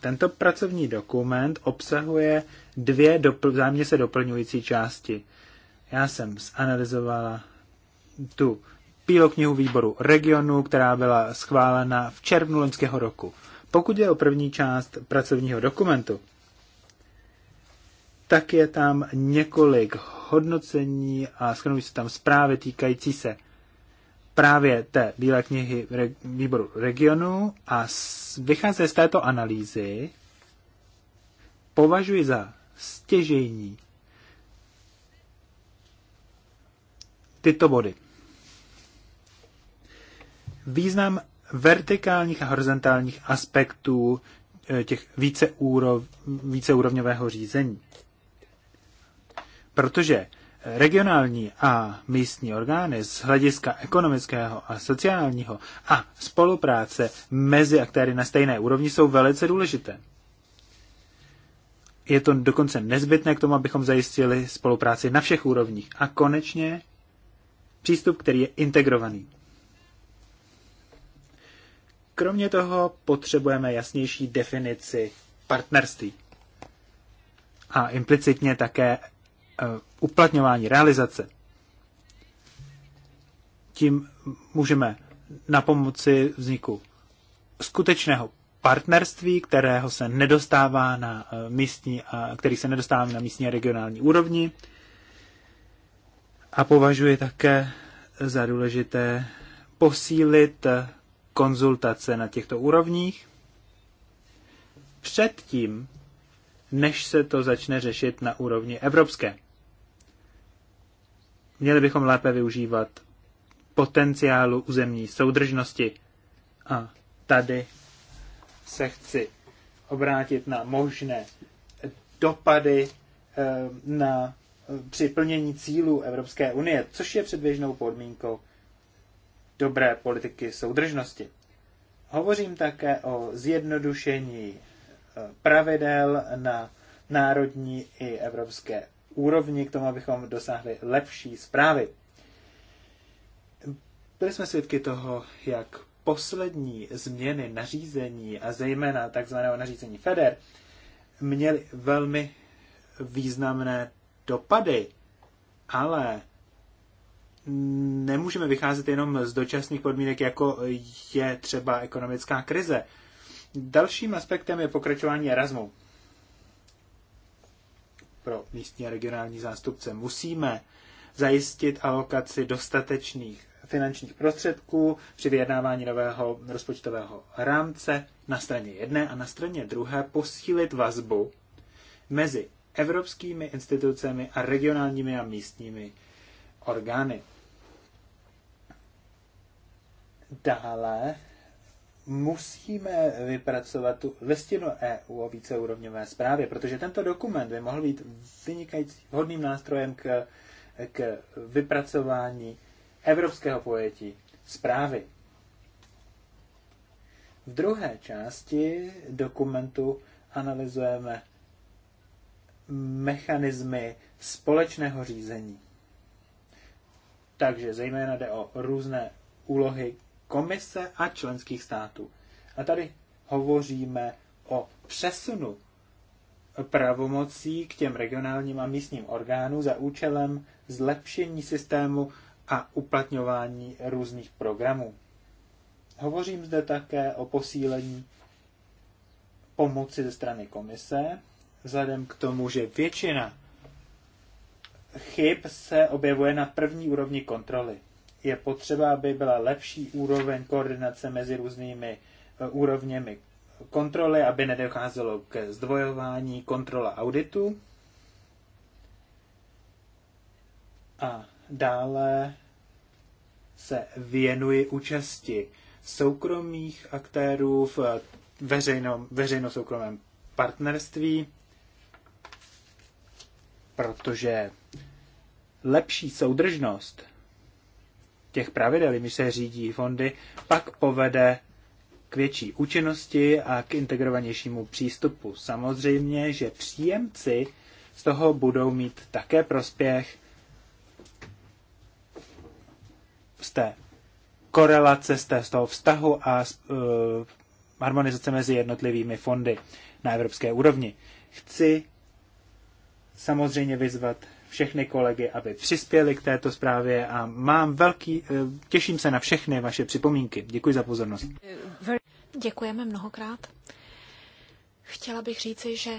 S2: Tento pracovní dokument obsahuje dvě dopl- zájemně se doplňující části. Já jsem zanalizovala tu Bílou knihu výboru regionu, která byla schválena v červnu loňského roku. Pokud je o první část pracovního dokumentu, tak je tam několik hodnocení a schrnují se tam zprávy týkající se Právě té Bílé knihy výboru regionu a vycházeje z této analýzy, považuji za stěžejní tyto body. Význam vertikálních a horizontálních aspektů eh, těch více víceúrovňového řízení. Protože regionální a místní orgány z hlediska ekonomického a sociálního a spolupráce mezi aktéry na stejné úrovni jsou velice důležité. Je to dokonce nezbytné k tomu, abychom zajistili spolupráci na všech úrovních. A konečně přístup, který je integrovaný. Kromě toho potřebujeme jasnější definici partnerství a implicitně také Eh, uplatňování, realizace, tím můžeme na pomoci vzniku skutečného partnerství, kterého se nedostává na eh, místní, a který se nedostává na místní a regionální úrovni. A považuji také za důležité posílit eh, konzultace na těchto úrovních předtím, než se to začne řešit na úrovni evropské. Měli bychom lépe využívat potenciálu územní soudržnosti. A tady se chci obrátit na možné dopady eh, na eh, připlnění cílů Evropské unie, což je předběžnou podmínkou dobré politiky soudržnosti. Hovořím také o zjednodušení eh, pravidel na národní i evropské úrovni k tomu, abychom dosáhli lepší zprávy. Byli jsme svědky toho, jak poslední změny nařízení a zejména takzvaného nařízení FEDER měly velmi významné dopady, ale nemůžeme vycházet jenom z dočasných podmínek, jako je třeba ekonomická krize. Dalším aspektem je pokračování Erasmu pro místní a regionální zástupce. Musíme zajistit alokaci dostatečných finančních prostředků při vyjednávání nového rozpočtového rámce na straně jedné a na straně druhé posílit vazbu mezi evropskými institucemi a regionálními a místními orgány. Dále musíme vypracovat tu listinu EU o víceúrovňové zprávě, protože tento dokument by mohl být vynikající vhodným nástrojem k, k vypracování evropského pojetí zprávy. V druhé části dokumentu analyzujeme mechanismy společného řízení. Takže zejména jde o různé úlohy komise a členských států. A tady hovoříme o přesunu pravomocí k těm regionálním a místním orgánům za účelem zlepšení systému a uplatňování různých programů. Hovořím zde také o posílení pomoci ze strany komise, vzhledem k tomu, že většina chyb se objevuje na první úrovni kontroly je potřeba, aby byla lepší úroveň koordinace mezi různými eh, úrovněmi kontroly, aby nedocházelo k zdvojování kontrola auditu. A dále se věnuji účasti soukromých aktérů v eh, veřejno, veřejno-soukromém partnerství, protože lepší soudržnost těch pravidel, když se řídí fondy, pak povede k větší účinnosti a k integrovanějšímu přístupu. Samozřejmě, že příjemci z toho budou mít také prospěch z té korelace, z, té, z toho vztahu a z, uh, harmonizace mezi jednotlivými fondy na evropské úrovni. Chci samozřejmě vyzvat všechny kolegy, aby přispěli k této zprávě a mám velký, eh, těším se na všechny vaše připomínky. Děkuji za pozornost.
S1: Děkujeme mnohokrát. Chtěla bych říci, že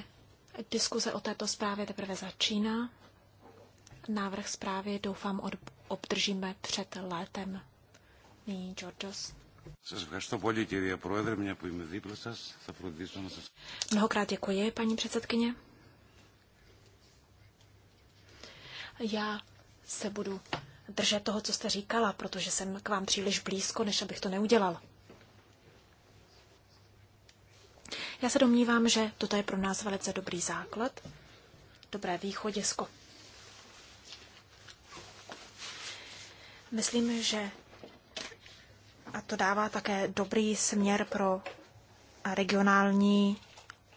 S1: diskuze o této zprávě teprve začíná. Návrh zprávy doufám od, obdržíme před létem. Nyní Georgios. Mnohokrát děkuji, paní předsedkyně. Já se budu držet toho, co jste říkala, protože jsem k vám příliš blízko, než abych to neudělal. Já se domnívám, že toto je pro nás velice dobrý základ, dobré východisko. Myslím, že a to dává také dobrý směr pro regionální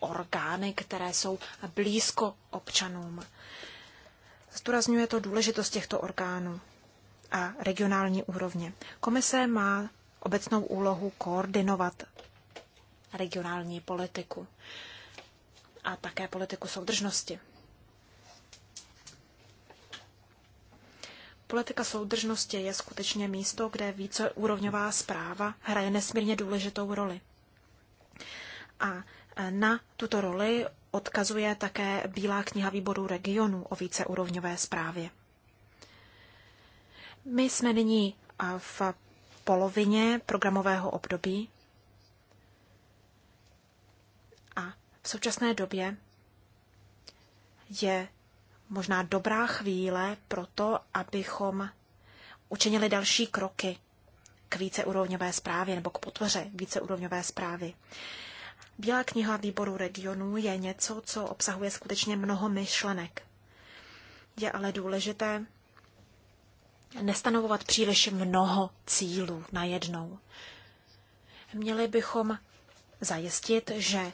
S1: orgány, které jsou blízko občanům. Zdůrazňuje to důležitost těchto orgánů a regionální úrovně. Komise má obecnou úlohu koordinovat regionální politiku a také politiku soudržnosti. Politika soudržnosti je skutečně místo, kde víceúrovňová zpráva hraje nesmírně důležitou roli. A na tuto roli odkazuje také Bílá kniha výboru regionu o víceúrovňové zprávě. My jsme nyní v polovině programového období a v současné době je možná dobrá chvíle pro to, abychom učinili další kroky k víceúrovňové zprávě nebo k potvoře víceúrovňové zprávy. Bílá kniha výboru regionů je něco, co obsahuje skutečně mnoho myšlenek. Je ale důležité nestanovovat příliš mnoho cílů na najednou. Měli bychom zajistit, že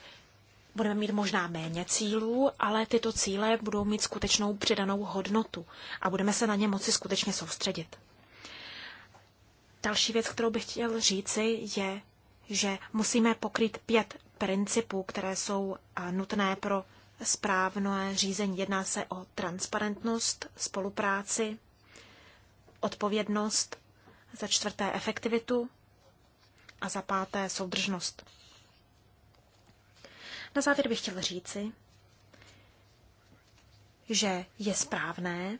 S1: budeme mít možná méně cílů, ale tyto cíle budou mít skutečnou přidanou hodnotu a budeme se na ně moci skutečně soustředit. Další věc, kterou bych chtěl říci, je že musíme pokryt pět principů, které jsou nutné pro správné řízení. Jedná se o transparentnost, spolupráci, odpovědnost, za čtvrté efektivitu a za páté soudržnost. Na závěr bych chtěl říci, že je správné,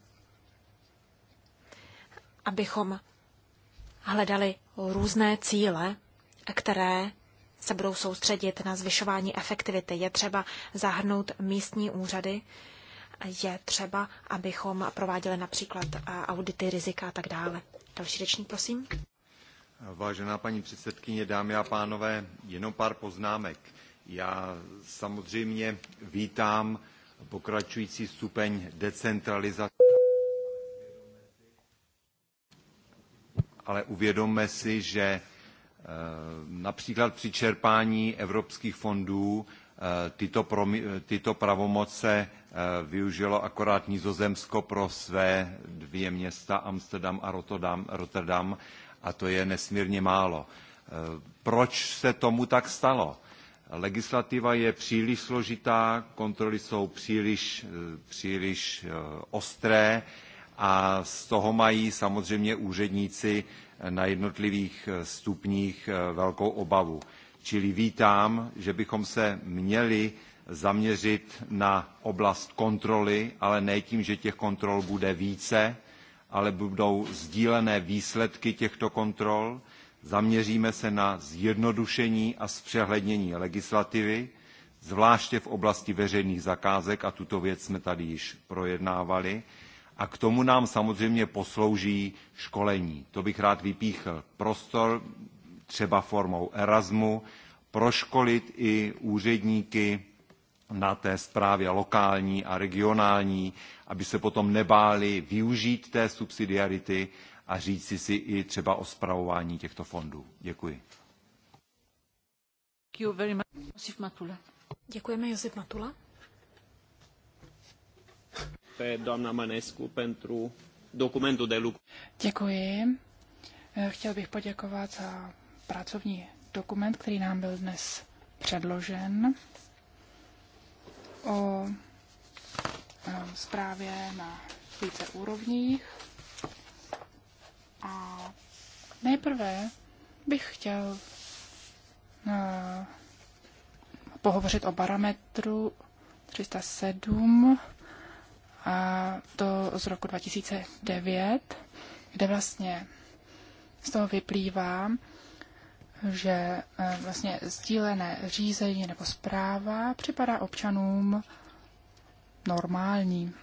S1: abychom hledali různé cíle které se budou soustředit na zvyšování efektivity. Je třeba zahrnout místní úřady, je třeba, abychom prováděli například eh, audity rizika a tak dále. Další řečník, prosím.
S4: Vážená paní předsedkyně, dámy a pánové, jenom pár poznámek. Já samozřejmě vítám pokračující stupeň decentralizace. Ale uvědomme si, že Eh, například při čerpání evropských fondů eh, tyto, promi, tyto pravomoce eh, využilo akorát Nizozemsko pro své dvě města, Amsterdam a Rotterdam, Rotterdam a to je nesmírně málo. Proč se tomu tak stalo? Legislativa je příliš složitá, kontroly jsou příliš, příliš ostré, a z toho mají samozřejmě úředníci na jednotlivých eh, stupních eh, velkou obavu. Čili vítám, že bychom se měli zaměřit na oblast kontroly, ale ne tím, že těch kontrol bude více, ale budou sdílené výsledky těchto kontrol. Zaměříme se na zjednodušení a zpřehlednění legislativy, zvláště v oblasti veřejných zakázek, a tuto věc jsme tady již projednávali, a k tomu nám samozřejmě poslouží školení. To bych rád vypíchl. Prostor třeba formou Erasmu, proškolit i úředníky na té správě lokální a regionální, aby se potom nebáli využít té subsidiarity a říci si i třeba o zpravování těchto fondů. Děkuji.
S1: Děkujeme Josef Matula
S2: pe doamna pentru de lucru.
S3: Děkuji. Chtěl bych poděkovat za pracovní dokument, který nám byl dnes předložen o eh, zprávě na více úrovních. A nejprve bych chtěl eh, pohovořit o parametru 307 a to z roku 2009, kde vlastně z toho vyplývá, že e, vlastně sdílené řízení nebo zpráva připadá občanům normální.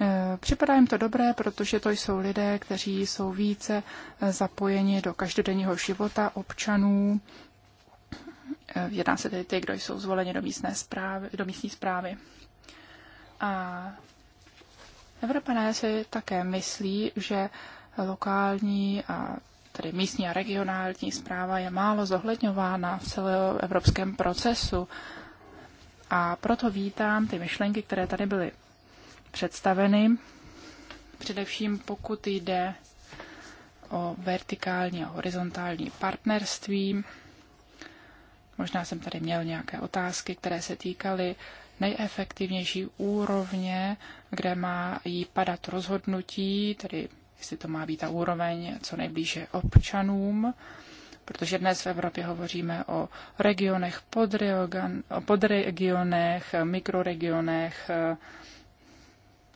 S3: E, připadá jim to dobré, protože to jsou lidé, kteří jsou více e, zapojeni do každodenního života občanů Eh, jedná se tedy ty, kdo jsou zvoleni do, místné zprávy, do místní zprávy. A Evropané si také myslí, že lokální a tedy místní a regionální zpráva je málo zohledňována v celoevropském procesu. A proto vítám ty myšlenky, které tady byly představeny, především pokud jde o vertikální a horizontální partnerství, Možná jsem tady měl nějaké otázky, které se týkaly nejefektivnější úrovně, kde má jí padat rozhodnutí, tedy jestli to má být ta úroveň co nejblíže občanům, protože dnes v Evropě hovoříme o regionech, podregionech, mikroregionech eh,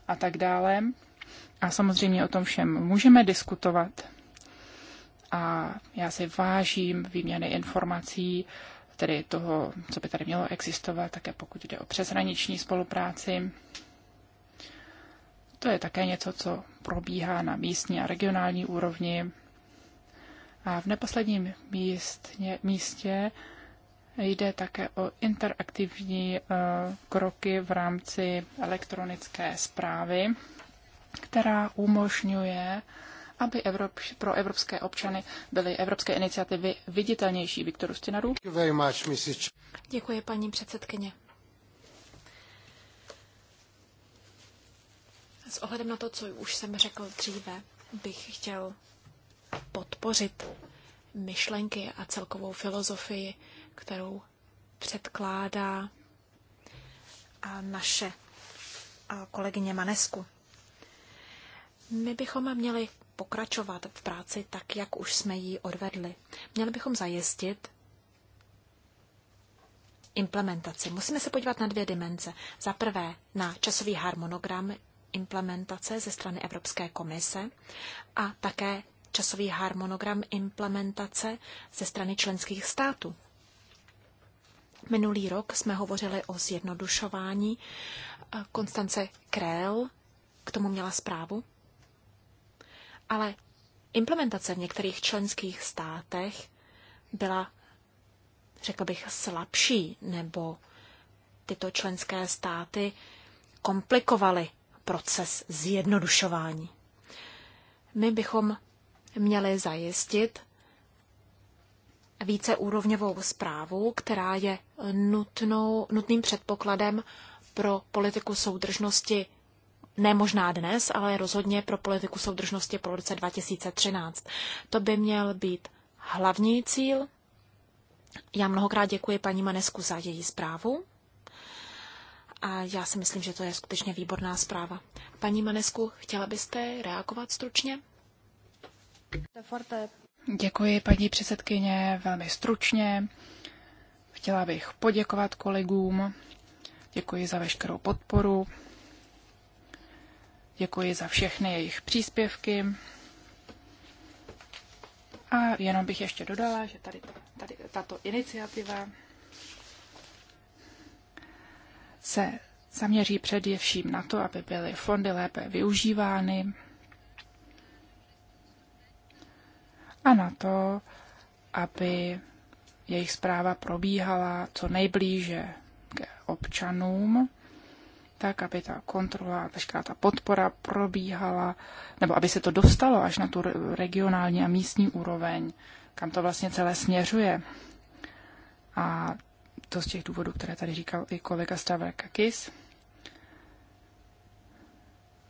S3: a tak dále. A samozřejmě o tom všem můžeme diskutovat. A já si vážím výměny informací, tedy toho, co by tady mělo existovat, také pokud jde o přeshraniční spolupráci. To je také něco, co probíhá na místní a regionální úrovni. A v neposledním místně, místě jde také o interaktivní eh, kroky v rámci elektronické zprávy, která umožňuje aby Evrop, pro evropské občany byly evropské iniciativy viditelnější. Viktoru Stinaru. Děkuji, paní předsedkyně.
S1: S ohledem na to, co už jsem řekl dříve, bych chtěl podpořit myšlenky a celkovou filozofii, kterou předkládá naše kolegyně Manesku. My bychom měli pokračovat v práci tak, jak už jsme ji odvedli. Měli bychom zajistit implementaci. Musíme se podívat na dvě dimenze. Za prvé na časový harmonogram implementace ze strany Evropské komise a také časový harmonogram implementace ze strany členských států. Minulý rok jsme hovořili o zjednodušování. Konstance Krell k tomu měla zprávu. Ale implementace v některých členských státech byla, řekl bych, slabší, nebo tyto členské státy komplikovaly proces zjednodušování. My bychom měli zajistit víceúrovňovou zprávu, která je nutnou, nutným předpokladem pro politiku soudržnosti ne možná dnes, ale rozhodně pro politiku soudržnosti po roce 2013. To by měl být hlavní cíl. Já mnohokrát děkuji paní Manesku za její zprávu. A já si myslím, že to je skutečně výborná zpráva. Paní Manesku, chtěla byste reagovat stručně?
S3: Děkuji, paní předsedkyně, velmi stručně. Chtěla bych poděkovat kolegům. Děkuji za veškerou podporu. Děkuji za všechny jejich příspěvky. A jenom bych ještě dodala, že tady, tady tato iniciativa se zaměří především na to, aby byly fondy lépe využívány a na to, aby jejich zpráva probíhala co nejblíže k občanům tak aby ta kontrola, veškerá ta podpora probíhala, nebo aby se to dostalo až na tu regionální a místní úroveň, kam to vlastně celé směřuje. A to z těch důvodů, které tady říkal i kolega Stavrakakis.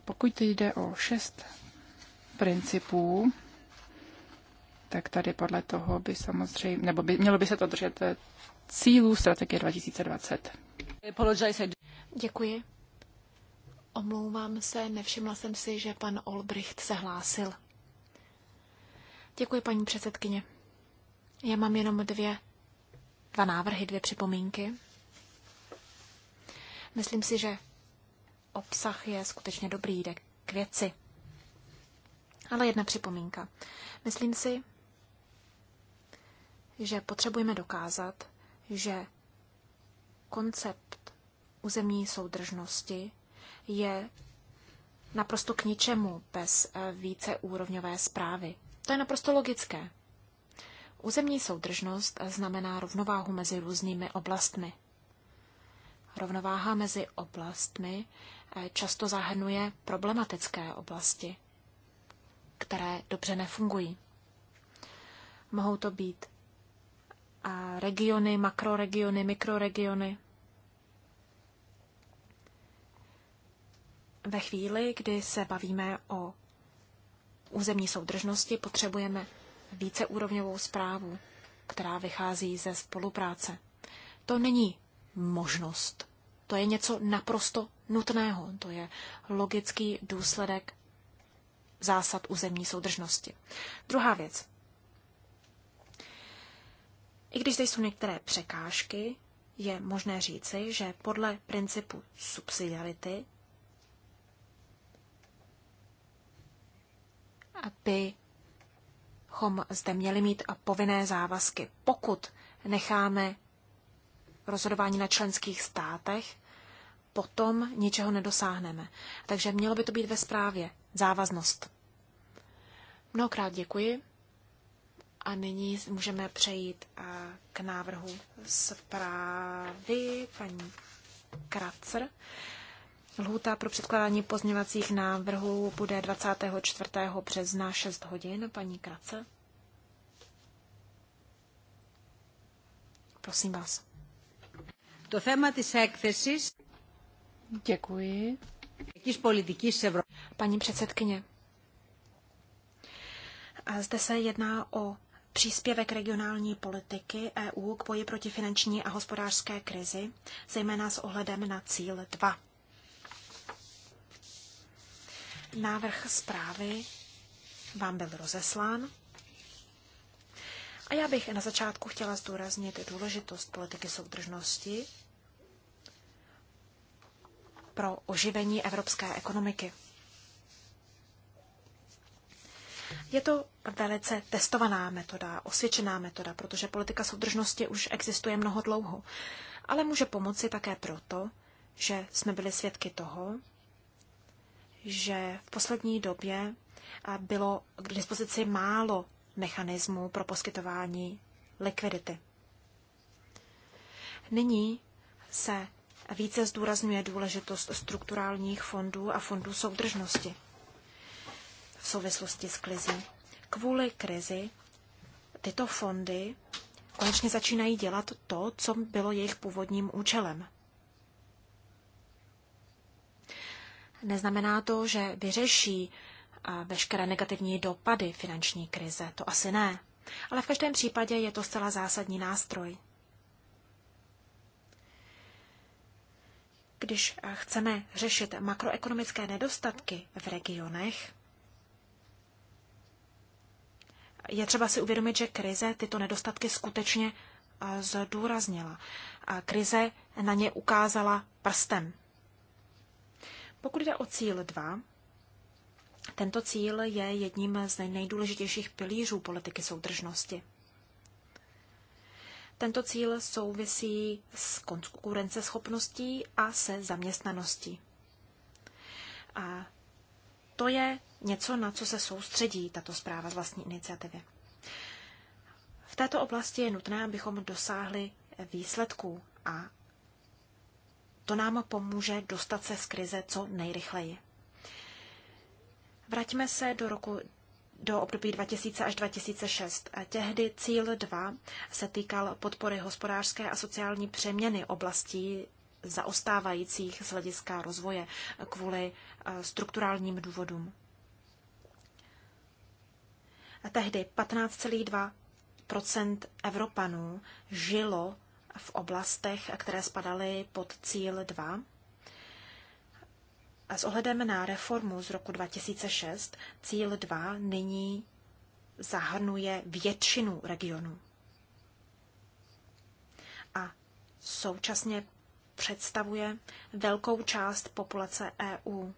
S3: Pokud jde o šest principů, tak tady podle toho by samozřejmě, nebo by, mělo by se to držet eh, cílů strategie 2020.
S1: Děkuji. Omlouvám se, nevšimla jsem si, že pan Olbricht se hlásil. Děkuji, paní předsedkyně. Já mám jenom dvě, dva návrhy, dvě připomínky. Myslím si, že obsah je skutečně dobrý, jde k věci. Ale jedna připomínka. Myslím si, že potřebujeme dokázat, že koncept územní soudržnosti je naprosto k ničemu bez eh, víceúrovňové zprávy. To je naprosto logické. Územní soudržnost eh, znamená rovnováhu mezi různými oblastmi. Rovnováha mezi oblastmi eh, často zahrnuje problematické oblasti, které dobře nefungují. Mohou to být regiony, makroregiony, mikroregiony. Ve chvíli, kdy se bavíme o územní soudržnosti, potřebujeme víceúrovňovou zprávu, která vychází ze spolupráce. To není možnost. To je něco naprosto nutného. To je logický důsledek zásad územní soudržnosti. Druhá věc. I když zde jsou některé překážky, je možné říci, že podle principu subsidiarity chom zde měli mít povinné závazky. Pokud necháme rozhodování na členských státech, potom ničeho nedosáhneme. Takže mělo by to být ve zprávě. Závaznost. Mnohokrát děkuji. A nyní můžeme přejít eh, k návrhu zprávy paní Kracr. Lhůta pro předkládání pozměňovacích návrhů bude 24. března 6 hodin. Paní Krace. Prosím vás. To téma tis politiky Děkuji. Paní předsedkyně, a zde se jedná o příspěvek regionální politiky EU k boji proti finanční a hospodářské krizi, zejména s ohledem na cíl 2. Návrh zprávy vám byl rozeslán. A já bych na začátku chtěla zdůraznit důležitost politiky soudržnosti pro oživení evropské ekonomiky. Je to velice testovaná metoda, osvědčená metoda, protože politika soudržnosti už existuje mnoho dlouho, ale může pomoci také proto, že jsme byli svědky toho, že v poslední době bylo k dispozici málo mechanismů pro poskytování likvidity. Nyní se více zdůrazňuje důležitost strukturálních fondů a fondů soudržnosti v souvislosti s krizí. Kvůli krizi tyto fondy konečně začínají dělat to, co bylo jejich původním účelem. Neznamená to, že vyřeší eh, veškeré negativní dopady finanční krize, to asi ne. Ale v každém případě je to zcela zásadní nástroj. Když eh, chceme řešit makroekonomické nedostatky v regionech, je třeba si uvědomit, že krize tyto nedostatky skutečně eh, zdůraznila. A krize na ně ukázala prstem. Pokud jde o cíl 2, tento cíl je jedním z nejdůležitějších pilířů politiky soudržnosti. Tento cíl souvisí s konkurenceschopností a se zaměstnaností. A to je něco, na co se soustředí tato zpráva z vlastní iniciativy. V této oblasti je nutné, abychom dosáhli výsledků a to nám pomůže dostat se z krize co nejrychleji. Vraťme se do roku do období 2000 až 2006. Tehdy cíl 2 se týkal podpory hospodářské a sociální přeměny oblastí zaostávajících z hlediska rozvoje kvůli eh, strukturálním důvodům. A tehdy 15,2 Evropanů žilo v oblastech, které spadaly pod cíl 2. A s ohledem na reformu z roku 2006 cíl 2 nyní zahrnuje většinu regionu. A současně představuje velkou část populace EU.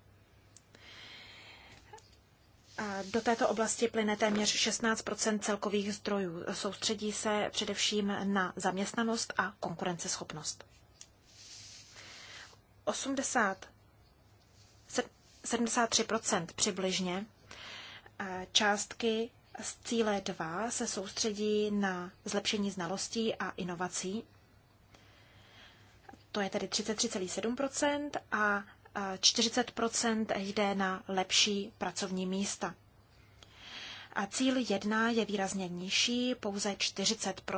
S1: Do této oblasti plyne téměř 16 celkových zdrojů. Soustředí se především na zaměstnanost a konkurenceschopnost. 80, 73 přibližně eh, částky z cíle 2 se soustředí na zlepšení znalostí a inovací. To je tedy 33,7 a 40 jde na lepší pracovní místa. A cíl 1 je výrazně nižší, pouze 40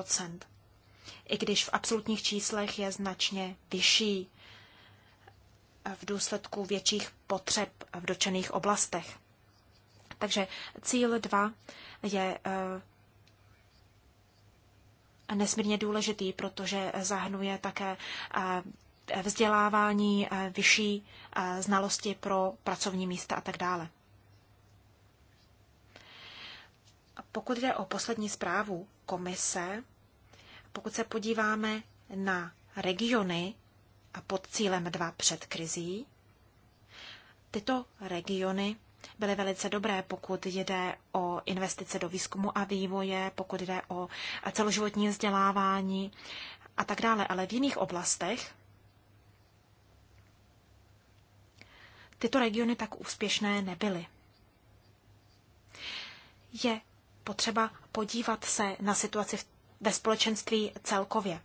S1: i když v absolutních číslech je značně vyšší v důsledku větších potřeb v dočených oblastech. Takže cíl 2 je eh, nesmírně důležitý, protože zahrnuje také eh, vzdělávání, eh, vyšší eh, znalosti pro pracovní místa a tak dále. Pokud jde o poslední zprávu komise, pokud se podíváme na regiony a pod cílem 2 před krizí, tyto regiony byly velice dobré, pokud jde o investice do výzkumu a vývoje, pokud jde o celoživotní vzdělávání a tak dále. Ale v jiných oblastech tyto regiony tak úspěšné nebyly. Je potřeba podívat se na situaci ve společenství celkově.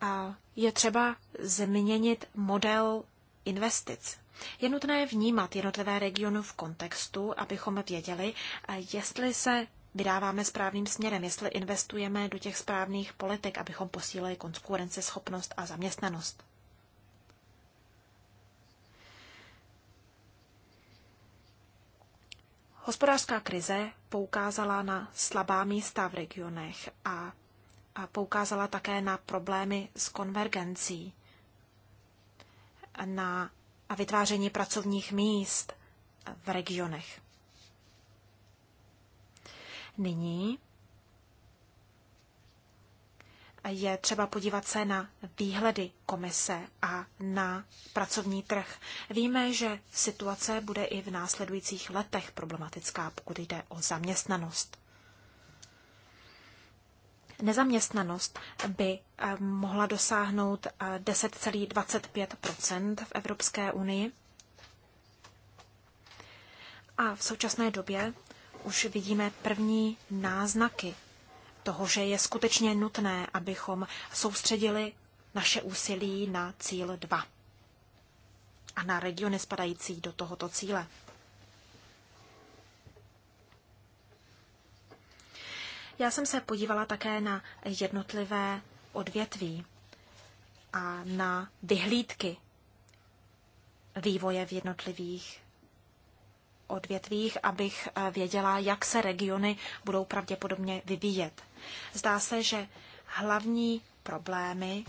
S1: A je třeba změnit model investic. Je nutné vnímat jednotlivé regiony v kontextu, abychom věděli, jestli se vydáváme správným směrem, jestli investujeme do těch správných politik, abychom posílili konkurenceschopnost a zaměstnanost. Hospodářská krize poukázala na slabá místa v regionech a poukázala také na problémy s konvergencí, na vytváření pracovních míst v regionech. Nyní je třeba podívat se na výhledy komise a na pracovní trh. Víme, že situace bude i v následujících letech problematická, pokud jde o zaměstnanost. Nezaměstnanost by eh, mohla dosáhnout 10,25 eh, v Evropské unii. A v současné době už vidíme první náznaky toho, že je skutečně nutné, abychom soustředili naše úsilí na cíl 2 a na regiony spadající do tohoto cíle. Já jsem se podívala také na jednotlivé odvětví a na vyhlídky vývoje v jednotlivých odvětvích, abych eh, věděla, jak se regiony budou pravděpodobně vyvíjet. Zdá se, že hlavní problémy,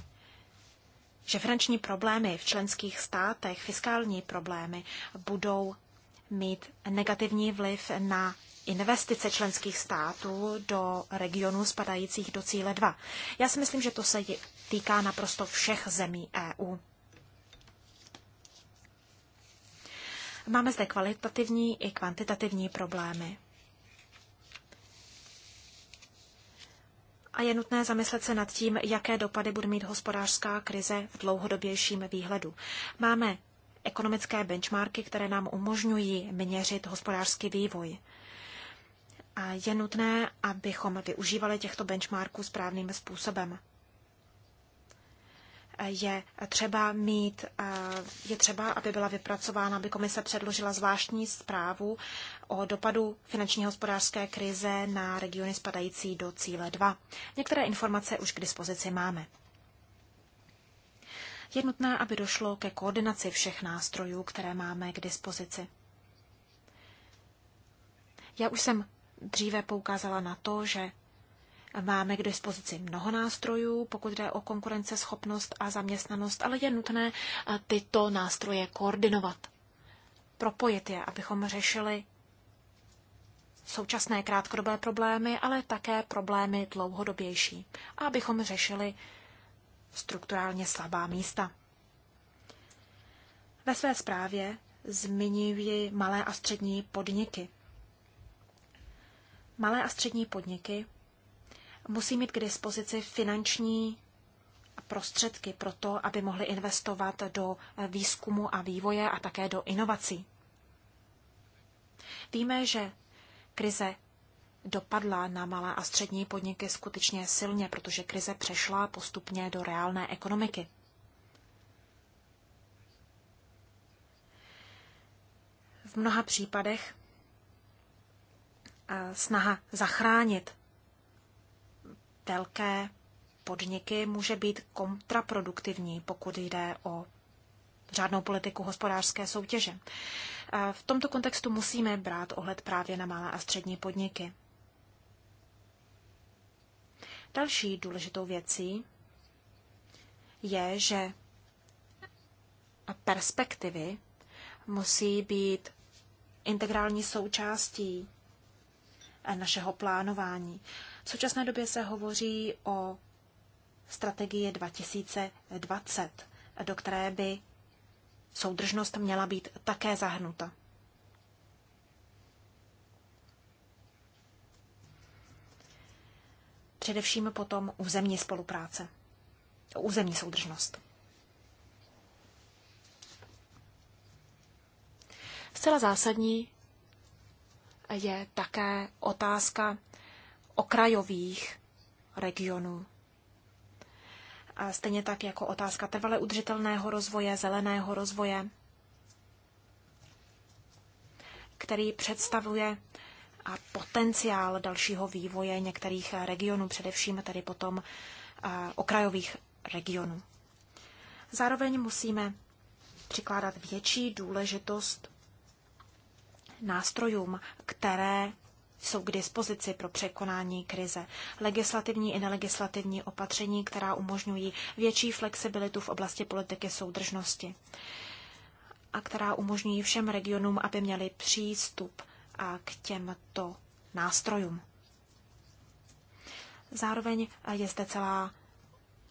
S1: že finanční problémy v členských státech, fiskální problémy budou mít negativní vliv na investice členských států do regionů spadajících do cíle 2. Já si myslím, že to se týká naprosto všech zemí EU. Máme zde kvalitativní i kvantitativní problémy. A je nutné zamyslet se nad tím, jaké dopady bude mít hospodářská krize v dlouhodobějším výhledu. Máme ekonomické benchmarky, které nám umožňují měřit hospodářský vývoj. A je nutné, abychom využívali těchto benchmarků správným způsobem je třeba mít, je třeba, aby byla vypracována, aby komise předložila zvláštní zprávu o dopadu finanční hospodářské krize na regiony spadající do cíle 2. Některé informace už k dispozici máme. Je nutné, aby došlo ke koordinaci všech nástrojů, které máme k dispozici. Já už jsem dříve poukázala na to, že Máme k dispozici mnoho nástrojů, pokud jde o konkurenceschopnost a zaměstnanost, ale je nutné eh, tyto nástroje koordinovat, propojit je, abychom řešili současné krátkodobé problémy, ale také problémy dlouhodobější a abychom řešili strukturálně slabá místa. Ve své zprávě zmiňuji malé a střední podniky. Malé a střední podniky musí mít k dispozici finanční prostředky pro to, aby mohli investovat do výzkumu a vývoje a také do inovací. Víme, že krize dopadla na malé a střední podniky skutečně silně, protože krize přešla postupně do reálné ekonomiky. V mnoha případech eh, snaha zachránit velké podniky může být kontraproduktivní, pokud jde o řádnou politiku hospodářské soutěže. V tomto kontextu musíme brát ohled právě na malé a střední podniky. Další důležitou věcí je, že perspektivy musí být integrální součástí našeho plánování. V současné době se hovoří o strategii 2020, do které by soudržnost měla být také zahrnuta. Především potom územní spolupráce, územní soudržnost. Zcela zásadní je také otázka okrajových regionů. A stejně tak jako otázka trvale udržitelného rozvoje, zeleného rozvoje, který představuje a potenciál dalšího vývoje některých regionů, především tedy potom okrajových regionů. Zároveň musíme přikládat větší důležitost nástrojům, které jsou k dispozici pro překonání krize. Legislativní i nelegislativní opatření, která umožňují větší flexibilitu v oblasti politiky soudržnosti a která umožňují všem regionům, aby měli přístup k těmto nástrojům. Zároveň je zde celá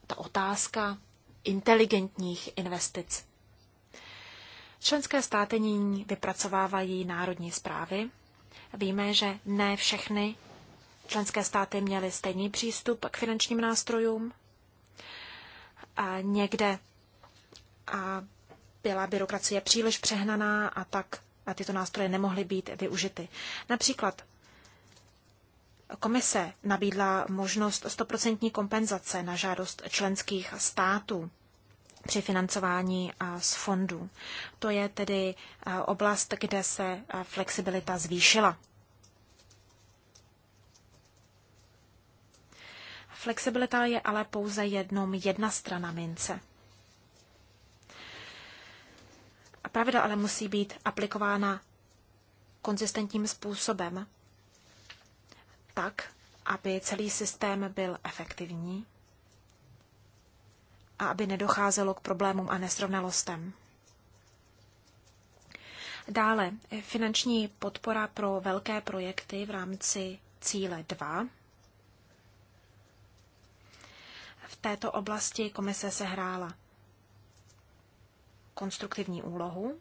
S1: ta otázka inteligentních investic. Členské státy nyní vypracovávají národní zprávy Víme, že ne všechny členské státy měly stejný přístup k finančním nástrojům. A někde a byla byrokracie příliš přehnaná a tak a tyto nástroje nemohly být využity. Například komise nabídla možnost 100% kompenzace na žádost členských států při financování z fondů. To je tedy oblast, kde se flexibilita zvýšila. Flexibilita je ale pouze jednom jedna strana mince. A pravidla ale musí být aplikována konzistentním způsobem, tak, aby celý systém byl efektivní a aby nedocházelo k problémům a nesrovnalostem. Dále finanční podpora pro velké projekty v rámci cíle 2. V této oblasti komise sehrála konstruktivní úlohu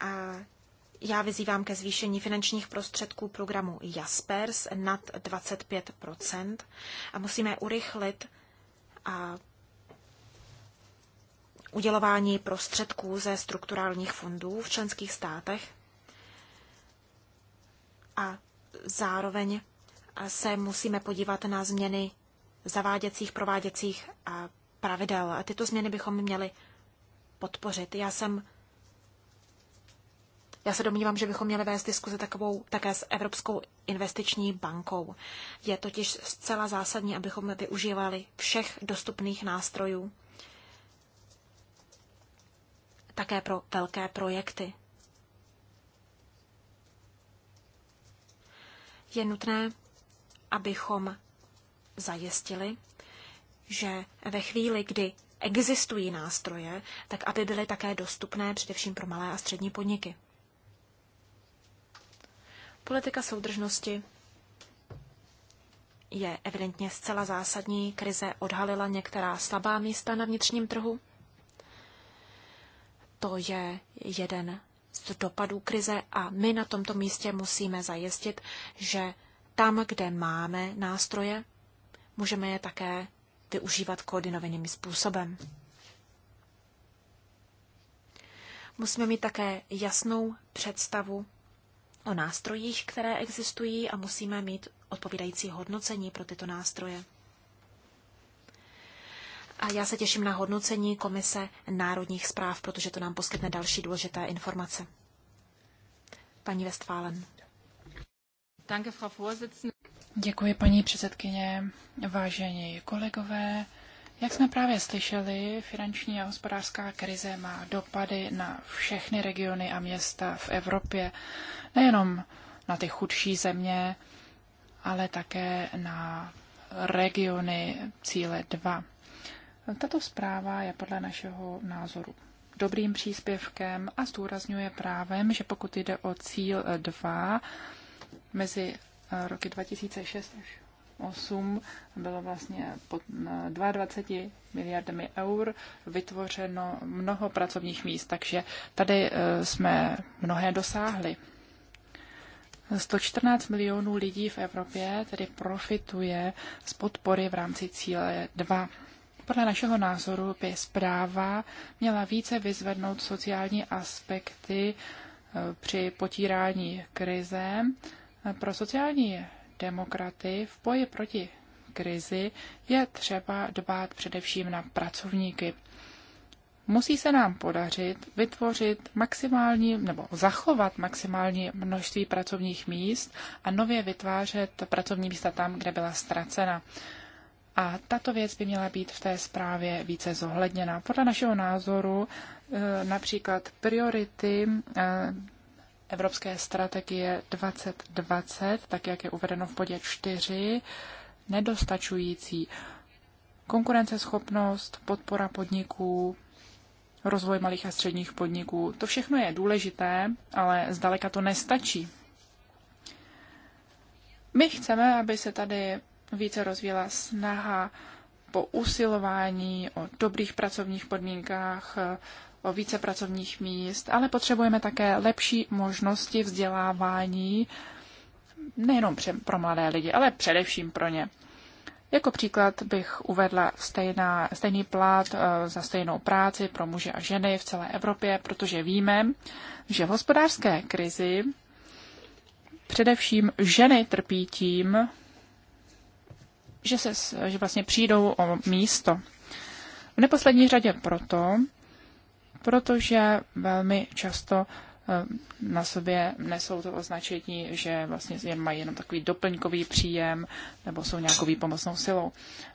S1: a já vyzývám ke zvýšení finančních prostředků programu Jaspers nad 25 a musíme urychlit a udělování prostředků ze strukturálních fondů v členských státech a zároveň se musíme podívat na změny zaváděcích, prováděcích pravidel. a Tyto změny bychom měli podpořit. Já jsem já se domnívám, že bychom měli vést diskuzi takovou také s Evropskou investiční bankou. Je totiž zcela zásadní, abychom využívali všech dostupných nástrojů také pro velké projekty. Je nutné, abychom zajistili, že ve chvíli, kdy existují nástroje, tak aby byly také dostupné především pro malé a střední podniky. Politika soudržnosti je evidentně zcela zásadní. Krize odhalila některá slabá místa na vnitřním trhu. To je jeden z dopadů krize a my na tomto místě musíme zajistit, že tam, kde máme nástroje, můžeme je také využívat koordinovaným způsobem. Musíme mít také jasnou představu o nástrojích, které existují a musíme mít odpovídající hodnocení pro tyto nástroje. A já se těším na hodnocení Komise národních zpráv, protože to nám poskytne další důležité informace. Paní Westfalen.
S3: Děkuji, paní předsedkyně, vážení kolegové. Jak jsme právě slyšeli, finanční a hospodářská krize má dopady na všechny regiony a města v Evropě, nejenom na ty chudší země, ale také na regiony cíle 2. Tato zpráva je podle našeho názoru dobrým příspěvkem a zdůrazňuje právem, že pokud jde o cíl 2 mezi roky 2006 až 2008 bylo vlastně pod 22 miliardami eur vytvořeno mnoho pracovních míst, takže tady eh, jsme mnohé dosáhli. 114 milionů lidí v Evropě tedy profituje z podpory v rámci cíle 2. Podle našeho názoru by zpráva měla více vyzvednout sociální aspekty eh, při potírání krize. Pro sociální demokraty v boji proti krizi je třeba dbát především na pracovníky. Musí se nám podařit vytvořit maximální nebo zachovat maximální množství pracovních míst a nově vytvářet pracovní místa tam, kde byla ztracena. A tato věc by měla být v té zprávě více zohledněna. Podle našeho názoru eh, například priority eh, Evropské strategie 2020, tak jak je uvedeno v bodě 4, nedostačující. Konkurenceschopnost, podpora podniků, rozvoj malých a středních podniků, to všechno je důležité, ale zdaleka to nestačí. My chceme, aby se tady více rozvíjela snaha po usilování o dobrých pracovních podmínkách, o více pracovních míst, ale potřebujeme také lepší možnosti vzdělávání nejenom pro mladé lidi, ale především pro ně. Jako příklad bych uvedla stejná, stejný plat eh, za stejnou práci pro muže a ženy v celé Evropě, protože víme, že v hospodářské krizi především ženy trpí tím, že, se, že vlastně přijdou o místo. V neposlední řadě proto, protože velmi často eh, na sobě nesou to označení, že vlastně jen mají jenom takový doplňkový příjem nebo jsou nějakou výpomocnou silou.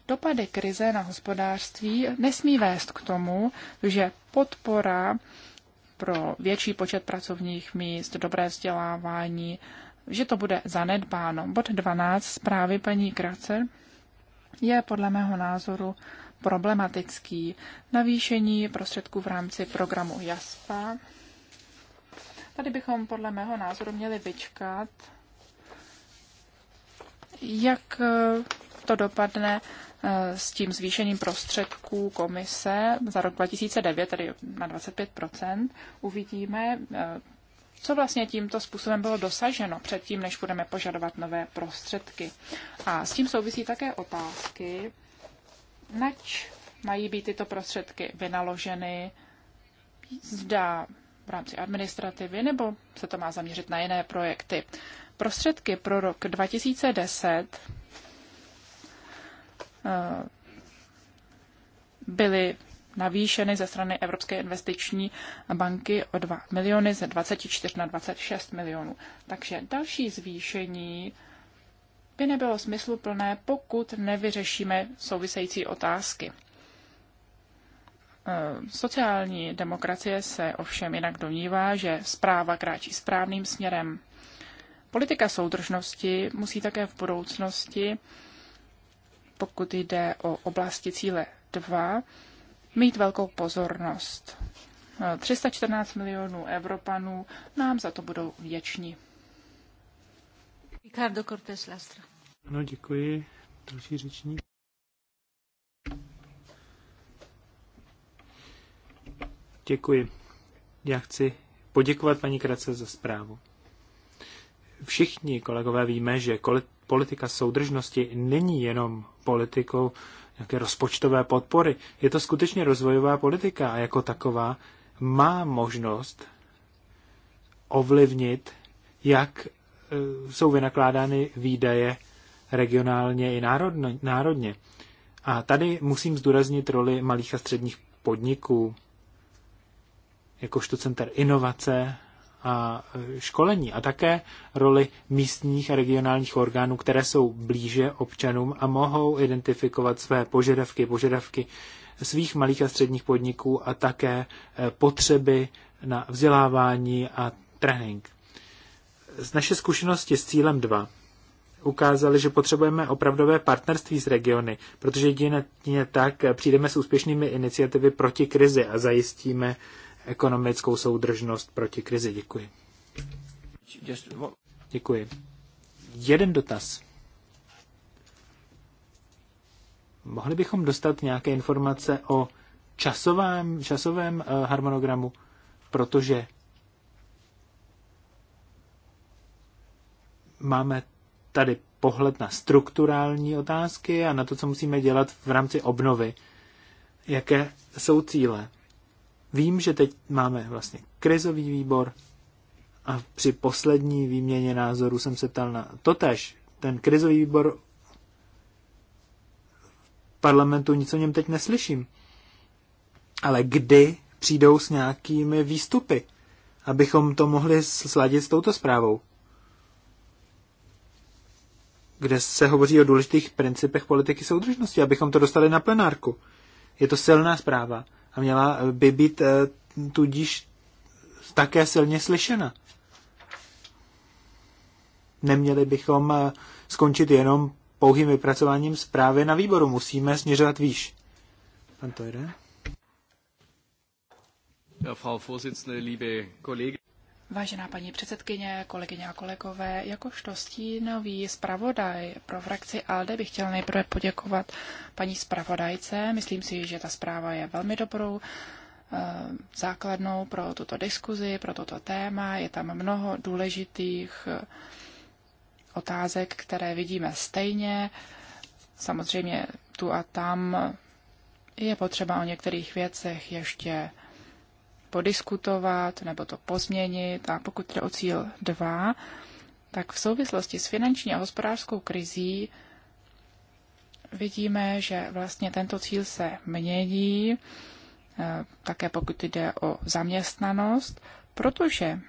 S3: Dopady krize na hospodářství nesmí vést k tomu, že podpora pro větší počet pracovních míst, dobré vzdělávání, že to bude zanedbáno. Bod 12 zprávy paní Krace je podle mého názoru problematický. Navýšení prostředků v rámci programu JASPA. Tady bychom podle mého názoru měli vyčkat, jak eh, to dopadne eh, s tím zvýšením prostředků komise za rok 2009, tedy na 25 Uvidíme, eh, co vlastně tímto způsobem bylo dosaženo předtím, než budeme požadovat nové prostředky. A s tím souvisí také otázky, nač mají být tyto prostředky vynaloženy, zda v rámci administrativy, nebo se to má zaměřit na jiné projekty. Prostředky pro rok 2010 eh, byly navýšeny ze strany Evropské investiční banky o 2 miliony ze 24 na 26 milionů. Takže další zvýšení by nebylo smysluplné, pokud nevyřešíme související otázky. Eh, sociální demokracie se ovšem jinak domnívá, že zpráva kráčí správným směrem. Politika soudržnosti musí také v budoucnosti, pokud jde o oblasti cíle 2, mít velkou pozornost. 314 eh, milionů Evropanů nám za to budou věční. Ricardo Cortés Lastra.
S2: Ano, děkuji. Další řečník. Děkuji. Já chci poděkovat paní Krace za zprávu. Všichni kolegové víme, že politika soudržnosti není jenom politikou nějaké rozpočtové podpory. Je to skutečně rozvojová politika a jako taková má možnost ovlivnit, jak Eh, jsou vynakládány výdaje regionálně i národně. A tady musím zdůraznit roli malých a středních podniků, jakožto center inovace a eh, školení a také roli místních a regionálních orgánů, které jsou blíže občanům a mohou identifikovat své požadavky, požadavky svých malých a středních podniků a také eh, potřeby na vzdělávání a trénink. Z naše zkušenosti s cílem 2 ukázali, že potřebujeme opravdové partnerství s regiony, protože jedině tak přijdeme s úspěšnými iniciativy proti krizi a zajistíme ekonomickou soudržnost proti krizi. Děkuji. Děkuji. Jeden dotaz. Mohli bychom dostat nějaké informace o časovém, časovém eh, harmonogramu, protože máme tady pohled na strukturální otázky a na to, co musíme dělat v rámci obnovy. Jaké jsou cíle? Vím, že teď máme vlastně krizový výbor a při poslední výměně názorů jsem se ptal na totež. Ten krizový výbor v parlamentu nic o něm teď neslyším. Ale kdy přijdou s nějakými výstupy, abychom to mohli sladit s touto zprávou? kde se hovoří o důležitých principech politiky soudržnosti, abychom to dostali na plenárku. Je to silná zpráva a měla by být eh, tudíž také silně slyšena. Neměli bychom eh, skončit jenom pouhým vypracováním zprávy na výboru. Musíme směřovat výš. Pan Tojre? Ja, Frau
S1: Vorsitzende, liebe Kollegen.
S3: Vážená paní předsedkyně, kolegyně a kolegové, jakožto stínový zpravodaj pro frakci ALDE bych chtěl nejprve poděkovat paní zpravodajce. Myslím si, že ta zpráva je velmi dobrou eh, základnou pro tuto diskuzi, pro toto téma. Je tam mnoho důležitých eh, otázek, které vidíme stejně. Samozřejmě tu a tam je potřeba o některých věcech ještě podiskutovat nebo to pozměnit. A pokud jde o cíl 2, tak v souvislosti s finanční a hospodářskou krizí vidíme, že vlastně tento cíl se mění, eh, také pokud jde o zaměstnanost, protože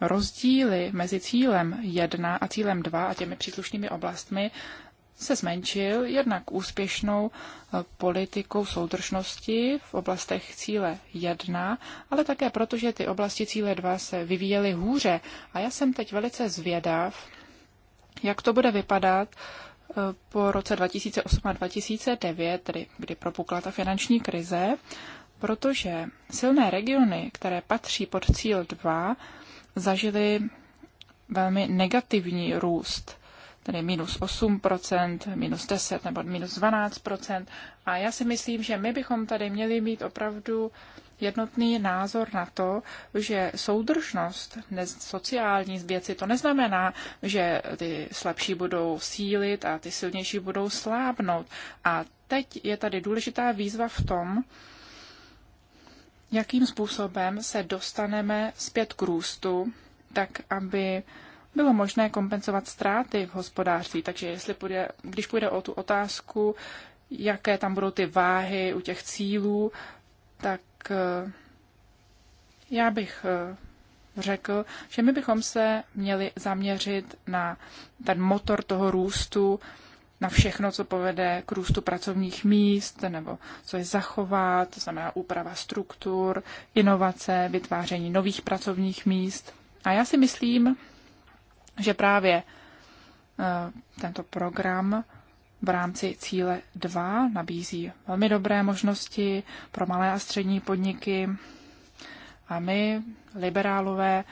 S3: rozdíly mezi cílem 1 a cílem 2 a těmi příslušnými oblastmi se zmenšil jednak úspěšnou eh, politikou soudržnosti v oblastech cíle 1, ale také proto, že ty oblasti cíle 2 se vyvíjely hůře. A já jsem teď velice zvědav, jak to bude vypadat eh, po roce 2008 a 2009, tedy kdy propukla ta finanční krize, protože silné regiony, které patří pod cíl 2, zažily velmi negativní růst tedy minus 8%, minus 10 nebo minus 12%. A já si myslím, že my bychom tady měli mít opravdu jednotný názor na to, že soudržnost sociální věci, to neznamená, že ty slabší budou sílit a ty silnější budou slábnout. A teď je tady důležitá výzva v tom, jakým způsobem se dostaneme zpět k růstu, tak aby bylo možné kompenzovat ztráty v hospodářství. Takže jestli půjde, když půjde o tu otázku, jaké tam budou ty váhy u těch cílů, tak eh, já bych eh, řekl, že my bychom se měli zaměřit na ten motor toho růstu, na všechno, co povede k růstu pracovních míst, nebo co je zachovat, to znamená úprava struktur, inovace, vytváření nových pracovních míst. A já si myslím, že právě eh, tento program v rámci cíle 2 nabízí velmi dobré možnosti pro malé a střední podniky. A my, liberálové,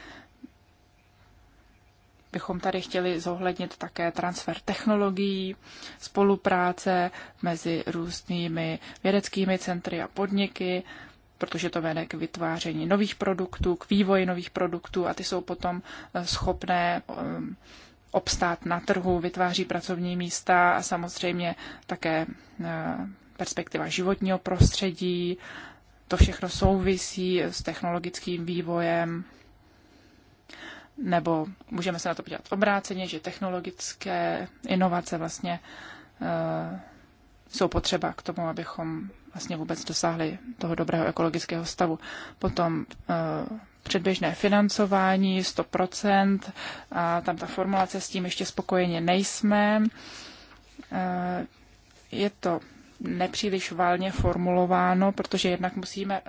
S3: bychom tady chtěli zohlednit také transfer technologií, spolupráce mezi různými vědeckými centry a podniky, protože to vede k vytváření nových produktů, k vývoji nových produktů a ty jsou potom eh, schopné eh, obstát na trhu, vytváří pracovní místa a samozřejmě také eh, perspektiva životního prostředí. To všechno souvisí s technologickým vývojem. Nebo můžeme se na to podívat obráceně, že technologické inovace vlastně jsou potřeba k tomu, abychom vlastně vůbec dosáhli toho dobrého ekologického stavu. Potom eh, předběžné financování 100%, a tam ta formulace s tím ještě spokojeně nejsme. Eh, je to nepříliš válně formulováno, protože jednak musíme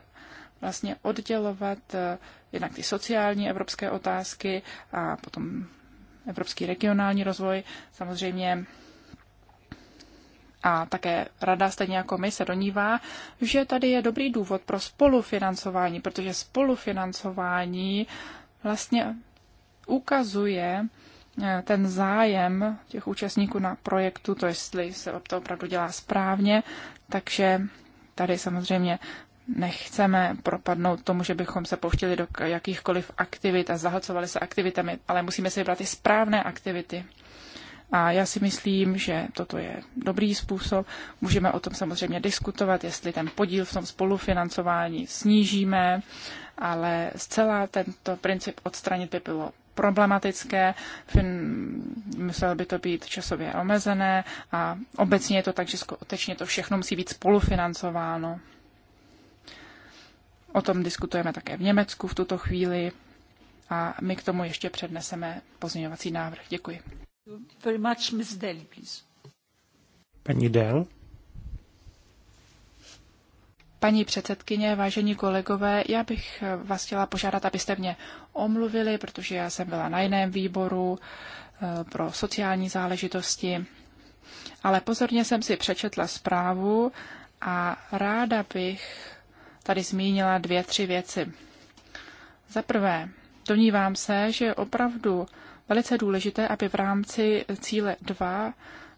S3: vlastně oddělovat eh, jednak ty sociální evropské otázky a potom evropský regionální rozvoj. Samozřejmě a také rada, stejně jako my, se donívá, že tady je dobrý důvod pro spolufinancování, protože spolufinancování vlastně ukazuje eh, ten zájem těch účastníků na projektu, to jestli se to opravdu dělá správně, takže tady samozřejmě nechceme propadnout tomu, že bychom se pouštili do jakýchkoliv aktivit a zahlcovali se aktivitami, ale musíme si vybrat i správné aktivity. A já si myslím, že toto je dobrý způsob. Můžeme o tom samozřejmě diskutovat, jestli ten podíl v tom spolufinancování snížíme, ale zcela tento princip odstranit by bylo problematické, muselo by to být časově omezené a obecně je to tak, že skutečně to všechno musí být spolufinancováno. O tom diskutujeme také v Německu v tuto chvíli a my k tomu ještě předneseme pozměňovací návrh. Děkuji. Very much, Ms. please. Paní Paní předsedkyně, vážení kolegové, já bych vás chtěla požádat, abyste mě omluvili, protože já jsem byla na jiném výboru eh, pro sociální záležitosti. Ale pozorně jsem si přečetla zprávu a ráda bych tady zmínila dvě, tři věci. Za prvé, domnívám se, že opravdu velice důležité, aby v rámci cíle 2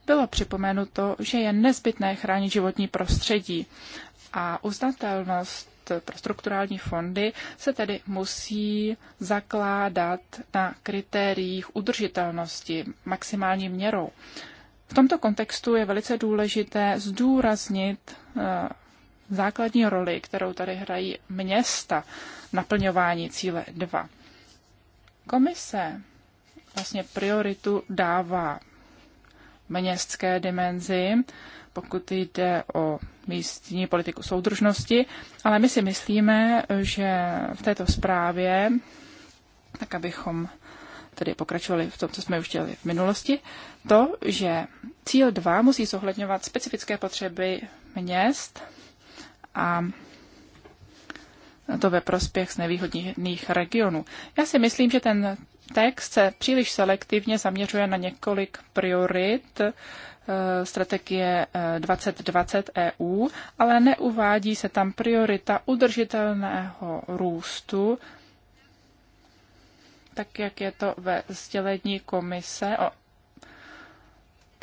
S3: bylo připomenuto, že je nezbytné chránit životní prostředí a uznatelnost pro strukturální fondy se tedy musí zakládat na kritériích udržitelnosti maximální měrou. V tomto kontextu je velice důležité zdůraznit eh, základní roli, kterou tady hrají města naplňování cíle 2. Komise vlastně prioritu dává městské dimenzi, pokud jde o místní politiku soudržnosti, ale my si myslíme, že v této zprávě, tak abychom tedy pokračovali v tom, co jsme už dělali v minulosti, to, že cíl 2 musí zohledňovat specifické potřeby měst a to ve prospěch z nevýhodných regionů. Já si myslím, že ten text se příliš selektivně zaměřuje na několik priorit eh, strategie 2020 eh, EU, ale neuvádí se tam priorita udržitelného růstu, tak jak je to ve sdělení komise o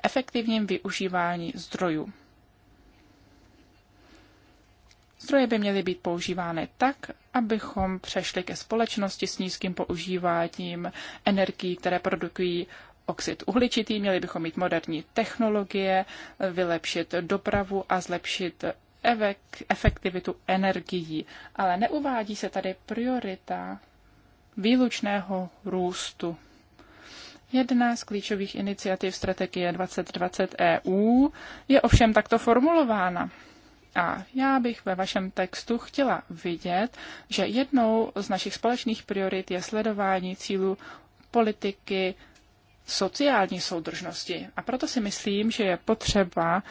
S3: efektivním využívání zdrojů. Zdroje by měly být používány tak, abychom přešli ke společnosti s nízkým používáním energií, které produkují oxid uhličitý, měli bychom mít moderní technologie, vylepšit dopravu a zlepšit efektivitu energií. Ale neuvádí se tady priorita výlučného růstu. Jedna z klíčových iniciativ strategie 2020 EU je ovšem takto formulována. A já bych ve vašem textu chtěla vidět, že jednou z našich společných priorit je sledování cílů politiky sociální soudržnosti. A proto si myslím, že je potřeba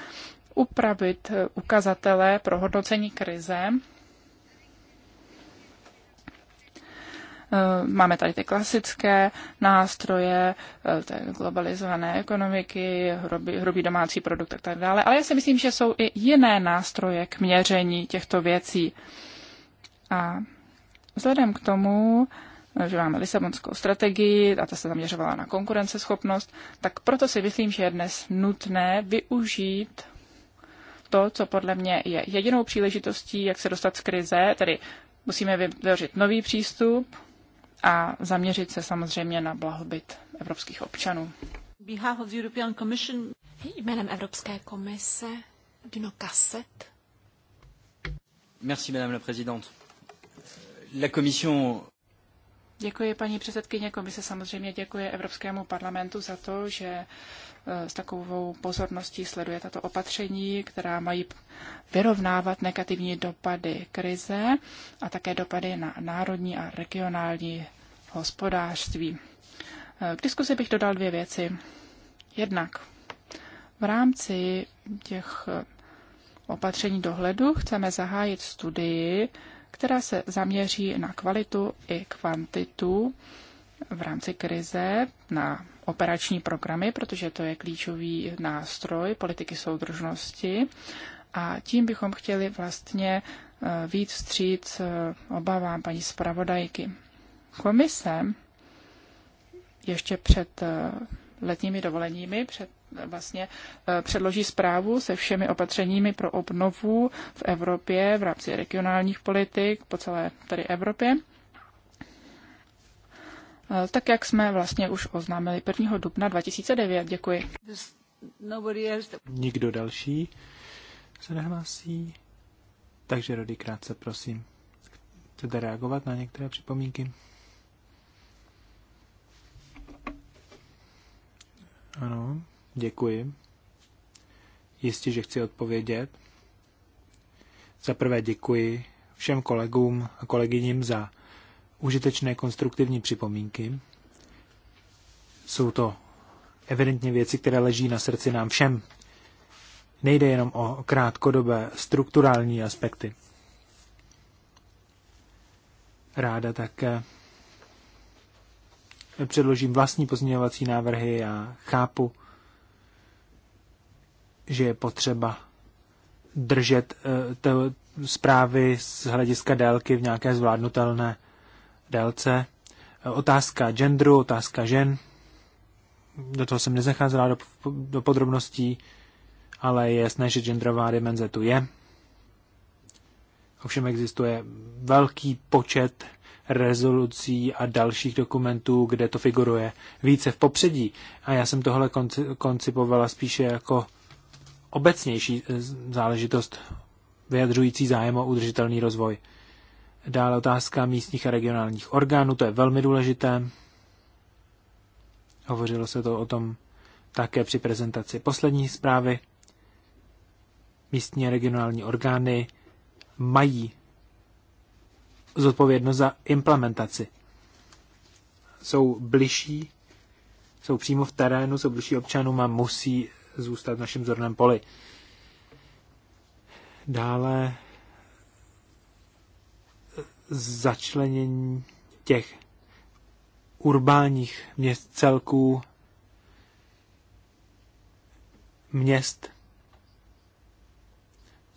S3: upravit ukazatele pro hodnocení krize Eh, máme tady ty klasické nástroje eh, globalizované ekonomiky, hrubý, hrubý domácí produkt a tak dále, ale já si myslím, že jsou i jiné nástroje k měření těchto věcí. A vzhledem k tomu, eh, že máme Lisabonskou strategii a ta se zaměřovala na konkurenceschopnost, tak proto si myslím, že je dnes nutné využít to, co podle mě je jedinou příležitostí, jak se dostat z krize, tedy musíme vytvořit nový přístup, a zaměřit se samozřejmě na blahobyt evropských občanů.
S1: Jménem Evropské komise Dino
S3: Kasset.
S2: Merci, madame la présidente. La
S4: commission
S3: Děkuji paní předsedkyně komise. Samozřejmě děkuji Evropskému parlamentu za to, že e, s takovou pozorností sleduje tato opatření, která mají vyrovnávat negativní dopady krize a také dopady na národní a regionální hospodářství. K eh, diskusi bych dodal dvě věci. Jednak v rámci těch eh, opatření dohledu chceme zahájit studii, která se zaměří na kvalitu i kvantitu v rámci krize na operační programy, protože to je klíčový nástroj politiky soudržnosti. A tím bychom chtěli vlastně eh, víc vstříc obavám paní zpravodajky. Komise ještě před eh, letními dovoleními před, vlastně eh, předloží zprávu se všemi opatřeními pro obnovu v Evropě v rámci regionálních politik po celé tady Evropě. Eh, tak jak jsme vlastně už oznámili 1. dubna 2009. Děkuji.
S2: Nikdo další se nehlásí. Takže Rody krátce, prosím. Chcete reagovat na některé připomínky? Ano, děkuji. Jistě, že chci odpovědět. Za prvé děkuji všem kolegům a kolegyním za užitečné konstruktivní připomínky. Jsou to evidentně věci, které leží na srdci nám všem. Nejde jenom o krátkodobé strukturální aspekty. Ráda také předložím vlastní pozměňovací návrhy a chápu, že je potřeba držet eh, te, zprávy z hlediska délky v nějaké zvládnutelné délce. Eh, otázka genderu, otázka žen. Do toho jsem nezacházela do, do podrobností, ale je jasné, že genderová dimenze tu je. Ovšem existuje velký počet rezolucí a dalších dokumentů, kde to figuruje více v popředí. A já jsem tohle koncipovala spíše jako obecnější záležitost vyjadřující zájem o udržitelný rozvoj. Dále otázka místních a regionálních orgánů, to je velmi důležité. Hovořilo se to o tom také při prezentaci poslední zprávy. Místní a regionální orgány mají zodpovědnost za implementaci. Jsou bližší, jsou přímo v terénu, jsou bližší občanům a musí zůstat v našem zorném poli. Dále začlenění těch urbánních měst celků, měst.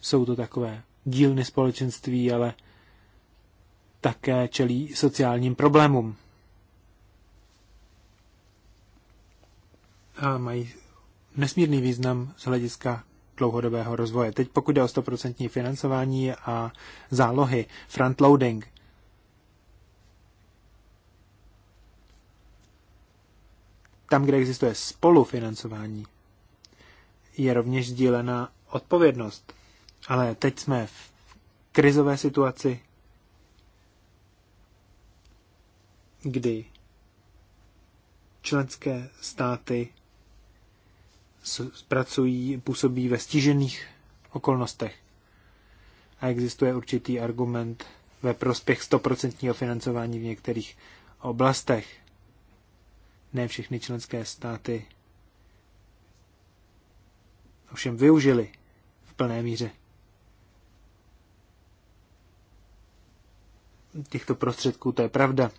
S2: Jsou to takové dílny společenství, ale také čelí sociálním problémům. A mají nesmírný význam z hlediska dlouhodobého rozvoje. Teď pokud jde o 100% financování a zálohy, frontloading. Tam, kde existuje spolufinancování, je rovněž sdílená odpovědnost. Ale teď jsme v krizové situaci, kdy členské státy pracují, působí ve stížených okolnostech a existuje určitý argument ve prospěch stoprocentního financování v některých oblastech. Ne všechny členské státy ovšem využili v plné míře těchto prostředků, to je pravda.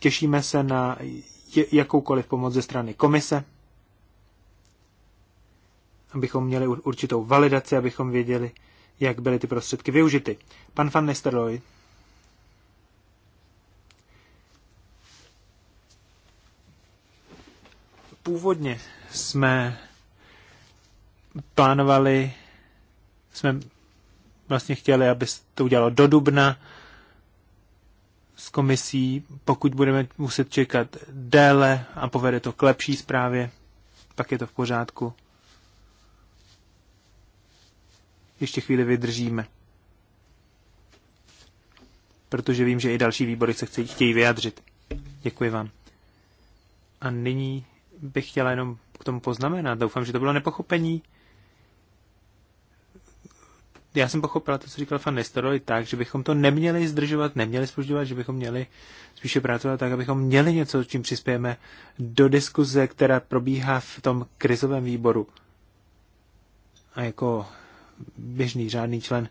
S2: Těšíme se na jakoukoliv pomoc ze strany komise, abychom měli určitou validaci, abychom věděli, jak byly ty prostředky využity. Pan Van Nistelrooy. Původně jsme plánovali, jsme vlastně chtěli, aby to udělalo do dubna, s komisí, pokud budeme muset čekat déle a povede to k lepší zprávě, pak je to v pořádku. Ještě chvíli vydržíme. Protože vím, že i další výbory se chtějí, vyjadřit. Děkuji vám. A nyní bych chtěla jenom k tomu poznamenat. Doufám, že to bylo nepochopení já jsem pochopila to, co říkal pan Nestoroj, tak, že bychom to neměli zdržovat, neměli spožďovat, že bychom měli spíše pracovat tak, abychom měli něco, čím přispějeme do diskuze, která probíhá v tom krizovém výboru. A jako běžný řádný člen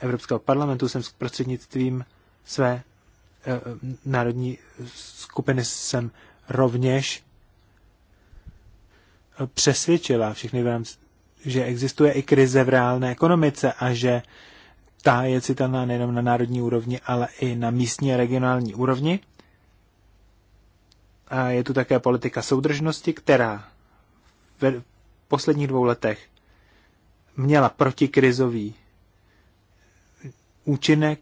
S2: Evropského parlamentu jsem s prostřednictvím své e, národní skupiny jsem rovněž eh, přesvědčila všechny v rámci že existuje i krize v reálné ekonomice a že ta je citelná nejenom na národní úrovni, ale i na místní a regionální úrovni. A je tu také politika soudržnosti, která v posledních dvou letech měla protikrizový účinek,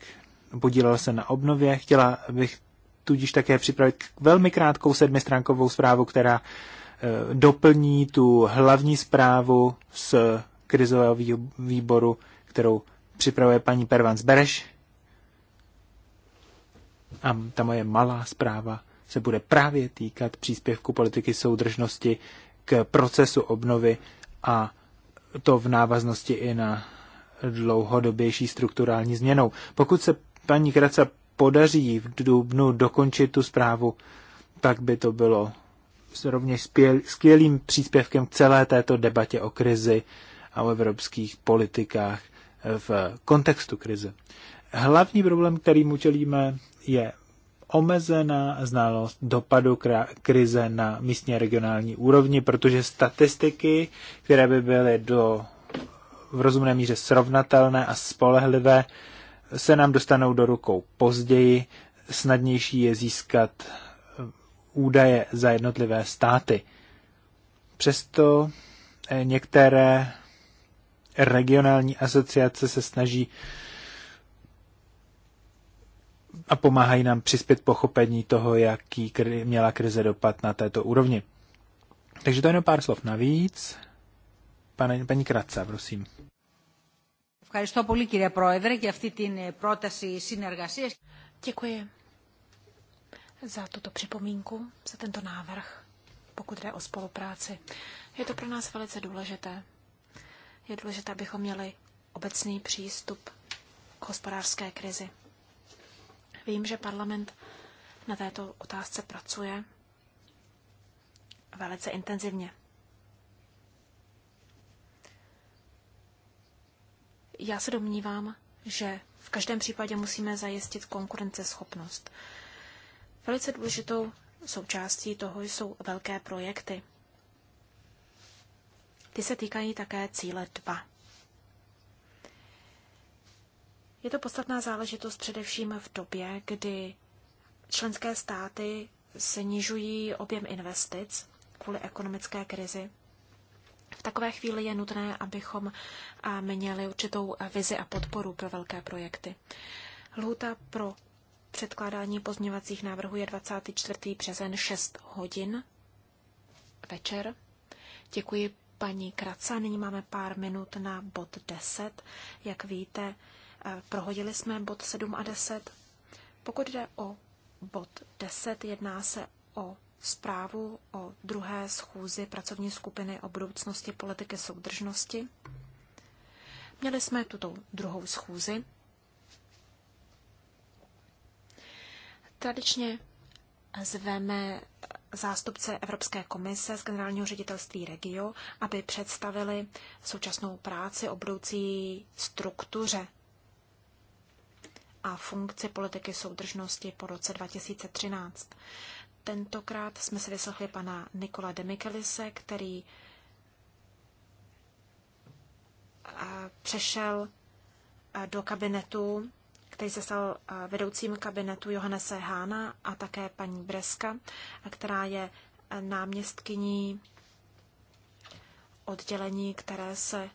S2: podílela se na obnově. Chtěla bych tudíž také připravit velmi krátkou sedmistránkovou zprávu, která Eh, doplní tu hlavní zprávu z krizového výboru, kterou připravuje paní Pervans Bereš. A ta moje malá zpráva se bude právě týkat příspěvku politiky soudržnosti k procesu obnovy a to v návaznosti i na dlouhodobější strukturální změnou. Pokud se paní Kraca podaří v dubnu dokončit tu zprávu, tak by to bylo rovněž skvělým příspěvkem k celé této debatě o krizi a o evropských politikách eh, v kontextu krize. Hlavní problém, který mu čelíme, je omezená znalost dopadu krize na a regionální úrovni, protože statistiky, které by byly do v rozumné míře srovnatelné a spolehlivé, se nám dostanou do rukou později. Snadnější je získat údaje za jednotlivé státy. Přesto eh, některé regionální asociace se snaží a pomáhají nám přispět pochopení toho, jaký kri- měla krize dopad na této úrovni. Takže to je jenom pár slov navíc. Pane, paní Kratce, prosím.
S1: Děkuji za tuto připomínku, za tento návrh, pokud jde o spolupráci. Je to pro nás velice důležité. Je důležité, abychom měli obecný přístup k hospodářské krizi. Vím, že parlament na této otázce pracuje velice intenzivně. Já se domnívám, že v každém případě musíme zajistit konkurenceschopnost. Velice důležitou součástí toho jsou velké projekty. Ty se týkají také cíle 2. Je to podstatná záležitost především v době, kdy členské státy snižují objem investic kvůli ekonomické krizi. V takové chvíli je nutné, abychom měli určitou vizi a podporu pro velké projekty. Lhuta pro Předkládání pozměňovacích návrhů je 24. březen 6 hodin večer. Děkuji paní Kraca. Nyní máme pár minut na bod 10. Jak víte, eh, prohodili jsme bod 7 a 10. Pokud jde o bod 10, jedná se o zprávu o druhé schůzi pracovní skupiny o budoucnosti politiky soudržnosti. Měli jsme tuto druhou schůzi. Tradičně zveme zástupce Evropské komise z generálního ředitelství Regio, aby představili současnou práci o budoucí struktuře a funkci politiky soudržnosti po roce 2013. Tentokrát jsme se vyslechli pana Nikola Demikelise, který eh, přešel eh, do kabinetu který se stal eh, vedoucím kabinetu Johannese Hána a také paní Breska, která je eh, náměstkyní oddělení, které se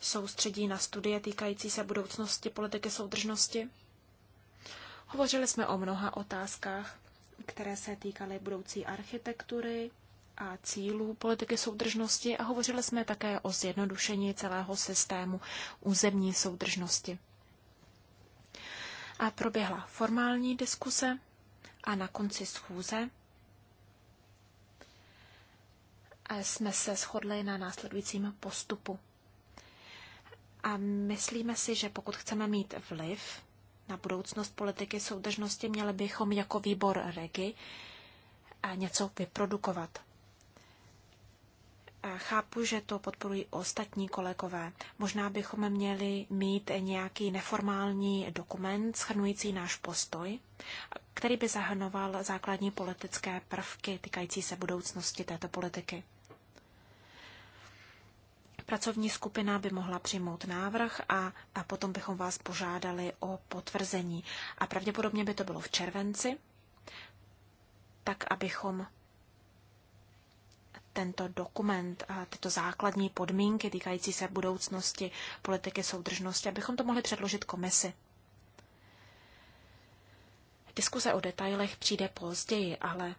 S1: soustředí na studie týkající se budoucnosti politiky soudržnosti. Hovořili jsme o mnoha otázkách, které se týkaly budoucí architektury a cílů politiky soudržnosti a hovořili jsme také o zjednodušení celého systému územní soudržnosti. A proběhla formální diskuse a na konci schůze jsme se shodli na následujícím postupu. A myslíme si, že pokud chceme mít vliv na budoucnost politiky soudržnosti, měli bychom jako výbor REGI něco vyprodukovat. Chápu, že to podporují ostatní kolegové. Možná bychom měli mít nějaký neformální dokument schrnující náš postoj, který by zahrnoval základní politické prvky týkající se budoucnosti této politiky. Pracovní skupina by mohla přijmout návrh a, a potom bychom vás požádali o potvrzení. A pravděpodobně by to bylo v červenci, tak abychom tento dokument, tyto základní podmínky týkající se budoucnosti politiky soudržnosti, abychom to mohli předložit komisi. Diskuse o detailech přijde později, ale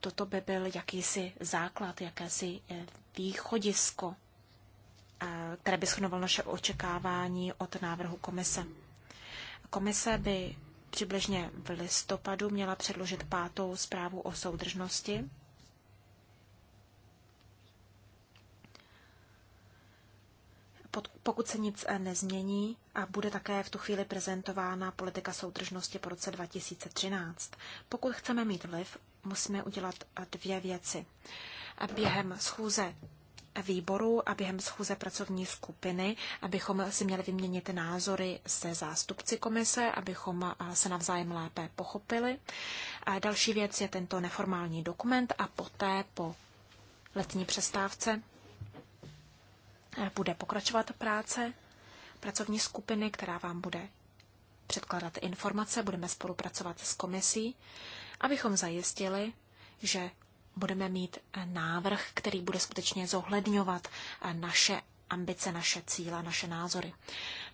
S1: toto by byl jakýsi základ, jakési eh, východisko, eh, které by schnovalo naše očekávání od návrhu komise. Komise by přibližně v listopadu měla předložit pátou zprávu o soudržnosti pokud se nic eh, nezmění, a bude také v tu chvíli prezentována politika soudržnosti po roce 2013. Pokud chceme mít vliv, musíme udělat eh, dvě věci. Během schůze výboru a během schůze pracovní skupiny, abychom si měli vyměnit názory se zástupci komise, abychom eh, se navzájem lépe pochopili. A další věc je tento neformální dokument a poté po letní přestávce bude pokračovat práce pracovní skupiny, která vám bude předkládat informace, budeme spolupracovat s komisí, abychom zajistili, že budeme mít návrh, který bude skutečně zohledňovat naše ambice, naše cíle, naše názory.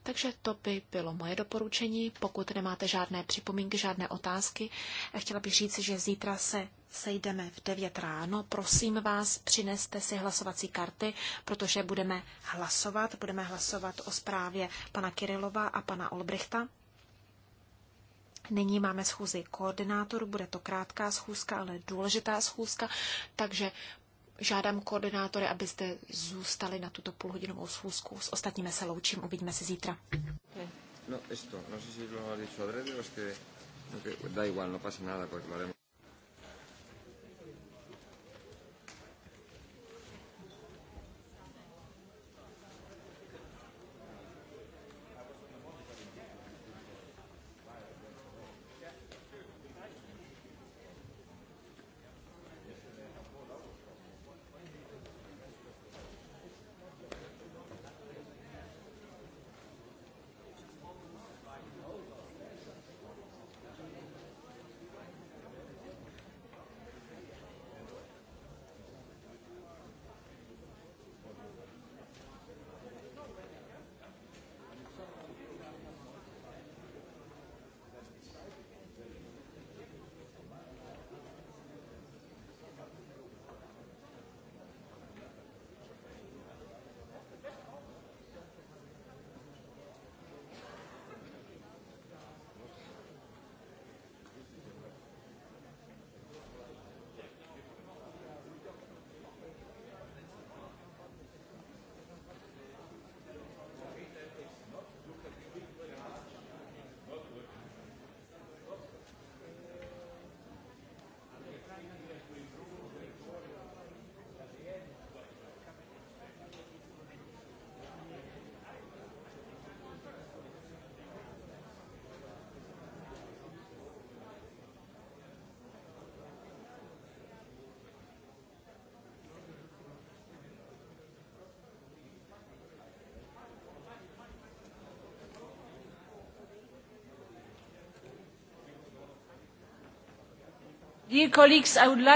S1: Takže to by bylo moje doporučení. Pokud nemáte žádné připomínky, žádné otázky, chtěla bych říct, že zítra se sejdeme v 9 ráno. Prosím vás, přineste si hlasovací karty, protože budeme hlasovat. Budeme hlasovat o zprávě pana Kirilova a pana Olbrichta. Nyní máme schůzi koordinátorů, bude to krátká schůzka, ale důležitá schůzka, takže Žádám koordinátory, abyste zůstali na tuto půlhodinovou schůzku. S ostatními se loučím, uvidíme se zítra.
S4: No, esto, no sé si lo ha dicho adrede o es que, no, que da igual, no pasa nada porque lo haremos.
S3: dear colleagues i would like to